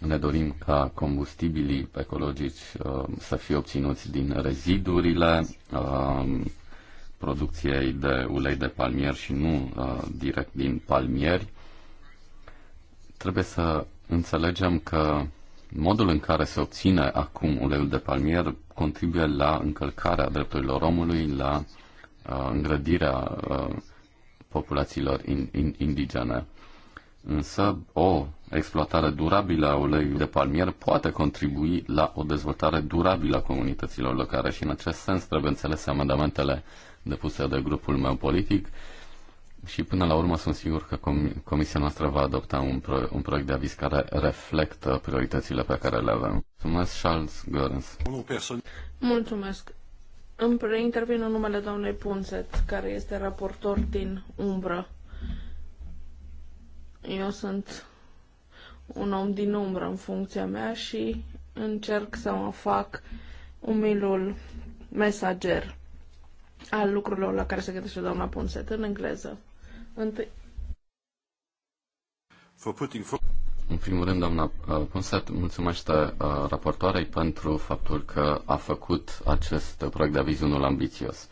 Ne dorim ca combustibilii ecologici să fie obținuți din rezidurile producției de ulei de palmier și nu direct din palmieri. Trebuie să înțelegem că Modul în care se obține acum uleiul de palmier contribuie la încălcarea drepturilor omului, la uh, îngrădirea uh, populațiilor in, in, indigene. Însă o exploatare durabilă a uleiului de palmier poate contribui la o dezvoltare durabilă a comunităților locale și în acest sens trebuie înțelese amendamentele depuse de grupul meu politic și până la urmă sunt sigur că com- comisia noastră va adopta un, pro- un proiect de aviz care reflectă prioritățile pe care le avem. Mulțumesc, Charles Görens. Mulțumesc. Îmi preintervin în numele doamnei Punzet, care este raportor din umbră. Eu sunt un om din umbră în funcția mea și încerc să mă fac umilul mesager al lucrurilor la care se gândește doamna Ponset în engleză. Întâi... În primul rând, doamna Ponsat, uh, mulțumesc uh, raportoarei pentru faptul că a făcut acest proiect de aviz unul ambițios.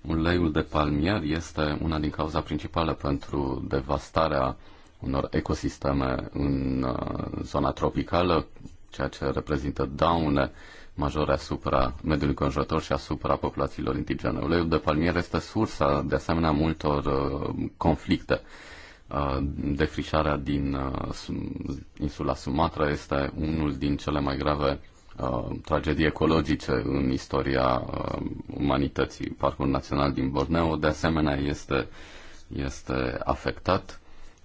Uleiul de palmier este una din cauza principală pentru devastarea unor ecosisteme în uh, zona tropicală, ceea ce reprezintă daune uh, majore asupra mediului conjurător și asupra populațiilor indigene. Uleiul de palmier este sursa, de asemenea, multor uh, conflicte. Uh, defrișarea din uh, insula Sumatra este unul din cele mai grave tragedii ecologice în istoria umanității. Parcul Național din Borneo, de asemenea, este, este afectat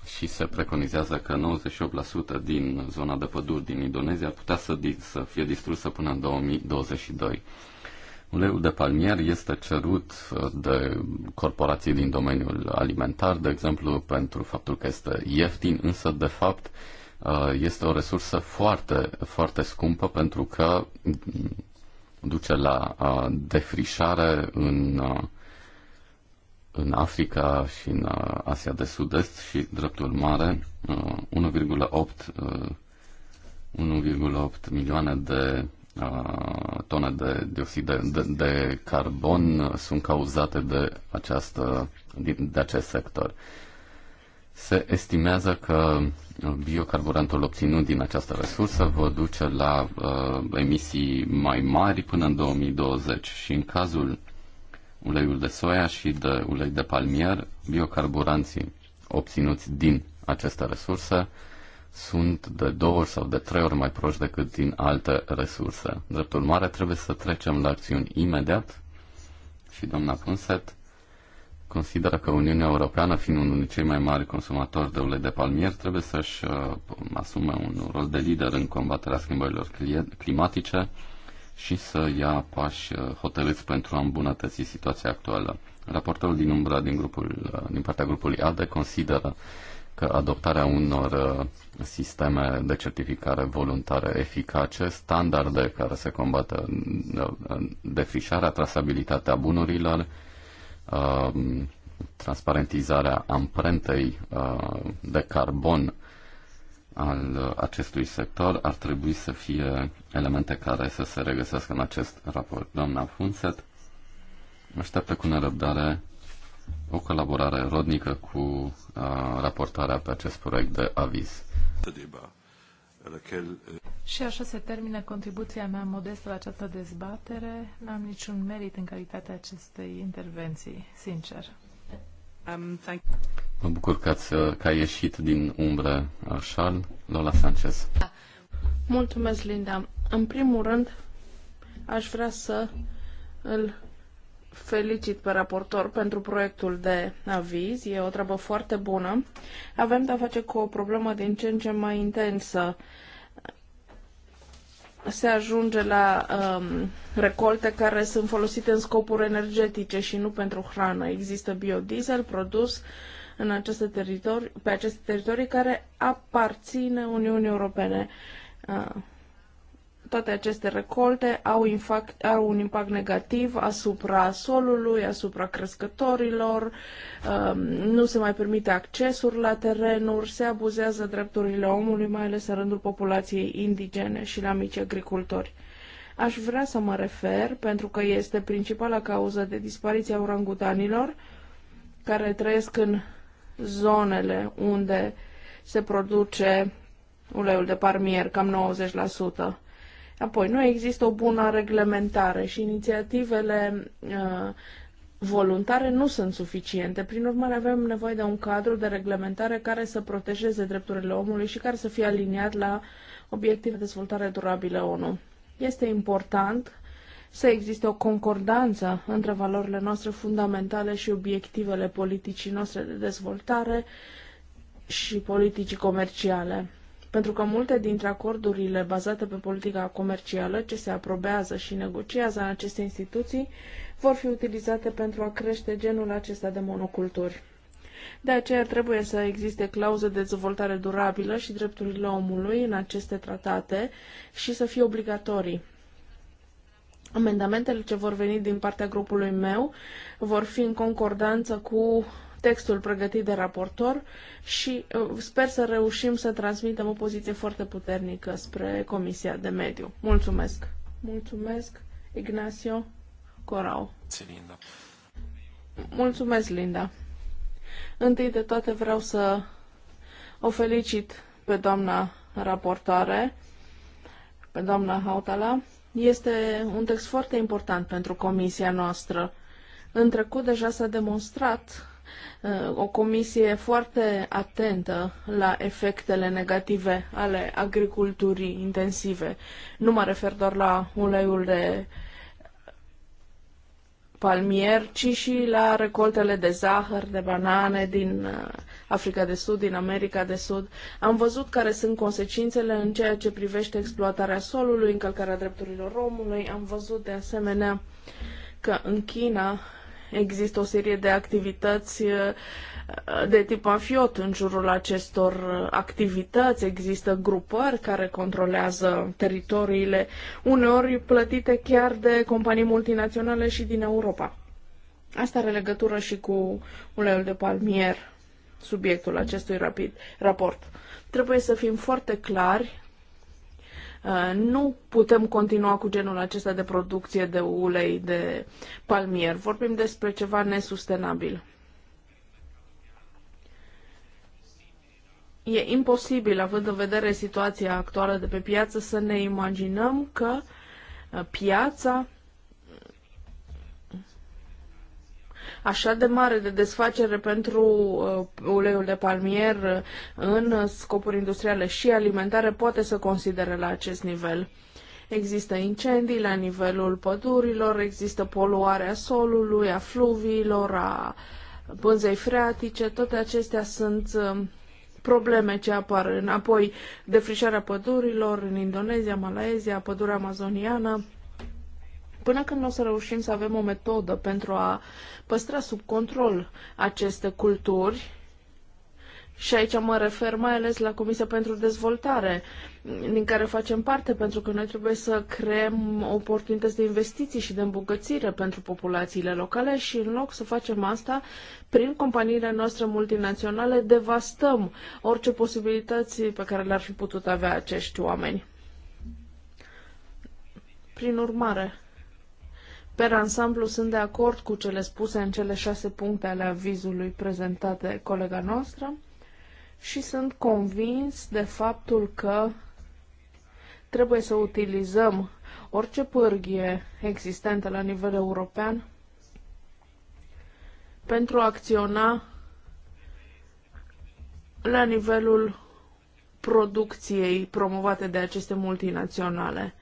și se preconizează că 98% din zona de păduri din Indonezia ar putea să, să fie distrusă până în 2022. Uleiul de palmier este cerut uh, de corporații din domeniul alimentar, de exemplu, pentru faptul că este ieftin, însă, de fapt, uh, este o resursă foarte, foarte scumpă pentru că mm, duce la uh, defrișare în în Africa și în uh, Asia de Sud-Est și, drept urmare, 1,8 uh, 1,8 uh, milioane de tone de dioxid de, de, de carbon sunt cauzate de, această, de acest sector. Se estimează că biocarburantul obținut din această resursă va duce la uh, emisii mai mari până în 2020 și în cazul uleiul de soia și de ulei de palmier, biocarburanții obținuți din aceste resurse sunt de două ori sau de trei ori mai proști decât din alte resurse. Drept urmare, trebuie să trecem la acțiuni imediat și doamna Punset consideră că Uniunea Europeană, fiind unul dintre cei mai mari consumatori de ulei de palmier, trebuie să-și uh, asume un rol de lider în combaterea schimbărilor climatice, și să ia pași uh, hotărâți pentru a îmbunătăți situația actuală. Raportorul din umbra din, grupul, uh, din partea grupului ADE consideră că adoptarea unor uh, sisteme de certificare voluntare eficace, standarde care se combată defrișarea, trasabilitatea bunurilor, transparentizarea amprentei de carbon al uh, acestui sector ar trebui să fie elemente care să se regăsească în acest raport. Doamna Funset așteaptă cu nerăbdare o colaborare rodnică cu a, uh, raportarea pe acest proiect de aviz. Și așa se termină contribuția mea modestă la această dezbatere. N-am niciun merit în calitatea acestei intervenții, sincer. Um, mă bucur că, ați, că ai ieșit din umbră, uh, Charles, Lola Sanchez. Mulțumesc, Linda. În primul rând, aș vrea să îl felicit pe raportor pentru proiectul de aviz. E o treabă foarte bună. Avem de-a face cu o problemă din ce în ce mai intensă se ajunge la um, recolte care sunt folosite în scopuri energetice și nu pentru hrană. Există biodiesel produs în aceste teritori, pe aceste teritorii care aparține Uniunii Europene. Uh, toate aceste recolte au, infact, au un impact negativ asupra solului, asupra crescătorilor, um, nu se mai permite accesul la terenuri, se abuzează drepturile omului, mai ales în rândul populației indigene și la mici agricultori. Aș vrea să mă refer, pentru că este principala cauză de dispariția orangutanilor, care trăiesc în zonele unde se produce uleiul de parmier, cam 90%. Apoi, nu există o bună reglementare și inițiativele uh, voluntare nu sunt suficiente. Prin urmare, avem nevoie de un cadru de reglementare care să protejeze drepturile omului și care să fie aliniat la obiective de dezvoltare durabilă ONU. Este important să existe o concordanță între valorile noastre fundamentale și obiectivele politicii noastre de dezvoltare și politicii comerciale. Pentru că multe dintre acordurile bazate pe politica comercială ce se aprobează și negociază în aceste instituții vor fi utilizate pentru a crește genul acesta de monoculturi. De aceea trebuie să existe clauze de dezvoltare durabilă și drepturile omului în aceste tratate și să fie obligatorii. Amendamentele ce vor veni din partea grupului meu vor fi în concordanță cu textul pregătit de raportor și uh, sper să reușim să transmitem o poziție foarte puternică spre Comisia de Mediu. Mulțumesc! Mulțumesc, Ignacio Corau. Linda. Mulțumesc, Linda. Întâi de toate vreau să o felicit pe doamna raportoare, pe doamna Hautala. Este un text foarte important pentru comisia noastră. În trecut deja s-a demonstrat Uh, o comisie foarte atentă la efectele negative ale agriculturii intensive. Nu mă refer doar la uleiul de palmier, ci și la recoltele de zahăr, de banane din uh, Africa de Sud, din America de Sud. Am văzut care sunt consecințele în ceea ce privește exploatarea solului, încălcarea drepturilor omului. Am văzut de asemenea că în China Există o serie de activități uh, de tip mafiot în jurul acestor uh, activități. Există grupări care controlează teritoriile, uneori plătite chiar de companii multinaționale și din Europa. Asta are legătură și cu uleiul de palmier, subiectul acestui rapid, raport. Trebuie să fim foarte clari Uh, nu putem continua cu genul acesta de producție de ulei de palmier. Vorbim despre ceva nesustenabil. E imposibil, având în vedere situația actuală de pe piață, să ne imaginăm că uh, piața așa de mare de desfacere pentru uh, uleiul de palmier uh, în scopuri industriale și alimentare poate să considere la acest nivel. Există incendii la nivelul pădurilor, există poluarea solului, a fluviilor, a pânzei freatice, toate acestea sunt uh, probleme ce apar. Apoi, defrișarea pădurilor în Indonezia, Malaezia, pădurea amazoniană, Până când o să reușim să avem o metodă pentru a păstra sub control aceste culturi, și aici mă refer mai ales la Comisia pentru Dezvoltare, din care facem parte, pentru că noi trebuie să creăm oportunități de investiții și de îmbogățire pentru populațiile locale și în loc să facem asta, prin companiile noastre multinaționale, devastăm orice posibilități pe care le-ar fi putut avea acești oameni. Prin urmare, Per ansamblu sunt de acord cu cele spuse în cele șase puncte ale avizului prezentat de colega noastră și sunt convins de faptul că trebuie să utilizăm orice pârghie existentă la nivel european pentru a acționa la nivelul producției promovate de aceste multinaționale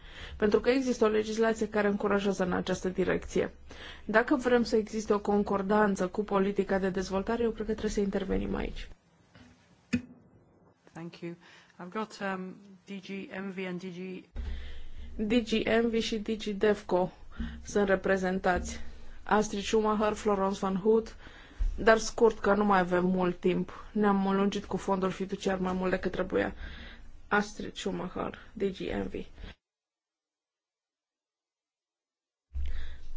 pentru că există o legislație care încurajează în această direcție. Dacă vrem să existe o concordanță cu politica de dezvoltare, eu cred că trebuie să intervenim aici. Thank you. I've got um, DG Mv and DG... DG MV și DG DEFCO sunt reprezentați. Astrid Schumacher, Florence Van Hood, dar scurt că nu mai avem mult timp. Ne-am lungit cu fondul fiduciar mai mult decât trebuia. Astrid Schumacher, DG Envy.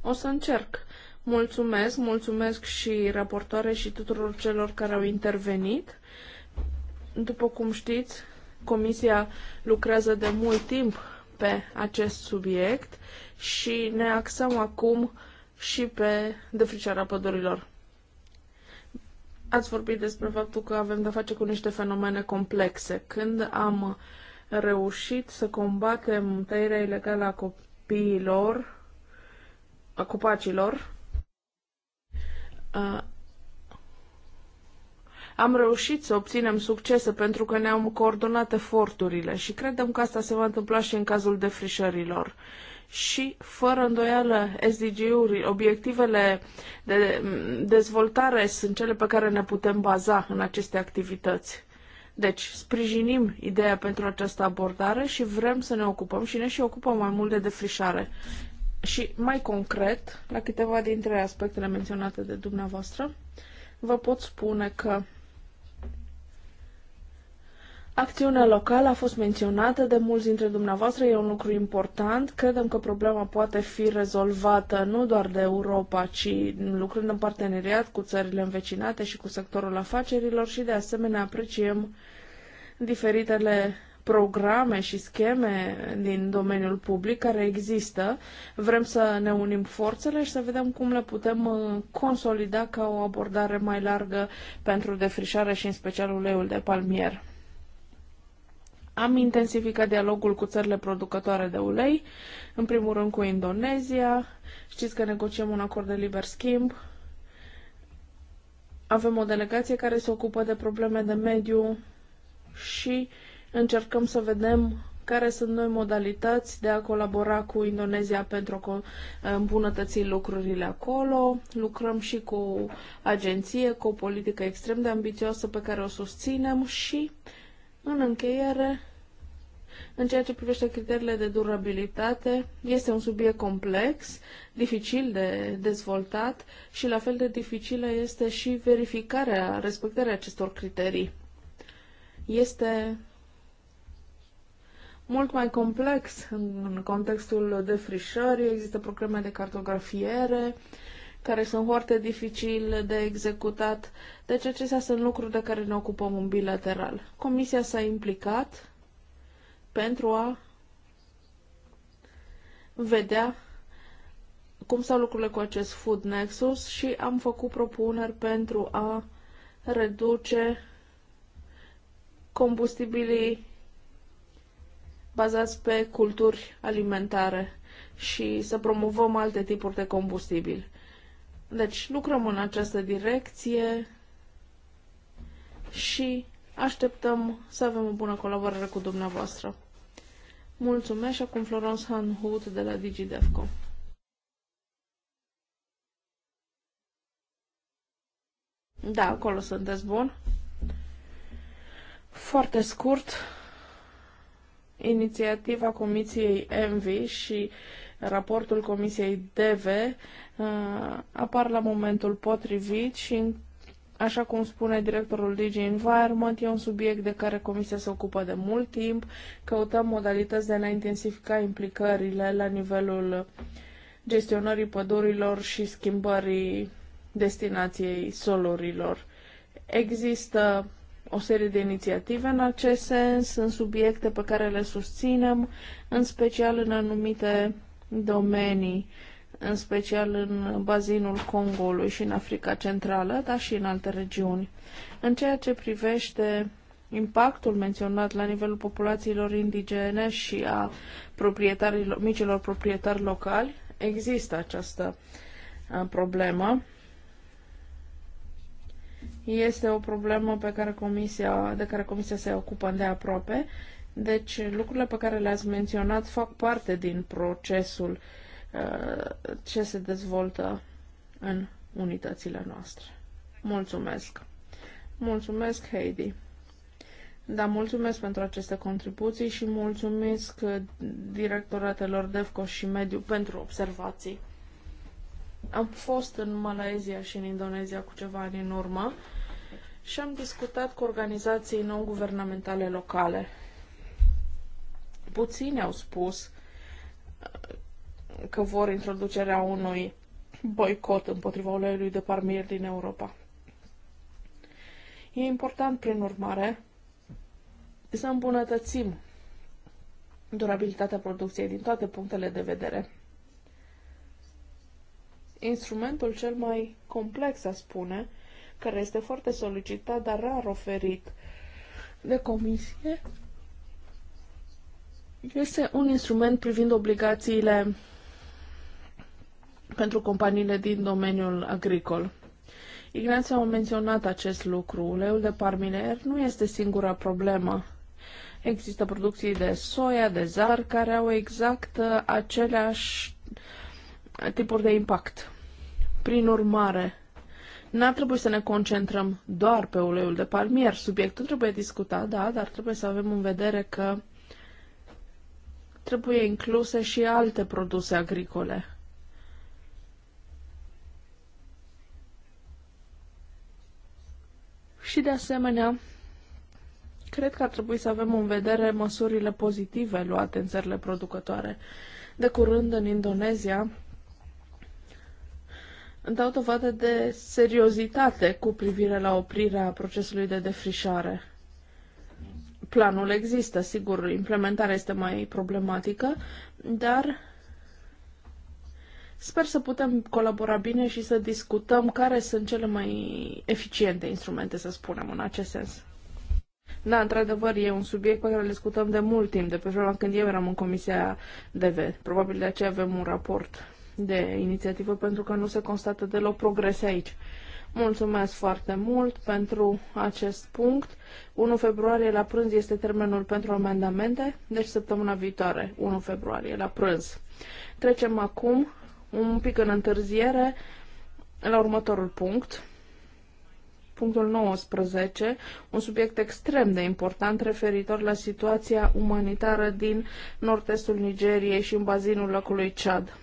O să încerc. Mulțumesc, mulțumesc și raportoare și tuturor celor care au intervenit. După cum știți, Comisia lucrează de mult timp pe acest subiect și ne axăm acum și pe defricerea pădurilor. Ați vorbit despre faptul că avem de-a face cu niște fenomene complexe. Când am reușit să combatem tăierea ilegală a copiilor, a copacilor, am reușit să obținem succese pentru că ne-am coordonat eforturile și credem că asta se va întâmpla și în cazul defrișărilor. Și, fără îndoială, SDG-uri, obiectivele de dezvoltare sunt cele pe care ne putem baza în aceste activități. Deci, sprijinim ideea pentru această abordare și vrem să ne ocupăm și ne și ocupăm mai mult de defrișare și mai concret la câteva dintre aspectele menționate de dumneavoastră, vă pot spune că Acțiunea locală a fost menționată de mulți dintre dumneavoastră, e un lucru important. Credem că problema poate fi rezolvată nu doar de Europa, ci lucrând în parteneriat cu țările învecinate și cu sectorul afacerilor și de asemenea apreciem diferitele programe și scheme din domeniul public care există. Vrem să ne unim forțele și să vedem cum le putem uh, consolida ca o abordare mai largă pentru defrișare și în special uleiul de palmier. Am intensificat dialogul cu țările producătoare de ulei, în primul rând cu Indonezia. Știți că negociem un acord de liber schimb. Avem o delegație care se ocupă de probleme de mediu și uh, Încercăm să vedem care sunt noi modalități de a colabora cu Indonezia pentru a îmbunătăți lucrurile acolo. Lucrăm și cu o agenție, cu o politică extrem de ambițioasă pe care o susținem și, în încheiere, în ceea ce privește criteriile de durabilitate, este un subiect complex, dificil de dezvoltat și la fel de dificilă este și verificarea, respectarea acestor criterii. Este mult mai complex în contextul defrișării. Există programe de cartografiere care sunt foarte dificil de executat. Deci acestea sunt lucruri de care ne ocupăm în bilateral. Comisia s-a implicat pentru a vedea cum stau lucrurile cu acest Food Nexus și am făcut propuneri pentru a reduce combustibilii bazați pe culturi alimentare și să promovăm alte tipuri de combustibil. Deci lucrăm în această direcție și așteptăm să avem o bună colaborare cu dumneavoastră. Mulțumesc și acum Florence Han Hood de la DigiDevco. Da, acolo sunteți bun. Foarte scurt, Inițiativa Comisiei ENVI și raportul Comisiei DEVE uh, apar la momentul potrivit și, așa cum spune directorul Digi Environment, e un subiect de care Comisia se ocupă de mult timp. Căutăm modalități de a ne intensifica implicările la nivelul gestionării pădurilor și schimbării destinației solurilor. Există o serie de inițiative în acest sens, în subiecte pe care le susținem, în special în anumite domenii, în special în bazinul Congolului și în Africa Centrală, dar și în alte regiuni. În ceea ce privește impactul menționat la nivelul populațiilor indigene și a proprietarilor, micilor proprietari locali, există această problemă este o problemă pe care comisia, de care comisia se ocupă de aproape. Deci lucrurile pe care le-ați menționat fac parte din procesul uh, ce se dezvoltă în unitățile noastre. Mulțumesc! Mulțumesc, Heidi! Da, mulțumesc pentru aceste contribuții și mulțumesc uh, directoratelor DEFCO și Mediu pentru observații. Am fost în Malaezia și în Indonezia cu ceva ani în urmă și am discutat cu organizații non-guvernamentale locale. Puțini au spus uh, că vor introducerea unui boicot împotriva uleiului de parmier din Europa. E important, prin urmare, să îmbunătățim durabilitatea producției din toate punctele de vedere. Instrumentul cel mai complex, a spune, care este foarte solicitat, dar rar oferit de comisie, este un instrument privind obligațiile pentru companiile din domeniul agricol. Ignația a menționat acest lucru. Uleiul de parminer nu este singura problemă. Există producții de soia, de zar, care au exact aceleași tipuri de impact. Prin urmare, N-ar trebui să ne concentrăm doar pe uleiul de palmier. Subiectul trebuie discutat, da, dar trebuie să avem în vedere că trebuie incluse și alte produse agricole. Și de asemenea, cred că ar trebui să avem în vedere măsurile pozitive luate în țările producătoare. De curând, în Indonezia, dau dovadă de seriozitate cu privire la oprirea procesului de defrișare. Planul există, sigur, implementarea este mai problematică, dar sper să putem colabora bine și să discutăm care sunt cele mai eficiente instrumente, să spunem, în acest sens. Da, într-adevăr, e un subiect pe care îl discutăm de mult timp, de pe vremea când eu eram în Comisia DV. Probabil de aceea avem un raport de inițiativă pentru că nu se constată deloc progrese aici. Mulțumesc foarte mult pentru acest punct. 1 februarie la prânz este termenul pentru amendamente, deci săptămâna viitoare, 1 februarie la prânz. Trecem acum, un pic în întârziere, la următorul punct. Punctul 19, un subiect extrem de important referitor la situația umanitară din nord-estul Nigeriei și în bazinul lacului Chad.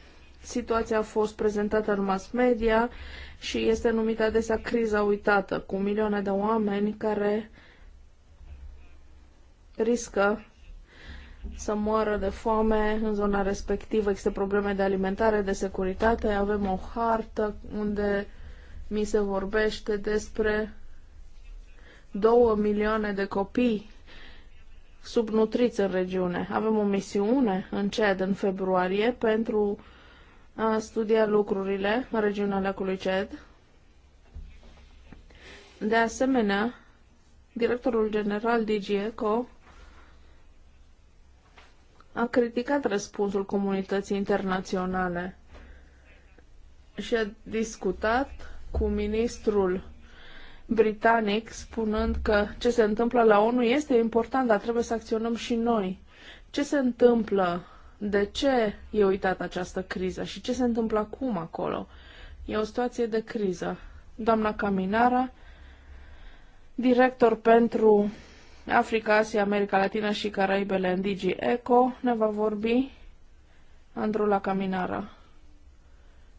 Situația a fost prezentată în mass media și este numită adesea criza uitată, cu milioane de oameni care riscă să moară de foame în zona respectivă. Există probleme de alimentare, de securitate. Avem o hartă unde mi se vorbește despre două milioane de copii subnutriți în regiune. Avem o misiune în CED în februarie pentru a studia lucrurile în regiunea lacului Ced. De asemenea, directorul general DGECO a criticat răspunsul comunității internaționale și a discutat cu ministrul britanic spunând că ce se întâmplă la ONU este important, dar trebuie să acționăm și noi. Ce se întâmplă de ce e uitată această criză și ce se întâmplă acum acolo. E o situație de criză. Doamna Caminara, director pentru Africa, Asia, America Latină și Caraibele în Digi Eco, ne va vorbi Andrula Caminara.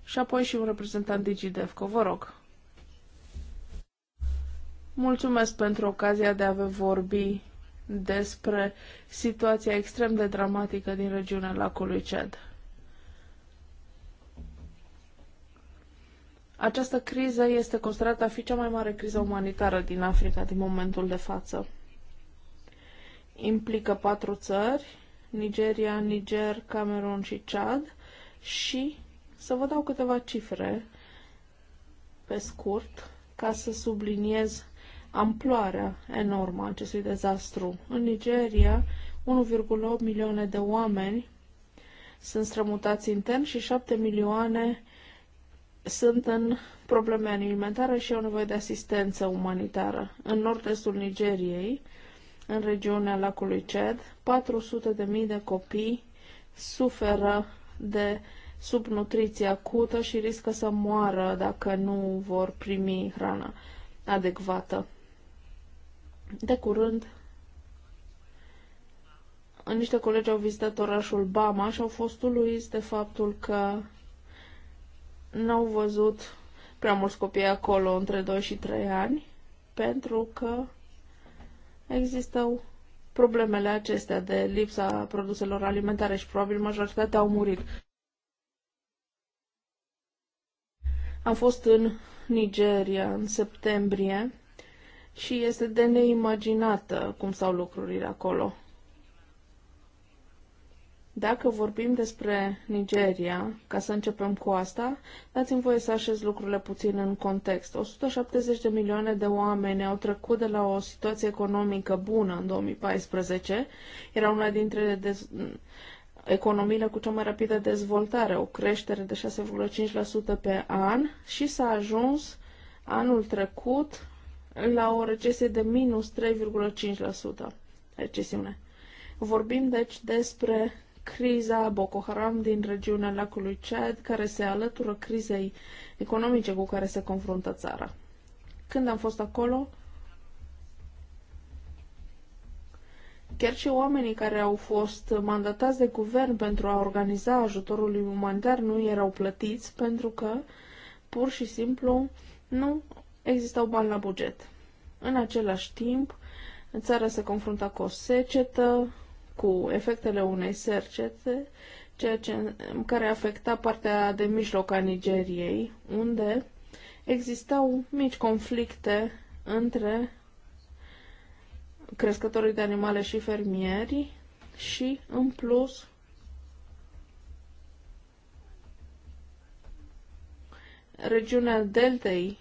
Și apoi și un reprezentant DigiDefco, vă rog. Mulțumesc pentru ocazia de a vă vorbi despre situația extrem de dramatică din regiunea lacului Ced. Această criză este considerată a fi cea mai mare criză umanitară din Africa din momentul de față. Implică patru țări, Nigeria, Niger, Camerun și Chad și să vă dau câteva cifre pe scurt ca să subliniez amploarea enormă a acestui dezastru. În Nigeria, 1,8 milioane de oameni sunt strămutați intern și 7 milioane sunt în probleme alimentare și au nevoie de asistență umanitară. În nord-estul Nigeriei, în regiunea lacului Ced, 400.000 de, de copii suferă de subnutriție acută și riscă să moară dacă nu vor primi hrană adecvată. De curând, niște colegi au vizitat orașul Bama și au fost uluiți de faptul că n-au văzut prea mulți copii acolo între 2 și 3 ani, pentru că existau problemele acestea de lipsa produselor alimentare și probabil majoritatea au murit. Am fost în Nigeria în septembrie și este de neimaginată uh, cum stau lucrurile acolo. Dacă vorbim despre Nigeria, ca să începem cu asta, dați-mi voie să așez lucrurile puțin în context. 170 de milioane de oameni au trecut de la o situație economică bună în 2014, era una dintre dez... economiile cu cea mai rapidă dezvoltare, o creștere de 6,5% pe an și s-a ajuns anul trecut la o recesie de minus 3,5%. Recesiune. Vorbim deci despre criza Boko Haram din regiunea lacului Chad, care se alătură crizei economice cu care se confruntă țara. Când am fost acolo, chiar și oamenii care au fost mandatați de guvern pentru a organiza ajutorul umanitar nu erau plătiți pentru că pur și simplu nu existau bani la buget. În același timp, țara se confrunta cu o secetă, cu efectele unei sercete, ceea ce, care afecta partea de mijloc a Nigeriei, unde existau mici conflicte între crescătorii de animale și fermieri și, în plus, regiunea deltei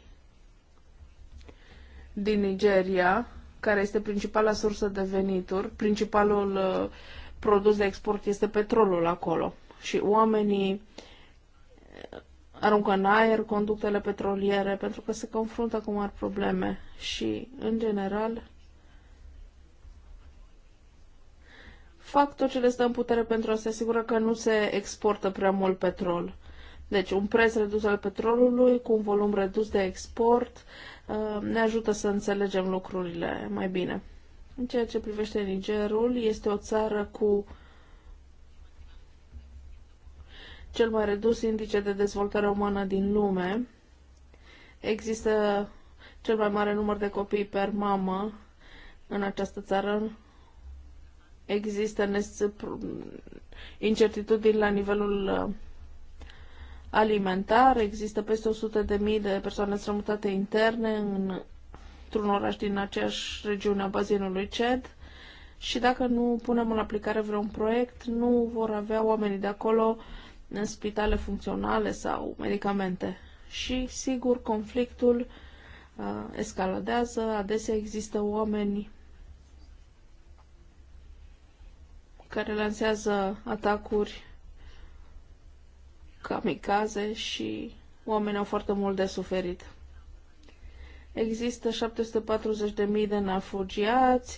din Nigeria, care este principala sursă de venituri, principalul uh, produs de export este petrolul acolo. Și oamenii uh, aruncă în aer conductele petroliere pentru că se confruntă cu mari probleme și, în general, fac tot ce le stă în putere pentru a se asigura că nu se exportă prea mult petrol. Deci, un preț redus al petrolului cu un volum redus de export uh, Uh, ne ajută să înțelegem lucrurile mai bine. În ceea ce privește Nigerul, este o țară cu cel mai redus indice de dezvoltare umană din lume. Există cel mai mare număr de copii per mamă în această țară. Există incertitudini la nivelul uh, alimentar. Există peste 100.000 de persoane strămutate interne în, într-un oraș din aceeași regiune a bazinului CED și dacă nu punem în aplicare vreun proiect, nu vor avea oamenii de acolo în spitale funcționale sau medicamente. Și, sigur, conflictul uh, escaladează, adesea există oameni care lansează atacuri kamikaze și oamenii au foarte mult de suferit. Există 740.000 de nafugiați,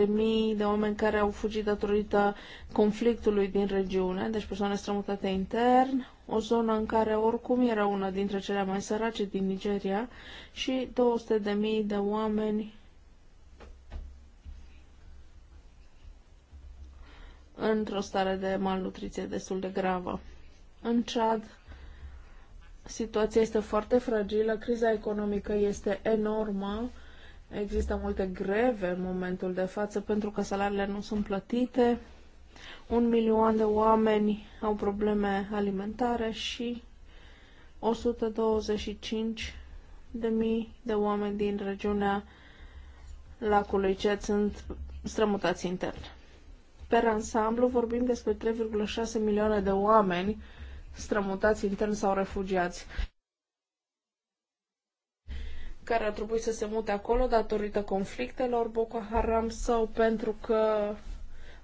160.000 de oameni care au fugit datorită conflictului din regiune, deci persoane strămutate intern, o zonă în care oricum era una dintre cele mai sărace din Nigeria și 200.000 de oameni într-o stare de malnutriție destul de gravă. În Chad, situația este foarte fragilă, criza economică este enormă, există multe greve în momentul de față pentru că salariile nu sunt plătite, un milion de oameni au probleme alimentare și 125 de mii de oameni din regiunea lacului Cet sunt strămutați intern. Per ansamblu vorbim despre 3,6 milioane de oameni strămutați intern sau refugiați care ar trebui să se mute acolo datorită conflictelor Boko Haram sau pentru că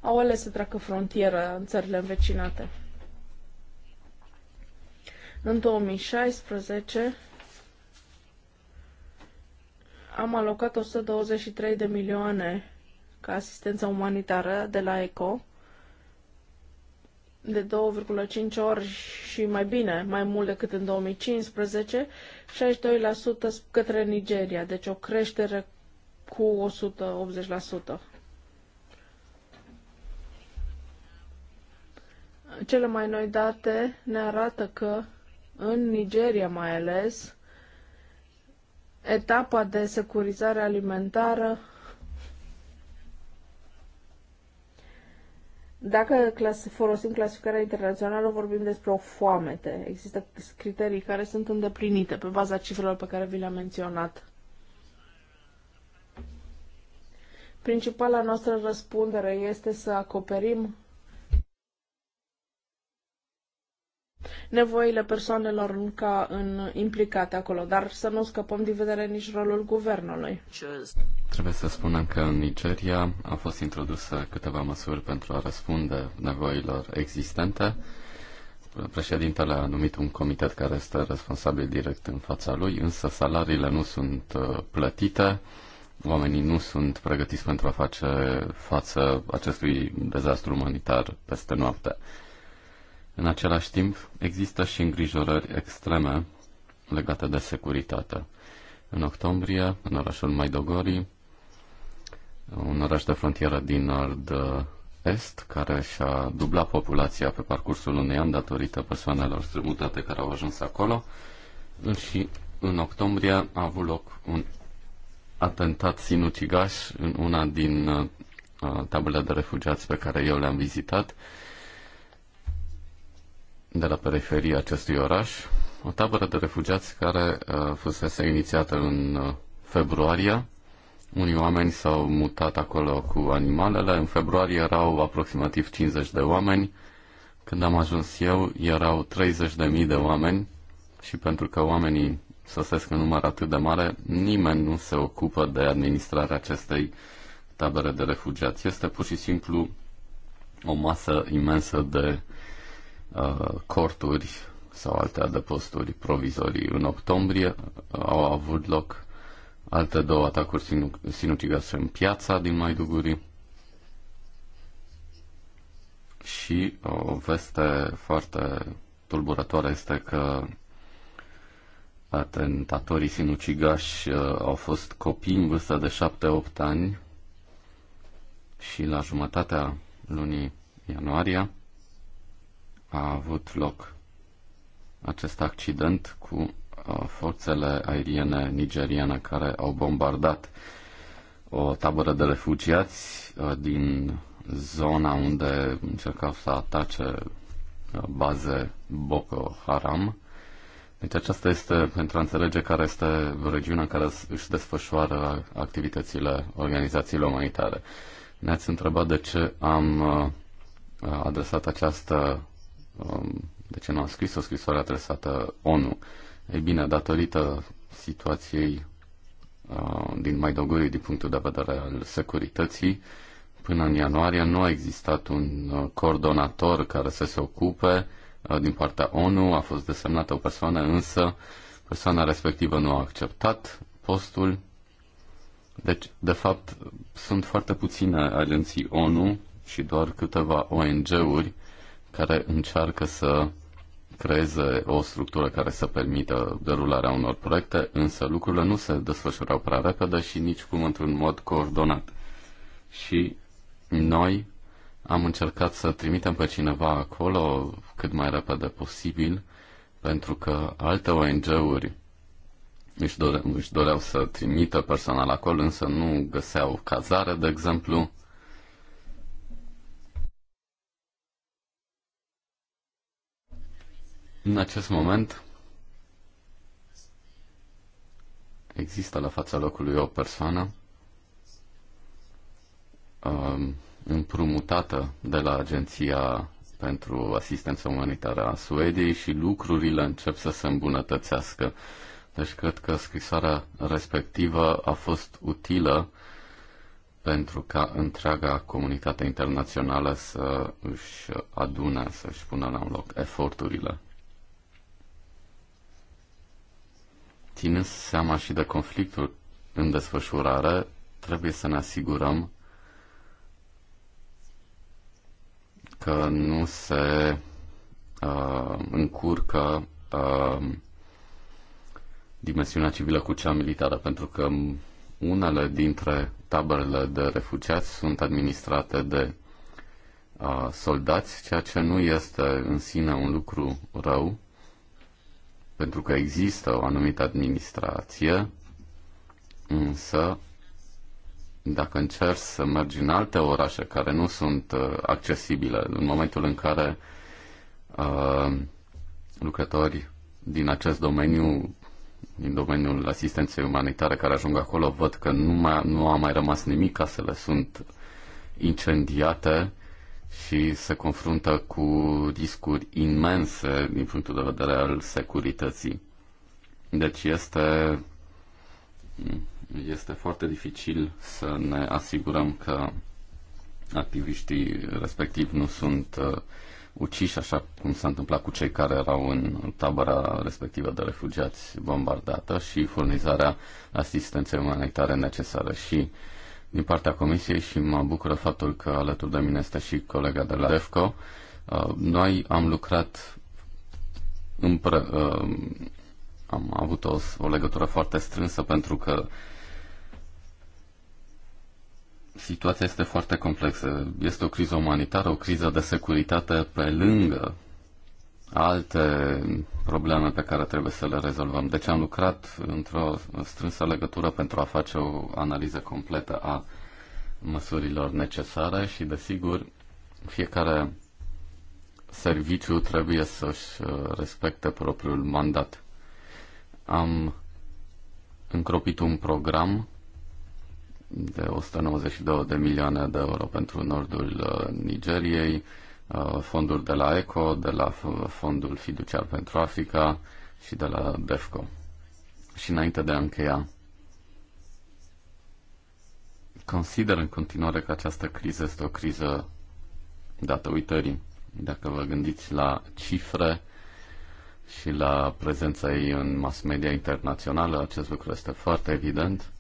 au ales să treacă frontieră în țările învecinate. În 2016 am alocat 123 de milioane ca asistență umanitară de la ECO de 2,5 ori și mai bine, mai mult decât în 2015, 62% către Nigeria, deci o creștere cu 180%. Cele mai noi date ne arată că în Nigeria mai ales, etapa de securizare alimentară Dacă clas- folosim clasificarea internațională, vorbim despre o foamete. Există criterii care sunt îndeplinite pe baza cifrelor pe care vi le-am menționat. Principala noastră răspundere este să acoperim nevoile persoanelor încă în implicate acolo, dar să nu scăpăm din vedere nici rolul guvernului. Trebuie să spunem că în Nigeria au fost introduse câteva măsuri pentru a răspunde nevoilor existente. Președintele a numit un comitet care este responsabil direct în fața lui, însă salariile nu sunt uh, plătite, oamenii nu sunt pregătiți pentru a face față acestui dezastru umanitar peste noapte. În același timp, există și îngrijorări extreme legate de securitate. În octombrie, în orașul Maidogori, un oraș de frontieră din nord-est, care și-a dublat populația pe parcursul unui an datorită persoanelor strămutate care au ajuns acolo, și în octombrie a avut loc un atentat sinucigaș în una din uh, tablele de refugiați pe care eu le-am vizitat, de la periferia acestui oraș, o tabără de refugiați care uh, fusese inițiată în uh, februarie. Unii oameni s-au mutat acolo cu animalele. În februarie erau aproximativ 50 de oameni. Când am ajuns eu, erau 30.000 de oameni și pentru că oamenii sosesc în număr atât de mare, nimeni nu se ocupă de administrarea acestei tabere de refugiați. Este pur și simplu o masă imensă de Uh, corturi sau alte adăposturi provizorii. În octombrie au avut loc alte două atacuri sinucigase în piața din Maiduguri și o veste foarte tulburătoare este că atentatorii sinucigași uh, au fost copii în vârstă de 7-8 ani și la jumătatea lunii ianuarie a avut loc acest accident cu uh, forțele aeriene nigeriene care au bombardat o tabără de refugiați uh, din zona unde încercau să atace uh, baze Boko Haram. Deci aceasta este pentru a înțelege care este regiunea care își desfășoară activitățile organizațiilor umanitare. Ne-ați întrebat de ce am adresat această Um, de ce nu a scris o scrisoare adresată ONU? Ei bine, datorită situației uh, din Maidoguri din punctul de vedere al securității, până în ianuarie nu a existat un uh, coordonator care să se ocupe uh, din partea ONU, a fost desemnată o persoană, însă persoana respectivă nu a acceptat postul. Deci, de fapt, sunt foarte puține agenții ONU și doar câteva ONG-uri care încearcă să creeze o structură care să permită derularea unor proiecte, însă lucrurile nu se desfășurau prea repede și nici cum într-un mod coordonat. Și noi am încercat să trimitem pe cineva acolo cât mai repede posibil, pentru că alte ONG-uri își, dore, își doreau să trimită personal acolo, însă nu găseau cazare, de exemplu, În acest moment există la fața locului o persoană um, împrumutată de la Agenția pentru Asistență Umanitară a Suediei și lucrurile încep să se îmbunătățească. Deci cred că scrisoarea respectivă a fost utilă pentru ca întreaga comunitate internațională să își adune, să își pună la un loc eforturile. Ținând seama și de conflictul în desfășurare, trebuie să ne asigurăm că nu se uh, încurcă uh, dimensiunea civilă cu cea militară, pentru că unele dintre taberele de refugiați sunt administrate de uh, soldați, ceea ce nu este în sine un lucru rău, pentru că există o anumită administrație, însă dacă încerci să mergi în alte orașe care nu sunt uh, accesibile, în momentul în care uh, lucrători din acest domeniu, din domeniul asistenței umanitare care ajung acolo, văd că nu, mai, nu a mai rămas nimic, casele sunt incendiate, și se confruntă cu riscuri imense din punctul de vedere al securității. Deci este, este foarte dificil să ne asigurăm că activiștii respectiv nu sunt uh, uciși, așa cum s-a întâmplat cu cei care erau în tabăra respectivă de refugiați bombardată și furnizarea asistenței umanitare necesară. Și din partea Comisiei și mă bucură faptul că alături de mine este și colega de la DEFCO. Uh, noi am lucrat împre- uh, am avut o, o legătură foarte strânsă pentru că situația este foarte complexă. Este o criză umanitară, o criză de securitate pe lângă alte probleme pe care trebuie să le rezolvăm. Deci am lucrat într-o strânsă legătură pentru a face o analiză completă a măsurilor necesare și, desigur, fiecare serviciu trebuie să-și uh, respecte propriul mandat. Am încropit un program de 192 de milioane de euro pentru nordul uh, Nigeriei, Uh, fonduri de la ECO, de la Fondul Fiduciar pentru Africa și de la DEFCO. Și înainte de a încheia, consider în continuare că această criză este o criză dată uitării. Dacă vă gândiți la cifre și la prezența ei în mass media internațională, acest lucru este foarte evident.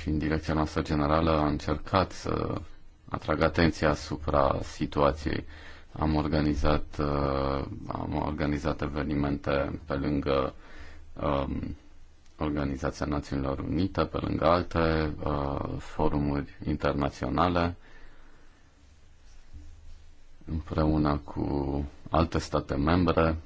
Și în direcția noastră generală a încercat să atrag atenția asupra situației. Am organizat, uh, am organizat evenimente pe lângă um, Organizația Națiunilor Unite, pe lângă alte uh, forumuri internaționale, împreună cu alte state membre.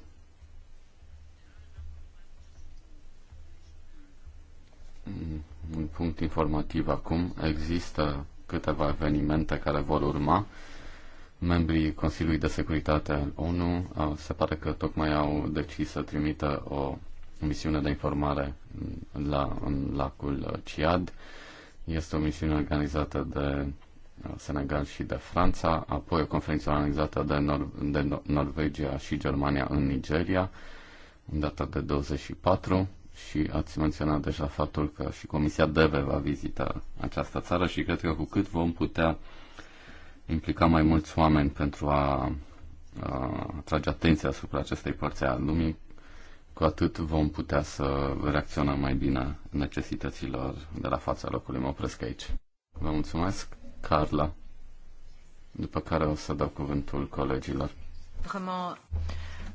Un punct informativ acum, există câteva evenimente care vor urma. Membrii Consiliului de Securitate al ONU uh, se pare că tocmai au decis să trimită o misiune de informare la, în lacul Ciad. Este o misiune organizată de uh, Senegal și de Franța, apoi o conferință organizată de, Nor- de Norvegia și Germania în Nigeria, în data de 24 și ați menționat deja faptul că și Comisia DEVE va vizita această țară și cred că cu cât vom putea implica mai mulți oameni pentru a, a trage atenția asupra acestei părți a lumii, cu atât vom putea să reacționăm mai bine necesităților de la fața locului. Mă opresc aici. Vă mulțumesc, Carla, după care o să dau cuvântul colegilor. Vraiment.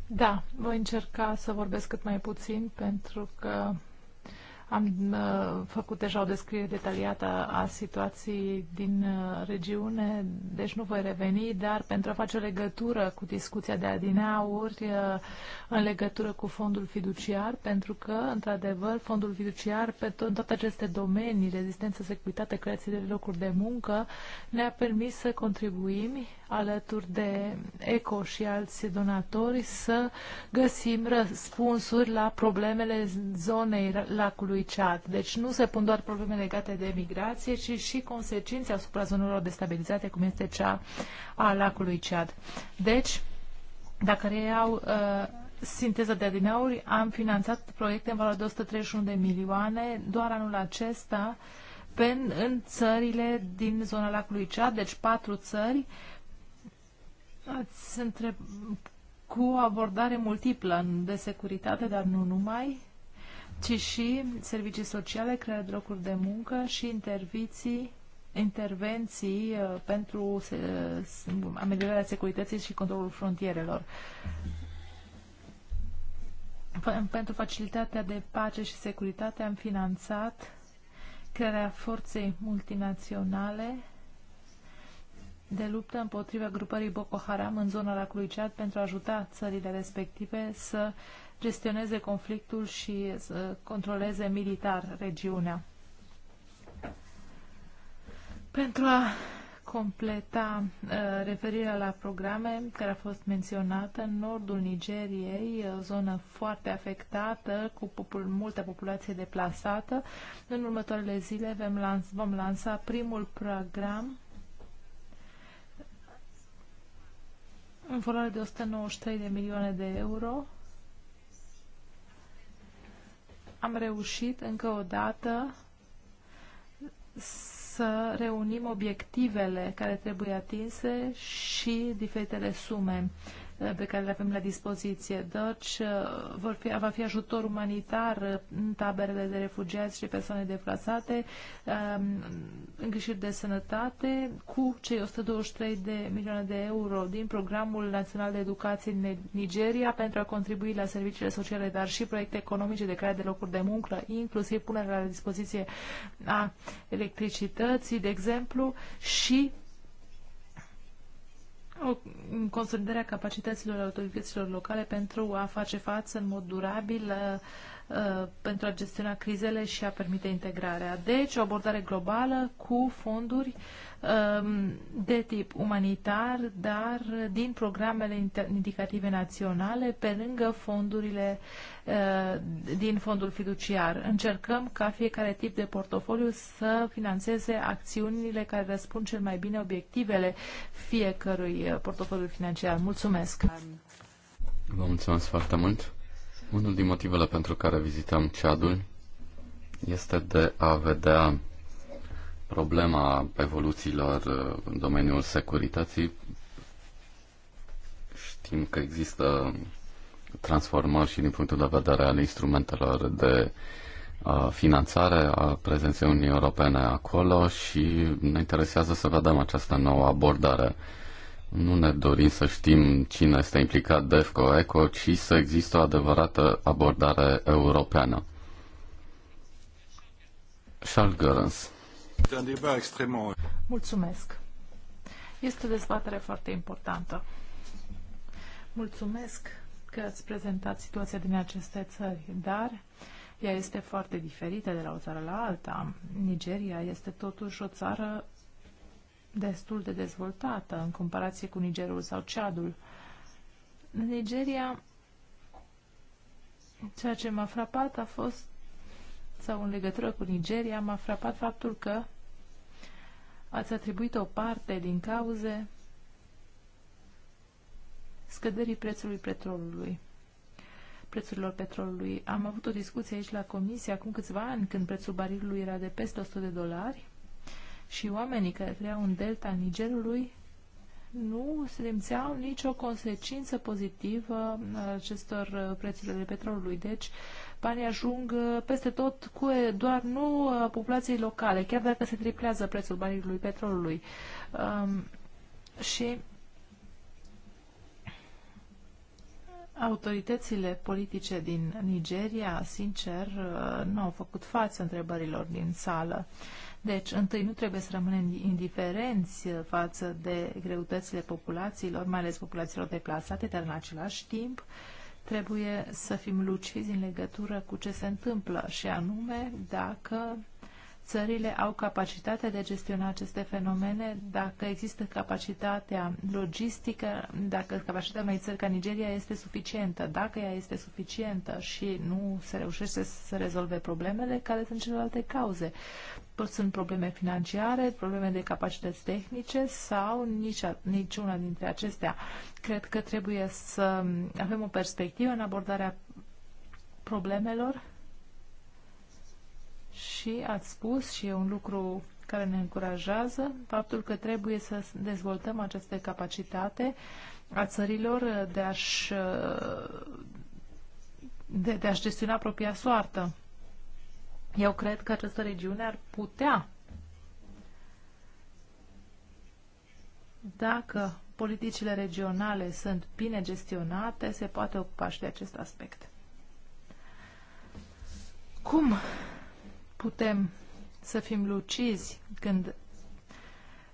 Da, voi încerca să vorbesc cât mai puțin pentru că am uh, făcut deja o descriere detaliată a situației din uh, regiune, deci nu voi reveni, dar pentru a face o legătură cu discuția de adineauri uh, în legătură cu fondul fiduciar, pentru că, într-adevăr, fondul fiduciar pe to- în toate aceste domenii, rezistență, securitate, creație de locuri de muncă, ne-a permis să contribuim alături de ECO și alți donatori să găsim răspunsuri la problemele zonei lacului Ceat. Deci nu se pun doar probleme legate de migrație, ci și consecințe asupra zonelor destabilizate, cum este cea a lacului Ceat. Deci, dacă reiau uh, sinteza de adineauri, am finanțat proiecte în valoare de 131 de milioane doar anul acesta pe în țările din zona lacului Ceat, deci patru țări, uh, Ați întreb cu o abordare multiplă de securitate, dar nu numai, ci și servicii sociale, crearea de locuri de muncă și intervenții, intervenții uh, pentru uh, ameliorarea securității și controlul frontierelor. Pentru facilitatea de pace și securitate am finanțat crearea forței multinaționale de luptă împotriva grupării Boko Haram în zona lacului Chad pentru a ajuta țările respective să gestioneze conflictul și să controleze militar regiunea. Pentru a completa uh, referirea la programe care a fost menționată, în nordul Nigeriei, o zonă foarte afectată, cu popul, multă populație deplasată. În următoarele zile vom lansa, vom lansa primul program în valoare de 193 de milioane de euro. Am reușit încă o dată să reunim obiectivele care trebuie atinse și diferitele sume pe care le avem la dispoziție. Deci uh, vor fi, va fi ajutor umanitar în taberele de refugiați și persoane deplasate, um, îngrijiri de sănătate, cu cei 123 de milioane de euro din Programul Național de Educație în Nigeria pentru a contribui la serviciile sociale, dar și proiecte economice de creare de locuri de muncă, inclusiv punerea la dispoziție a electricității, de exemplu, și o consolidare a capacităților autorităților locale pentru a face față în mod durabil uh, Uh, pentru a gestiona crizele și a permite integrarea. Deci, o abordare globală cu fonduri um, de tip umanitar, dar din programele indicative naționale, pe lângă fondurile uh, din fondul fiduciar. Încercăm ca fiecare tip de portofoliu să financeze acțiunile care răspund cel mai bine obiectivele fiecărui uh, portofoliu financiar. Mulțumesc! Vă mulțumesc foarte mult! Unul din motivele pentru care vizităm Ceadul este de a vedea problema evoluțiilor uh, în domeniul securității. Știm că există transformări și din punctul de vedere al instrumentelor de uh, finanțare a prezenței Uniunii Europene acolo și ne interesează să vedem această nouă abordare nu ne dorim să știm cine este implicat DEFCO, ECO, ci să există o adevărată abordare europeană. Charles Görens. Mulțumesc. Este o dezbatere foarte importantă. Mulțumesc că ați prezentat situația din aceste țări, dar ea este foarte diferită de la o țară la alta. Nigeria este totuși o țară destul de dezvoltată în comparație cu Nigerul sau Ceadul. În Nigeria, ceea ce m-a frapat a fost, sau în legătură cu Nigeria, m-a frapat faptul că ați atribuit o parte din cauze scăderii prețului petrolului prețurilor petrolului. Am avut o discuție aici la comisie acum câțiva ani, când prețul barilului era de peste 100 de dolari și oamenii care trăiau în delta Nigerului nu simțeau nicio consecință pozitivă a acestor uh, de petrolului. Deci, banii ajung uh, peste tot, cu, uh, doar nu populației locale, chiar dacă se triplează prețul barilului petrolului. Um, și autoritățile politice din Nigeria, sincer, nu au făcut față întrebărilor din sală. Deci, întâi, nu trebuie să rămânem indiferenți uh, față de greutățile populațiilor, mai ales populațiilor deplasate, dar în același timp trebuie să fim lucizi în legătură cu ce se întâmplă și anume dacă țările au capacitatea de a gestiona aceste fenomene, dacă există capacitatea logistică, dacă capacitatea unei țări ca Nigeria este suficientă, dacă ea este suficientă și nu se reușește să rezolve problemele, care sunt celelalte cauze sunt probleme financiare, probleme de capacități tehnice sau nici, niciuna dintre acestea. Cred că trebuie să avem o perspectivă în abordarea problemelor și ați spus și e un lucru care ne încurajează faptul că trebuie să dezvoltăm aceste capacitate a țărilor de a-și de, de a gestiona propria soartă. Eu cred că această regiune ar putea, dacă politicile regionale sunt bine gestionate, se poate ocupa și de acest aspect. Cum putem să fim lucizi când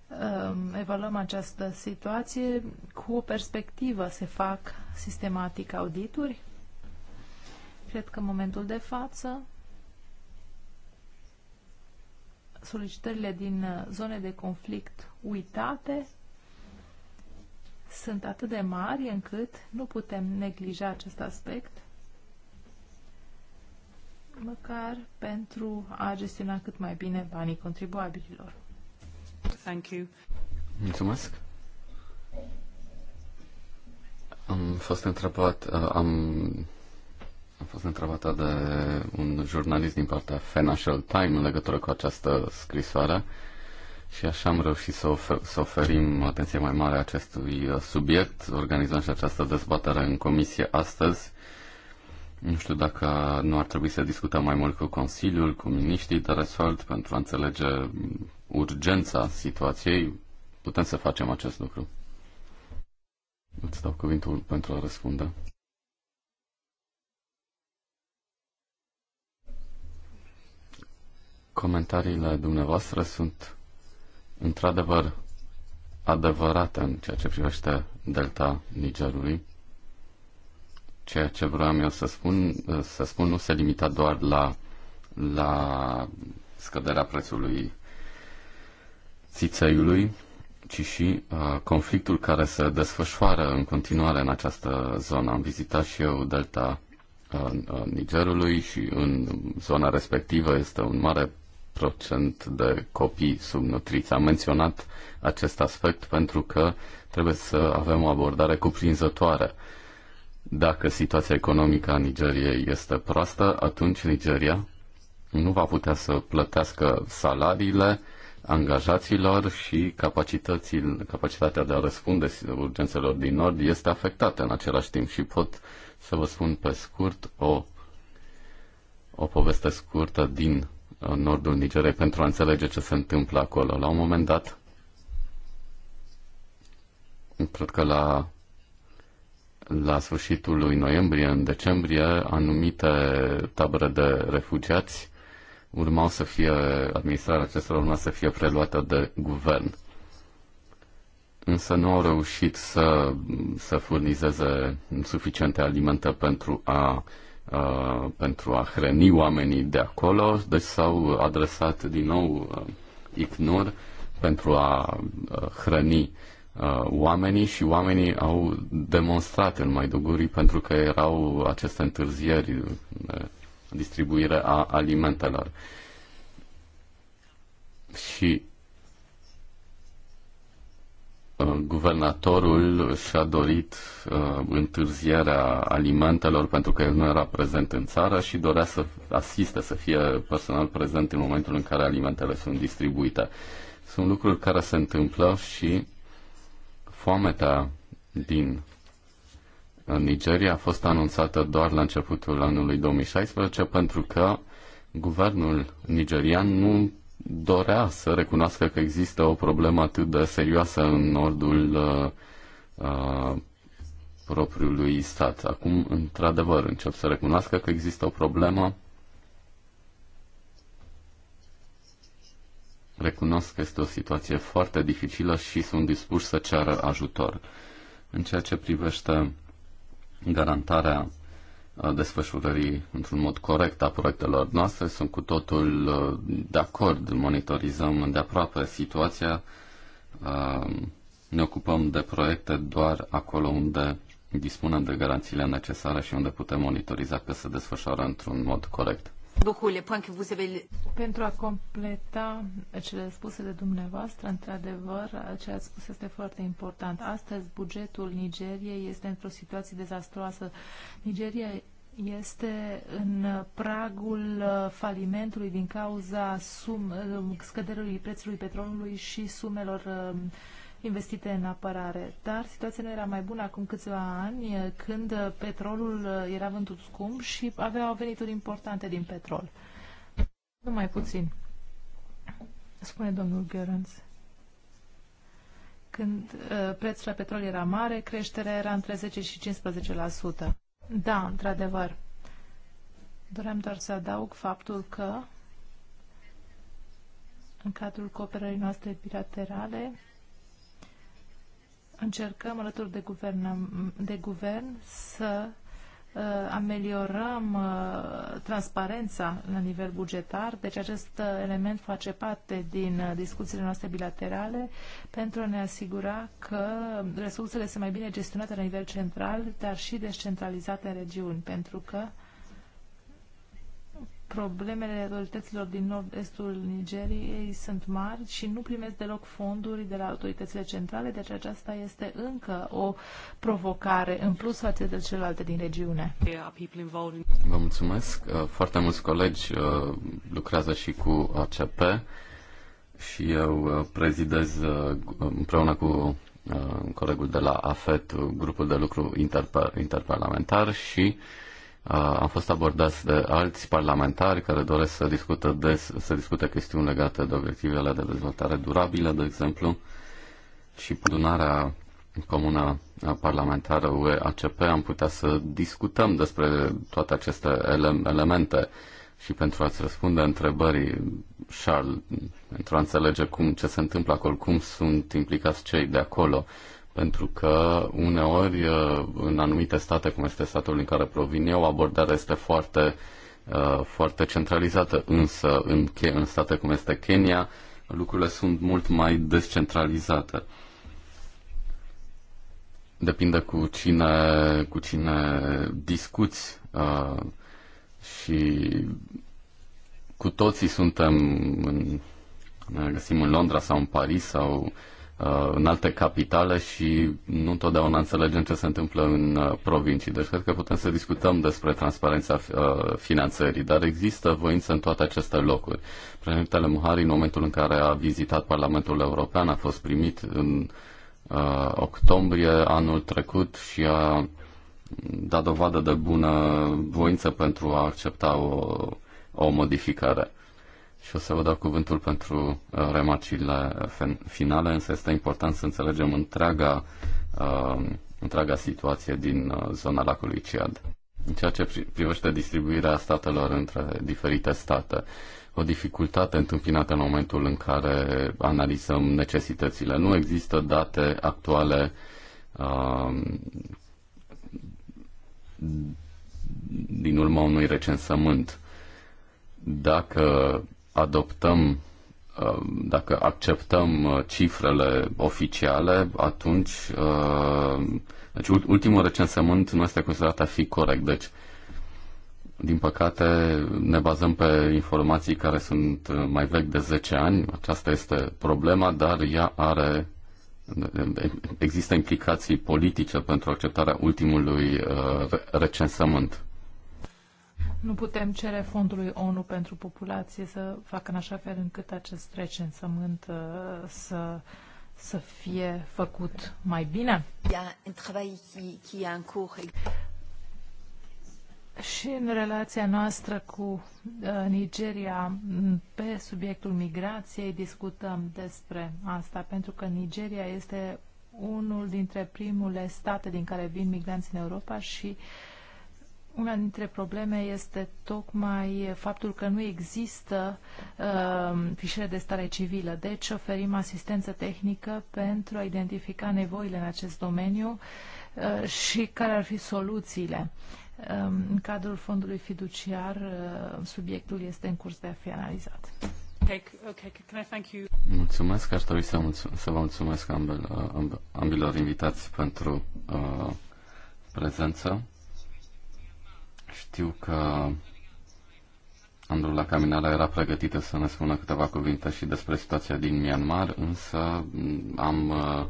um, evaluăm această situație? Cu o perspectivă se fac sistematic audituri? Cred că în momentul de față solicitările din uh, zone de conflict uitate sunt atât de mari încât nu putem neglija acest aspect, măcar pentru a gestiona cât mai bine banii contribuabililor. Thank you. Mulțumesc. Am fost întrebat, uh, am am fost întrebată de un jurnalist din partea Financial Times în legătură cu această scrisoare și așa am reușit să, ofer, să oferim atenție mai mare acestui uh, subiect. Organizăm și această dezbatere în comisie astăzi. Nu știu dacă nu ar trebui să discutăm mai mult cu Consiliul, cu miniștrii de resort pentru a înțelege urgența situației. Putem să facem acest lucru. Îți dau cuvintul pentru a răspunde. Comentariile dumneavoastră sunt într-adevăr adevărate în ceea ce privește delta Nigerului. Ceea ce vreau eu să spun, să spun nu se limita doar la, la scăderea prețului țițeiului, ci și uh, conflictul care se desfășoară în continuare în această zonă. Am vizitat și eu delta uh, uh Nigerului și în zona respectivă este un mare de copii subnutriți. Am menționat acest aspect pentru că trebuie să avem o abordare cuprinzătoare. Dacă situația economică a Nigeriei este proastă, atunci Nigeria nu va putea să plătească salariile angajaților și capacitatea de a răspunde urgențelor din Nord este afectată în același timp și pot să vă spun pe scurt o, o poveste scurtă din în nordul Nigeriei pentru a înțelege ce se întâmplă acolo. La un moment dat, cred că la, la sfârșitul lui noiembrie, în decembrie, anumite tabere de refugiați urmau să fie, administrarea acestor urma să fie preluată de guvern. Însă nu au reușit să, să furnizeze suficiente alimente pentru a Uh, pentru a hrăni oamenii de acolo, deci s-au adresat din nou uh, ICNUR pentru a uh, hrăni uh, oamenii și oamenii au demonstrat în Maiduguri pentru că erau aceste întârzieri de distribuire a alimentelor. Și guvernatorul și-a dorit uh, întârzierea alimentelor pentru că el nu era prezent în țară și dorea să asiste, să fie personal prezent în momentul în care alimentele sunt distribuite. Sunt lucruri care se întâmplă și foamea din uh, Nigeria a fost anunțată doar la începutul anului 2016 pentru că guvernul nigerian nu dorea să recunoască că există o problemă atât de serioasă în nordul uh, uh, propriului stat. Acum, într-adevăr, încep să recunoască că există o problemă. Recunosc că este o situație foarte dificilă și sunt dispuși să ceară ajutor. În ceea ce privește garantarea desfășurării într-un mod corect a proiectelor noastre. Sunt cu totul uh, de acord, monitorizăm îndeaproape situația, uh, ne ocupăm de proiecte doar acolo unde dispunem de garanțiile necesare și unde putem monitoriza că se desfășoară într-un mod corect. Pentru a completa cele spuse de dumneavoastră, într-adevăr, ce ați spus este foarte important. Astăzi, bugetul Nigeriei este într-o situație dezastroasă. Nigeria este în pragul falimentului din cauza sum, scăderii prețului petrolului și sumelor uh, investite în apărare. Dar situația nu era mai bună acum câțiva ani, eh, când petrolul eh, era vândut scump și aveau venituri importante din petrol. Numai puțin, spune domnul Gheorens. Când uh, prețul la petrol era mare, creșterea era între 10 și 15%. Da, într-adevăr. Doream doar să adaug faptul că în cadrul cooperării noastre bilaterale încercăm alături de guvern, de guvern să uh, ameliorăm uh, transparența la nivel bugetar. Deci acest uh, element face parte din uh, discuțiile noastre bilaterale pentru a ne asigura că resursele sunt mai bine gestionate la nivel central, dar și descentralizate în regiuni, pentru că problemele realităților din nord-estul Nigeriei sunt mari și nu primesc deloc fonduri de la autoritățile centrale, deci aceasta este încă o provocare în plus față de celelalte din regiune. Vă mulțumesc. Uh, foarte mulți colegi uh, lucrează și cu ACP și eu uh, prezidez împreună cu colegul de la AFET grupul de lucru interparlamentar și uh, am fost abordați de alți parlamentari care doresc să discute, des, să discute chestiuni legate de obiectivele de dezvoltare durabilă, de exemplu, și adunarea comună parlamentară UE-ACP am putea să discutăm despre toate aceste ele- elemente și pentru a-ți răspunde întrebării, Charles, pentru a înțelege cum ce se întâmplă acolo, cum sunt implicați cei de acolo, uh, pentru că uneori uh, în anumite state, cum este statul în care provin eu, abordarea este foarte, uh, foarte centralizată, însă în, în state cum este Kenya, lucrurile sunt mult mai descentralizate. Depinde cu cine, cu cine discuți uh, și cu toții suntem, în, ne găsim în Londra sau în Paris sau Uh, în alte capitale și nu întotdeauna înțelegem ce se întâmplă în uh, provincii. Deci cred că putem să discutăm despre transparența uh, finanțării, dar există voință în toate aceste locuri. Președintele Muhari, în momentul în care a vizitat Parlamentul European, a fost primit în uh, octombrie anul trecut și a dat dovadă de bună voință pentru a accepta o, o modificare și o să vă dau cuvântul pentru uh, remarcile finale, însă este important să înțelegem întreaga, uh, întreaga situație din uh, zona lacului Ciad. În ceea ce privește distribuirea statelor între diferite state, o dificultate întâmpinată în momentul în care analizăm necesitățile. Nu există date actuale din urma unui recensământ. Dacă adoptăm, uh, dacă acceptăm uh, cifrele oficiale, atunci uh, deci ultimul recensământ nu este considerat a fi corect. Deci, din păcate, ne bazăm pe informații care sunt mai vechi de 10 ani. Aceasta este problema, dar ea are există implicații politice pentru acceptarea ultimului recensământ. Nu putem cere fondului ONU pentru populație să facă în așa fel încât acest sământ uh, să, să fie făcut mai bine. Și în relația noastră cu uh, Nigeria, pe subiectul migrației, discutăm despre asta, pentru că Nigeria este unul dintre primele state din care vin migranți în Europa și uh, una dintre probleme este tocmai faptul că nu există uh, fișiere de stare civilă. Deci oferim asistență tehnică pentru a identifica nevoile în acest domeniu uh, și care ar fi soluțiile. Uh, în cadrul fondului fiduciar, uh, subiectul este în curs de a fi analizat. Mulțumesc, aș trebui să, să vă mulțumesc uh, ambilor invitați pentru uh, prezență. Știu că la Caminala era pregătită să ne spună câteva cuvinte și despre situația din Myanmar, însă mm, am uh,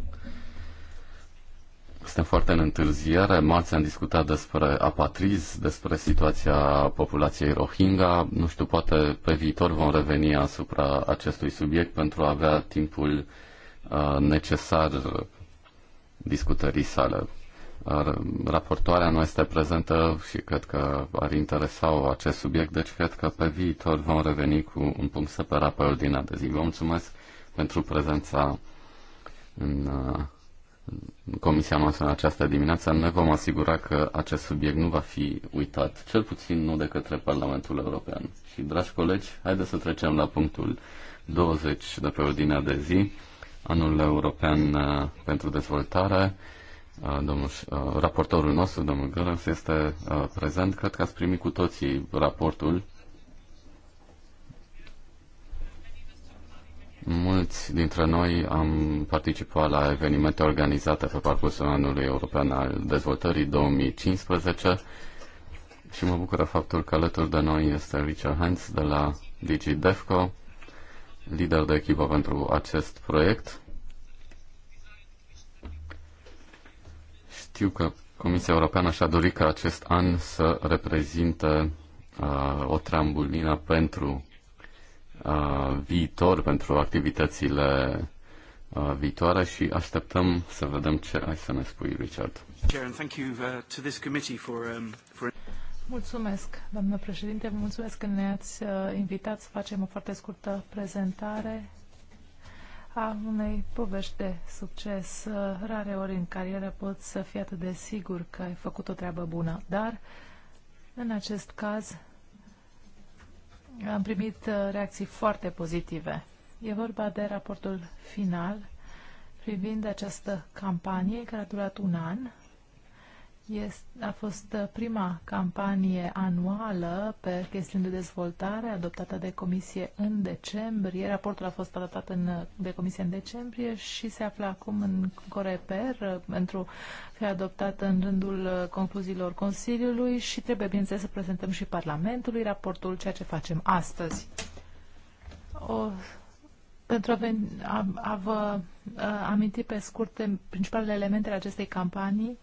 suntem foarte în întârziere. Marți am discutat despre apatriz, despre situația populației Rohingya. Nu știu, poate pe viitor vom reveni asupra acestui subiect pentru a avea timpul uh, necesar discutării sale raportoarea nu este prezentă și cred că ar interesa acest subiect, deci cred că pe viitor vom reveni cu un punct separat pe ordinea de zi. Vă mulțumesc pentru prezența în comisia noastră în această dimineață. Ne vom asigura că acest subiect nu va fi uitat, cel puțin nu de către Parlamentul European. Și, dragi colegi, haideți să trecem la punctul 20 de pe ordinea de zi, anul european uh, pentru dezvoltare domnul, raportorul nostru, domnul Gărăs, este prezent. Cred că ați primit cu toții raportul. Mulți dintre noi am participat la evenimente organizate pe parcursul anului european al dezvoltării 2015 și mă bucură faptul că alături de noi este Richard Hans de la DigiDefco, lider de echipă pentru acest proiect Știu că Comisia Europeană și-a dorit ca acest an să reprezinte uh, o trambulină pentru uh, viitor, pentru activitățile uh, viitoare și așteptăm să vedem ce ai să ne spui, Richard. Uh, um, mulțumesc, doamnă președinte, mulțumesc că ne-ați uh, invitat să facem o foarte scurtă prezentare a unei povești de succes. Uh, rare ori în carieră poți să fii atât de sigur că ai făcut o treabă bună, dar în acest caz am primit uh, reacții foarte pozitive. E vorba de raportul final privind această campanie care a durat un an a fost uh, prima campanie anuală pe chestiuni de dezvoltare adoptată de comisie în decembrie. Raportul a fost adoptat în, uh, de comisie în decembrie și se află acum în Coreper uh, pentru a fi adoptat în rândul concluziilor Consiliului și trebuie, bineînțeles, să prezentăm și Parlamentului raportul, ceea ce facem astăzi. O, pentru a, ven, a, a vă a, aminti pe scurt principalele elemente ale acestei campanii,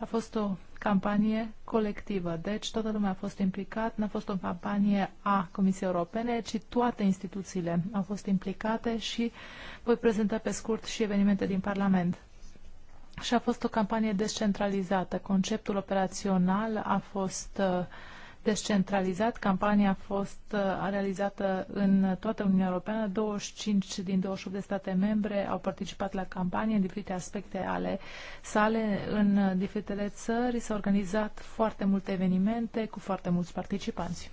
a fost o campanie colectivă, deci toată lumea a fost implicată, n-a fost o campanie a Comisiei Europene, ci toate instituțiile au fost implicate și voi prezenta pe scurt și evenimente din Parlament. Și a fost o campanie descentralizată. Conceptul operațional a fost uh, descentralizat. Campania a fost uh, a realizată în toată Uniunea Europeană. 25 din 28 de state membre au participat la campanie în diferite aspecte ale sale. În uh, diferitele țări s-au organizat foarte multe evenimente cu foarte mulți participanți.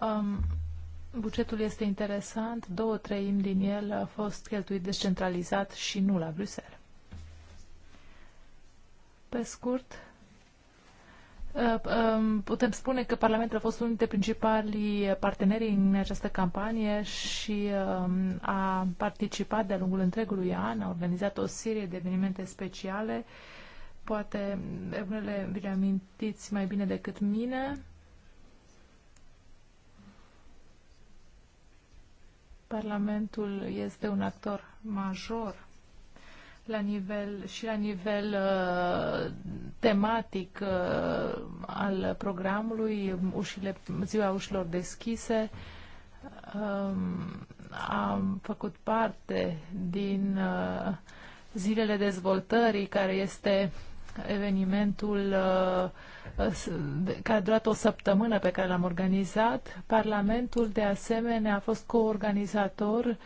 Um, Bugetul este interesant, două treimi din el a fost cheltuit descentralizat și nu la Bruxelles. Pe scurt, uh, um, putem spune că Parlamentul a fost unul dintre principalii parteneri în această campanie și um, a participat de-a lungul întregului an, a organizat o serie de evenimente speciale. Poate unele vi le amintiți mai bine decât mine. Parlamentul este un actor major la nivel, și la nivel uh, tematic uh, al programului, ușile, ziua ușilor deschise, uh, am făcut parte din uh, zilele dezvoltării, care este evenimentul uh, care a durat o săptămână pe care l-am organizat. Parlamentul, de asemenea, a fost coorganizator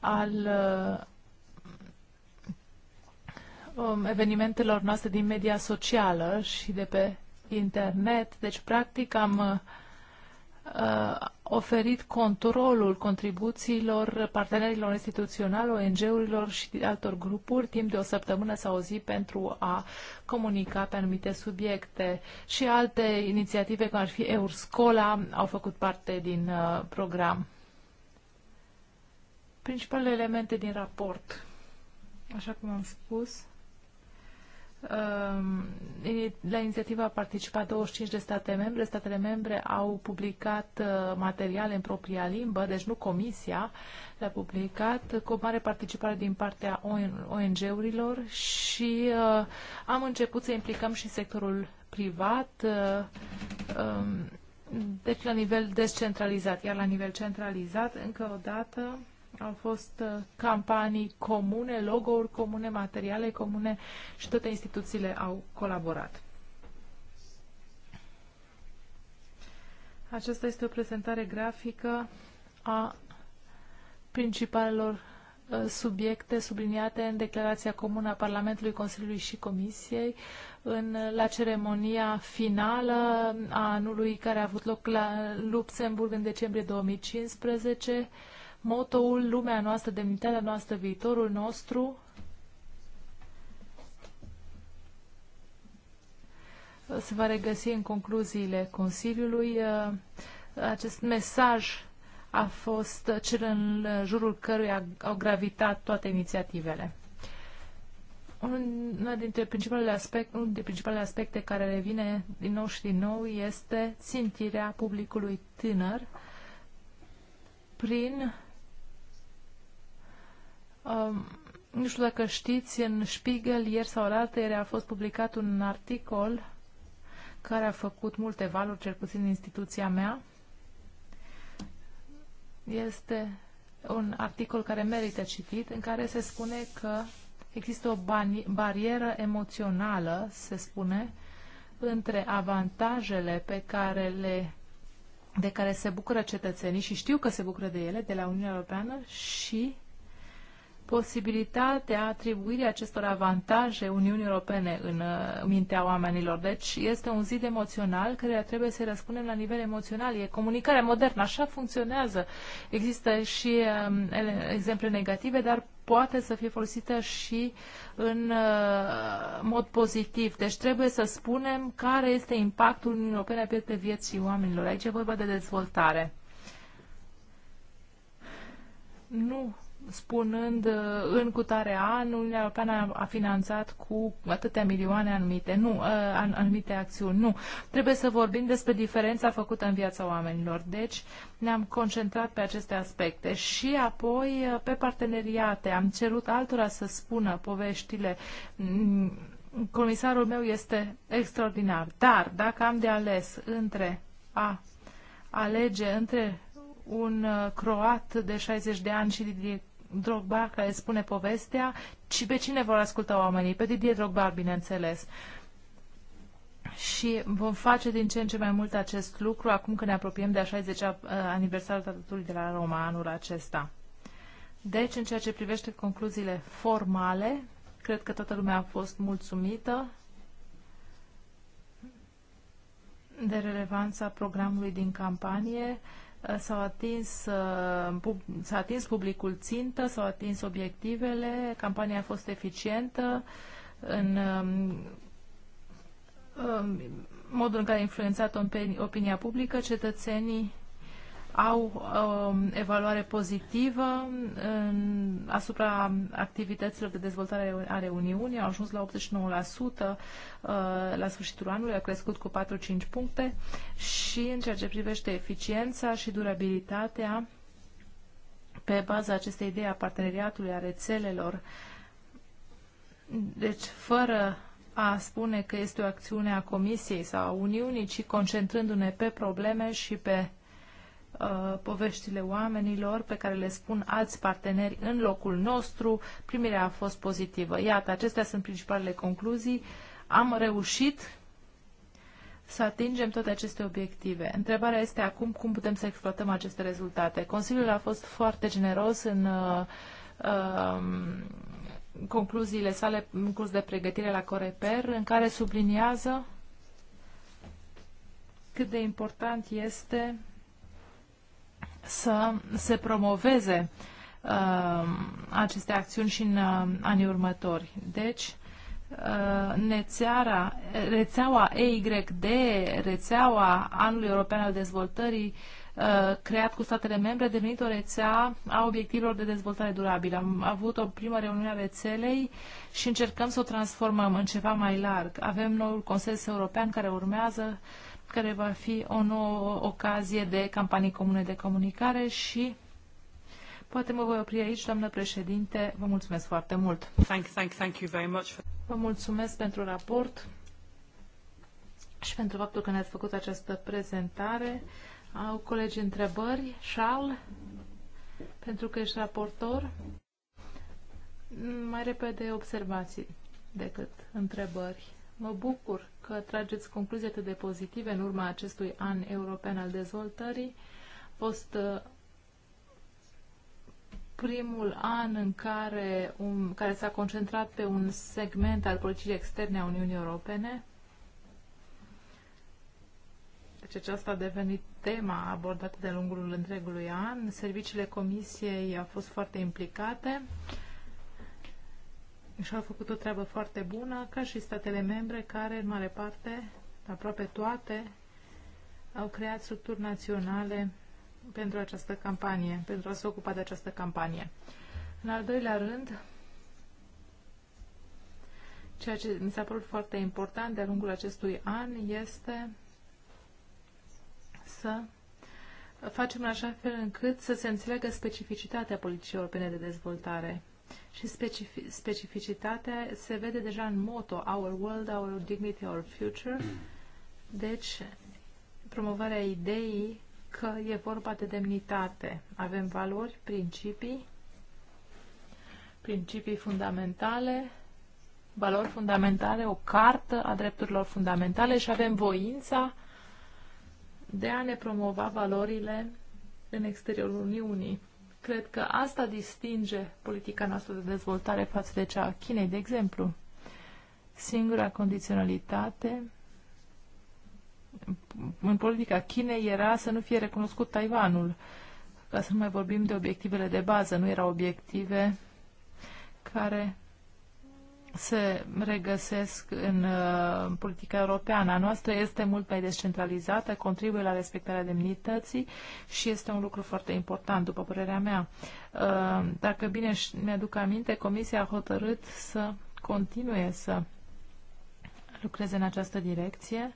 al uh, um, evenimentelor noastre din media socială și de pe internet. Deci, practic, am uh, uh oferit controlul contribuțiilor partenerilor instituționali, ONG-urilor și altor grupuri timp de o săptămână sau o zi pentru a comunica pe anumite subiecte și alte inițiative, cum ar fi Eurscola, au făcut parte din uh, program. Principalele elemente din raport, așa cum am spus, Um, la inițiativă a participat 25 de state membre. Statele membre au publicat uh, materiale în propria limbă, deci nu comisia le-a publicat, cu o mare participare din partea ONG-urilor și uh, am început să implicăm și sectorul privat, uh, um, deci la nivel descentralizat, iar la nivel centralizat, încă o dată, au fost uh, campanii comune, logo-uri comune, materiale comune și toate instituțiile au colaborat. Aceasta este o prezentare grafică a principalelor uh, subiecte subliniate în declarația comună a Parlamentului, Consiliului și Comisiei în, uh, la ceremonia finală a anului care a avut loc la Luxemburg în decembrie 2015 motoul lumea noastră, demnitatea noastră, viitorul nostru. Se va regăsi în concluziile Consiliului. Acest mesaj a fost cel în jurul căruia au gravitat toate inițiativele. Una dintre principalele aspecte, unul dintre principalele aspecte care revine din nou și din nou este țintirea publicului tânăr prin Um, nu știu dacă știți, în Spiegel ieri sau alaltă ieri a fost publicat un articol care a făcut multe valuri, cel puțin în instituția mea. Este un articol care merită citit, în care se spune că există o barieră emoțională, se spune, între avantajele pe care le, de care se bucură cetățenii și știu că se bucură de ele de la Uniunea Europeană și posibilitatea atribuirii acestor avantaje Uniunii Europene în uh, mintea oamenilor. Deci este un zid emoțional care trebuie să răspundem la nivel emoțional. E comunicarea modernă, așa funcționează. Există și um, exemple negative, dar poate să fie folosită și în uh, mod pozitiv. Deci trebuie să spunem care este impactul Uniunii Europene pe vieții oamenilor. Aici e vorba de dezvoltare. Nu spunând uh, în cutare an Uniunea Europeană a finanțat cu atâtea milioane anumite, nu, uh, anumite acțiuni. Nu. Trebuie să vorbim despre diferența făcută în viața oamenilor. Deci ne-am concentrat pe aceste aspecte și apoi uh, pe parteneriate. Am cerut altora să spună poveștile mm, comisarul meu este extraordinar, dar dacă am de ales între a alege între un croat de 60 de ani și Drogba care spune povestea și pe cine vor asculta oamenii? Pe Didier Drogba, bineînțeles. Și vom face din ce în ce mai mult acest lucru acum când ne apropiem de a 60-a uh, aniversarul Tratatului de la Roma anul acesta. Deci, în ceea ce privește concluziile formale, cred că toată lumea a fost mulțumită de relevanța programului din campanie s au atins, uh, s-a atins publicul țintă, s-au atins obiectivele, campania a fost eficientă în um, um, modul în care a influențat opinia publică, cetățenii au um, evaluare pozitivă în, asupra activităților de dezvoltare ale Uniunii, au ajuns la 89% uh, la sfârșitul anului, a crescut cu 4-5 puncte și în ceea ce privește eficiența și durabilitatea, pe baza acestei idei a parteneriatului, a rețelelor, deci fără a spune că este o acțiune a Comisiei sau a Uniunii, ci concentrându-ne pe probleme și pe uh, uh, poveștile oamenilor pe care le spun alți parteneri în locul nostru. Primirea a fost pozitivă. Iată, acestea sunt principalele concluzii. Am reușit să atingem toate aceste obiective. Întrebarea este acum cum putem să exploatăm aceste rezultate. Consiliul a fost foarte generos în uh, um, concluziile sale în curs de pregătire la Coreper, în care subliniază cât de important este să se promoveze uh, aceste acțiuni și în uh, anii următori. Deci, uh, nețeara, rețeaua EYD, rețeaua Anului European al Dezvoltării, uh, creat cu statele membre, a devenit o rețea a obiectivelor de dezvoltare durabilă. Am avut o primă reuniune a rețelei și încercăm să o transformăm în ceva mai larg. Avem noul Consens European care urmează care va fi o nouă ocazie de campanii comune de comunicare și poate mă voi opri aici, doamnă președinte. Vă mulțumesc foarte mult. Thank, thank, thank you very much. Vă mulțumesc pentru raport și pentru faptul că ne-ați făcut această prezentare. Au colegi întrebări? Charles, pentru că ești raportor, mai repede observații decât întrebări. Mă bucur că trageți concluzii atât de pozitive în urma acestui an european al dezvoltării. A fost uh, primul an în care, un, care s-a concentrat pe un segment al politicii externe a Uniunii Europene. Deci aceasta a devenit tema abordată de lungul întregului an. Serviciile Comisiei au fost foarte implicate. Uh, și au făcut o treabă foarte bună, ca și statele membre care, în mare parte, aproape toate, au creat structuri naționale pentru această campanie, pentru a se ocupa de această campanie. În al doilea rând, ceea ce mi s-a părut foarte important de-a lungul acestui an este să facem în așa fel încât să se înțeleagă specificitatea politicii europene de dezvoltare și specific, specificitatea se vede deja în moto Our World, Our Dignity, Our Future. Deci, promovarea ideii că e vorba de demnitate. Avem valori, principii, principii fundamentale, valori fundamentale, o cartă a drepturilor fundamentale și avem voința de a ne promova valorile în exteriorul Uniunii. Cred că asta distinge politica noastră de dezvoltare față de cea a Chinei, de exemplu. Singura condiționalitate în politica Chinei era să nu fie recunoscut Taiwanul. Ca să nu mai vorbim de obiectivele de bază, nu erau obiective care se regăsesc în uh, politica europeană. A noastră este mult mai descentralizată, contribuie la respectarea demnității și este un lucru foarte important, după părerea mea. Uh, dacă bine mi-aduc aminte, Comisia a hotărât să continue să lucreze în această direcție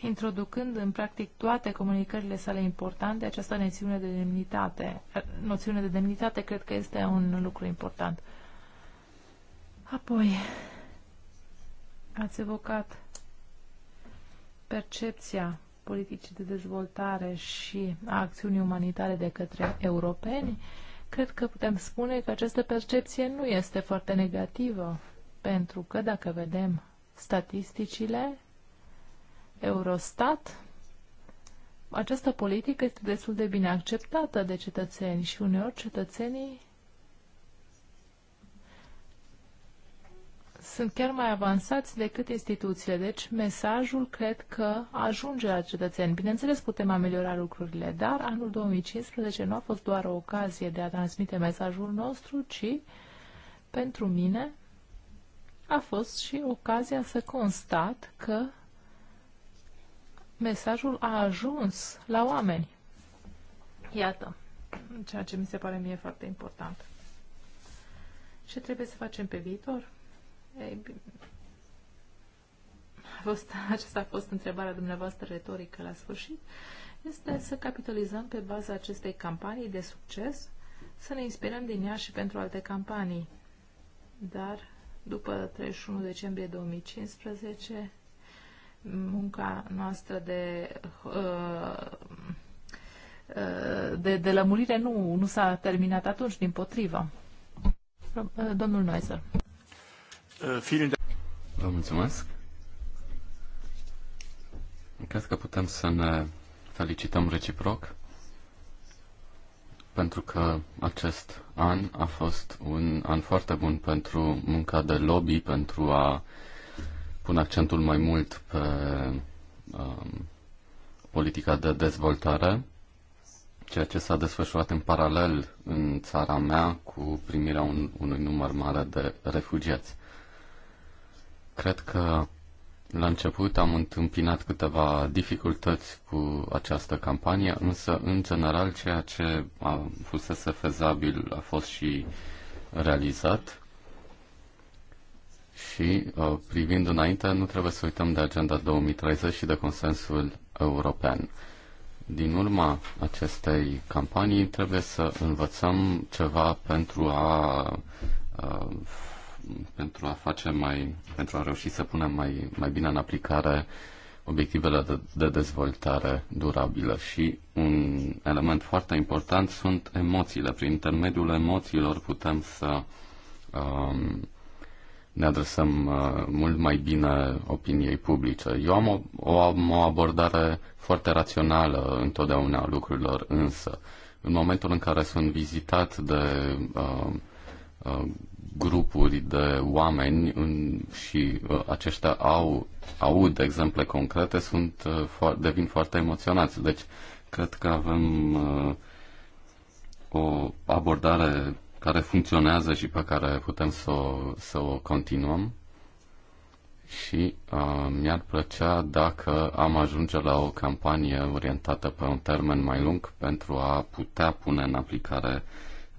introducând în practic toate comunicările sale importante această noțiune de demnitate. Noțiune de demnitate cred că este un lucru important. Apoi, ați evocat percepția politicii de dezvoltare și a acțiunii umanitare de către europeni. Cred că putem spune că această percepție nu este foarte negativă, pentru că dacă vedem statisticile, Eurostat, această politică este destul de bine acceptată de cetățeni și uneori cetățenii sunt chiar mai avansați decât instituțiile. Deci mesajul cred că ajunge la cetățeni. Bineînțeles putem ameliora lucrurile, dar anul 2015 nu a fost doar o ocazie de a transmite mesajul nostru, ci pentru mine a fost și ocazia să constat că mesajul a ajuns la oameni. Iată, ceea ce mi se pare mie foarte important. Ce trebuie să facem pe viitor? Ei, a fost, aceasta a fost întrebarea dumneavoastră retorică la sfârșit. Este să capitalizăm pe baza acestei campanii de succes, să ne inspirăm din ea și pentru alte campanii. Dar, după 31 decembrie 2015, munca noastră de, uh, de, de lămurire nu, nu s-a terminat atunci, din potrivă. Domnul Noiser. Vă mulțumesc. Cred că putem să ne felicităm reciproc pentru că acest an a fost un an foarte bun pentru munca de lobby, pentru a uh, pun accentul mai mult pe um, politica de dezvoltare, ceea ce s-a desfășurat în paralel în țara mea cu primirea un, unui număr mare de refugiați. Cred că la început am întâmpinat câteva dificultăți cu această campanie, însă, în general, ceea ce a fost fezabil a fost și realizat și uh, privind înainte, nu trebuie să uităm de Agenda 2030 și de consensul european. Din urma acestei campanii trebuie să învățăm ceva pentru a, a uh, pentru a face mai, pentru a reuși să punem mai, mai bine în aplicare obiectivele de, de dezvoltare durabilă și un element foarte important sunt emoțiile. Prin intermediul emoțiilor putem să um, ne adresăm uh, mult mai bine opiniei publice. Eu am o, o, am o abordare foarte rațională întotdeauna a lucrurilor, însă în momentul în care sunt vizitat de uh, uh, grupuri de oameni în, și uh, aceștia au, aud exemple concrete, sunt, uh, fo- devin foarte emoționați. Deci, cred că avem uh, o abordare care funcționează și pe care putem să o, să o continuăm și uh, mi-ar plăcea dacă am ajunge la o campanie orientată pe un termen mai lung pentru a putea pune în aplicare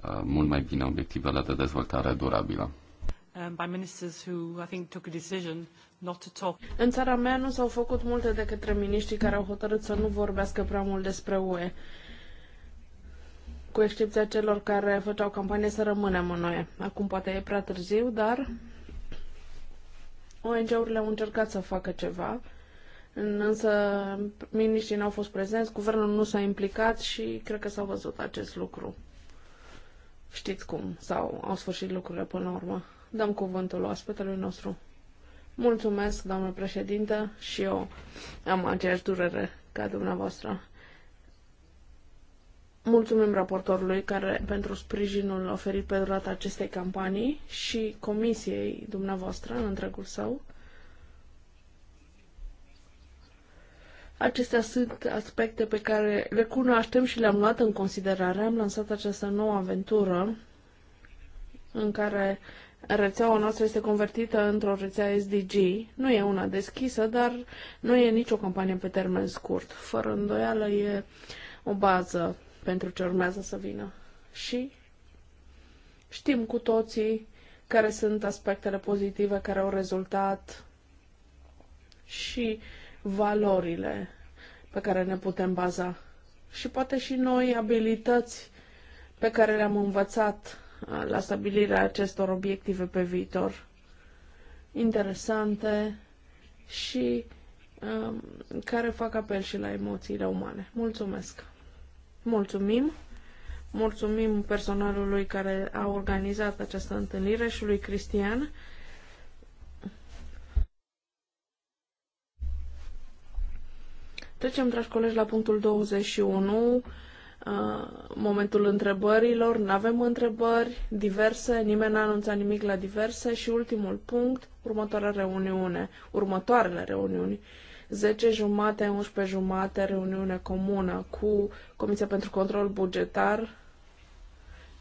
uh, mult mai bine obiectivele de dezvoltare durabilă. Um, în țara mea nu s-au făcut multe de către miniștrii care au hotărât să nu vorbească prea mult despre UE cu excepția celor care făceau campanie să rămânem în noi. Acum poate e prea târziu, dar ONG-urile au încercat să facă ceva, însă miniștrii n-au fost prezenți, guvernul nu s-a implicat și cred că s au văzut acest lucru. Știți cum, sau au sfârșit lucrurile până la urmă. Dăm cuvântul oaspetelui nostru. Mulțumesc, doamnă președintă, și eu am aceeași durere ca dumneavoastră. Mulțumim raportorului care, pentru sprijinul oferit pe durata acestei campanii și comisiei dumneavoastră în întregul său. Acestea sunt aspecte pe care le cunoaștem și le-am luat în considerare. Am lansat această nouă aventură în care rețeaua noastră este convertită într-o rețea SDG. Nu e una deschisă, dar nu e nicio campanie pe termen scurt. Fără îndoială e o bază pentru ce urmează să vină. Și știm cu toții care sunt aspectele pozitive care au rezultat și valorile pe care ne putem baza. Și poate și noi abilități pe care le-am învățat la stabilirea acestor obiective pe viitor. Interesante și um, care fac apel și la emoțiile umane. Mulțumesc! Mulțumim! Mulțumim personalului care a organizat această întâlnire și lui Cristian. Trecem, dragi colegi, la punctul 21, uh, momentul întrebărilor. Nu avem întrebări diverse, nimeni n-a anunțat nimic la diverse și ultimul punct, următoarea reuniune, următoarele reuniuni. 10 jumate, 11 jumate, reuniune comună cu Comisia pentru Control Bugetar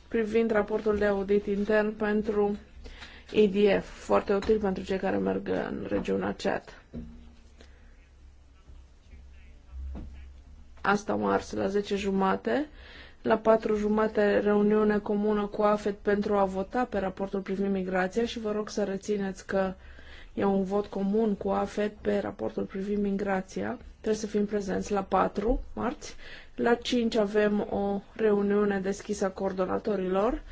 privind raportul de audit intern pentru IDF, foarte util pentru cei care merg în regiunea CEAT. Asta ars la 10 jumate, la 4 jumate reuniune comună cu AFET pentru a vota pe raportul privind migrația și vă rog să rețineți că E un vot comun cu AFET pe raportul privind migrația. Trebuie să fim prezenți la 4 marți. La 5 avem o reuniune deschisă a coordonatorilor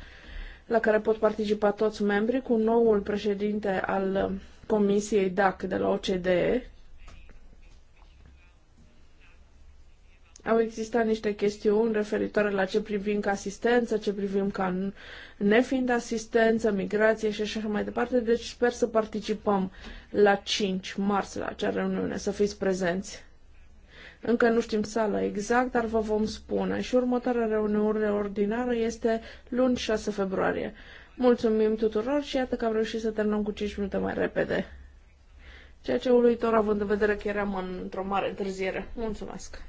la care pot participa toți membrii cu noul președinte al Comisiei DAC de la OCDE, Au existat niște chestiuni referitoare la ce privim ca asistență, ce privim ca nefiind asistență, migrație și așa mai departe. Deci sper să participăm la 5 mars la acea reuniune, să fiți prezenți. Încă nu știm sala exact, dar vă vom spune. Și următoarea reuniune ordinară este luni 6 februarie. Mulțumim tuturor și iată că am reușit să terminăm cu 5 minute mai repede. Ceea ce uluitor având în vedere că eram într-o mare întârziere. Mulțumesc!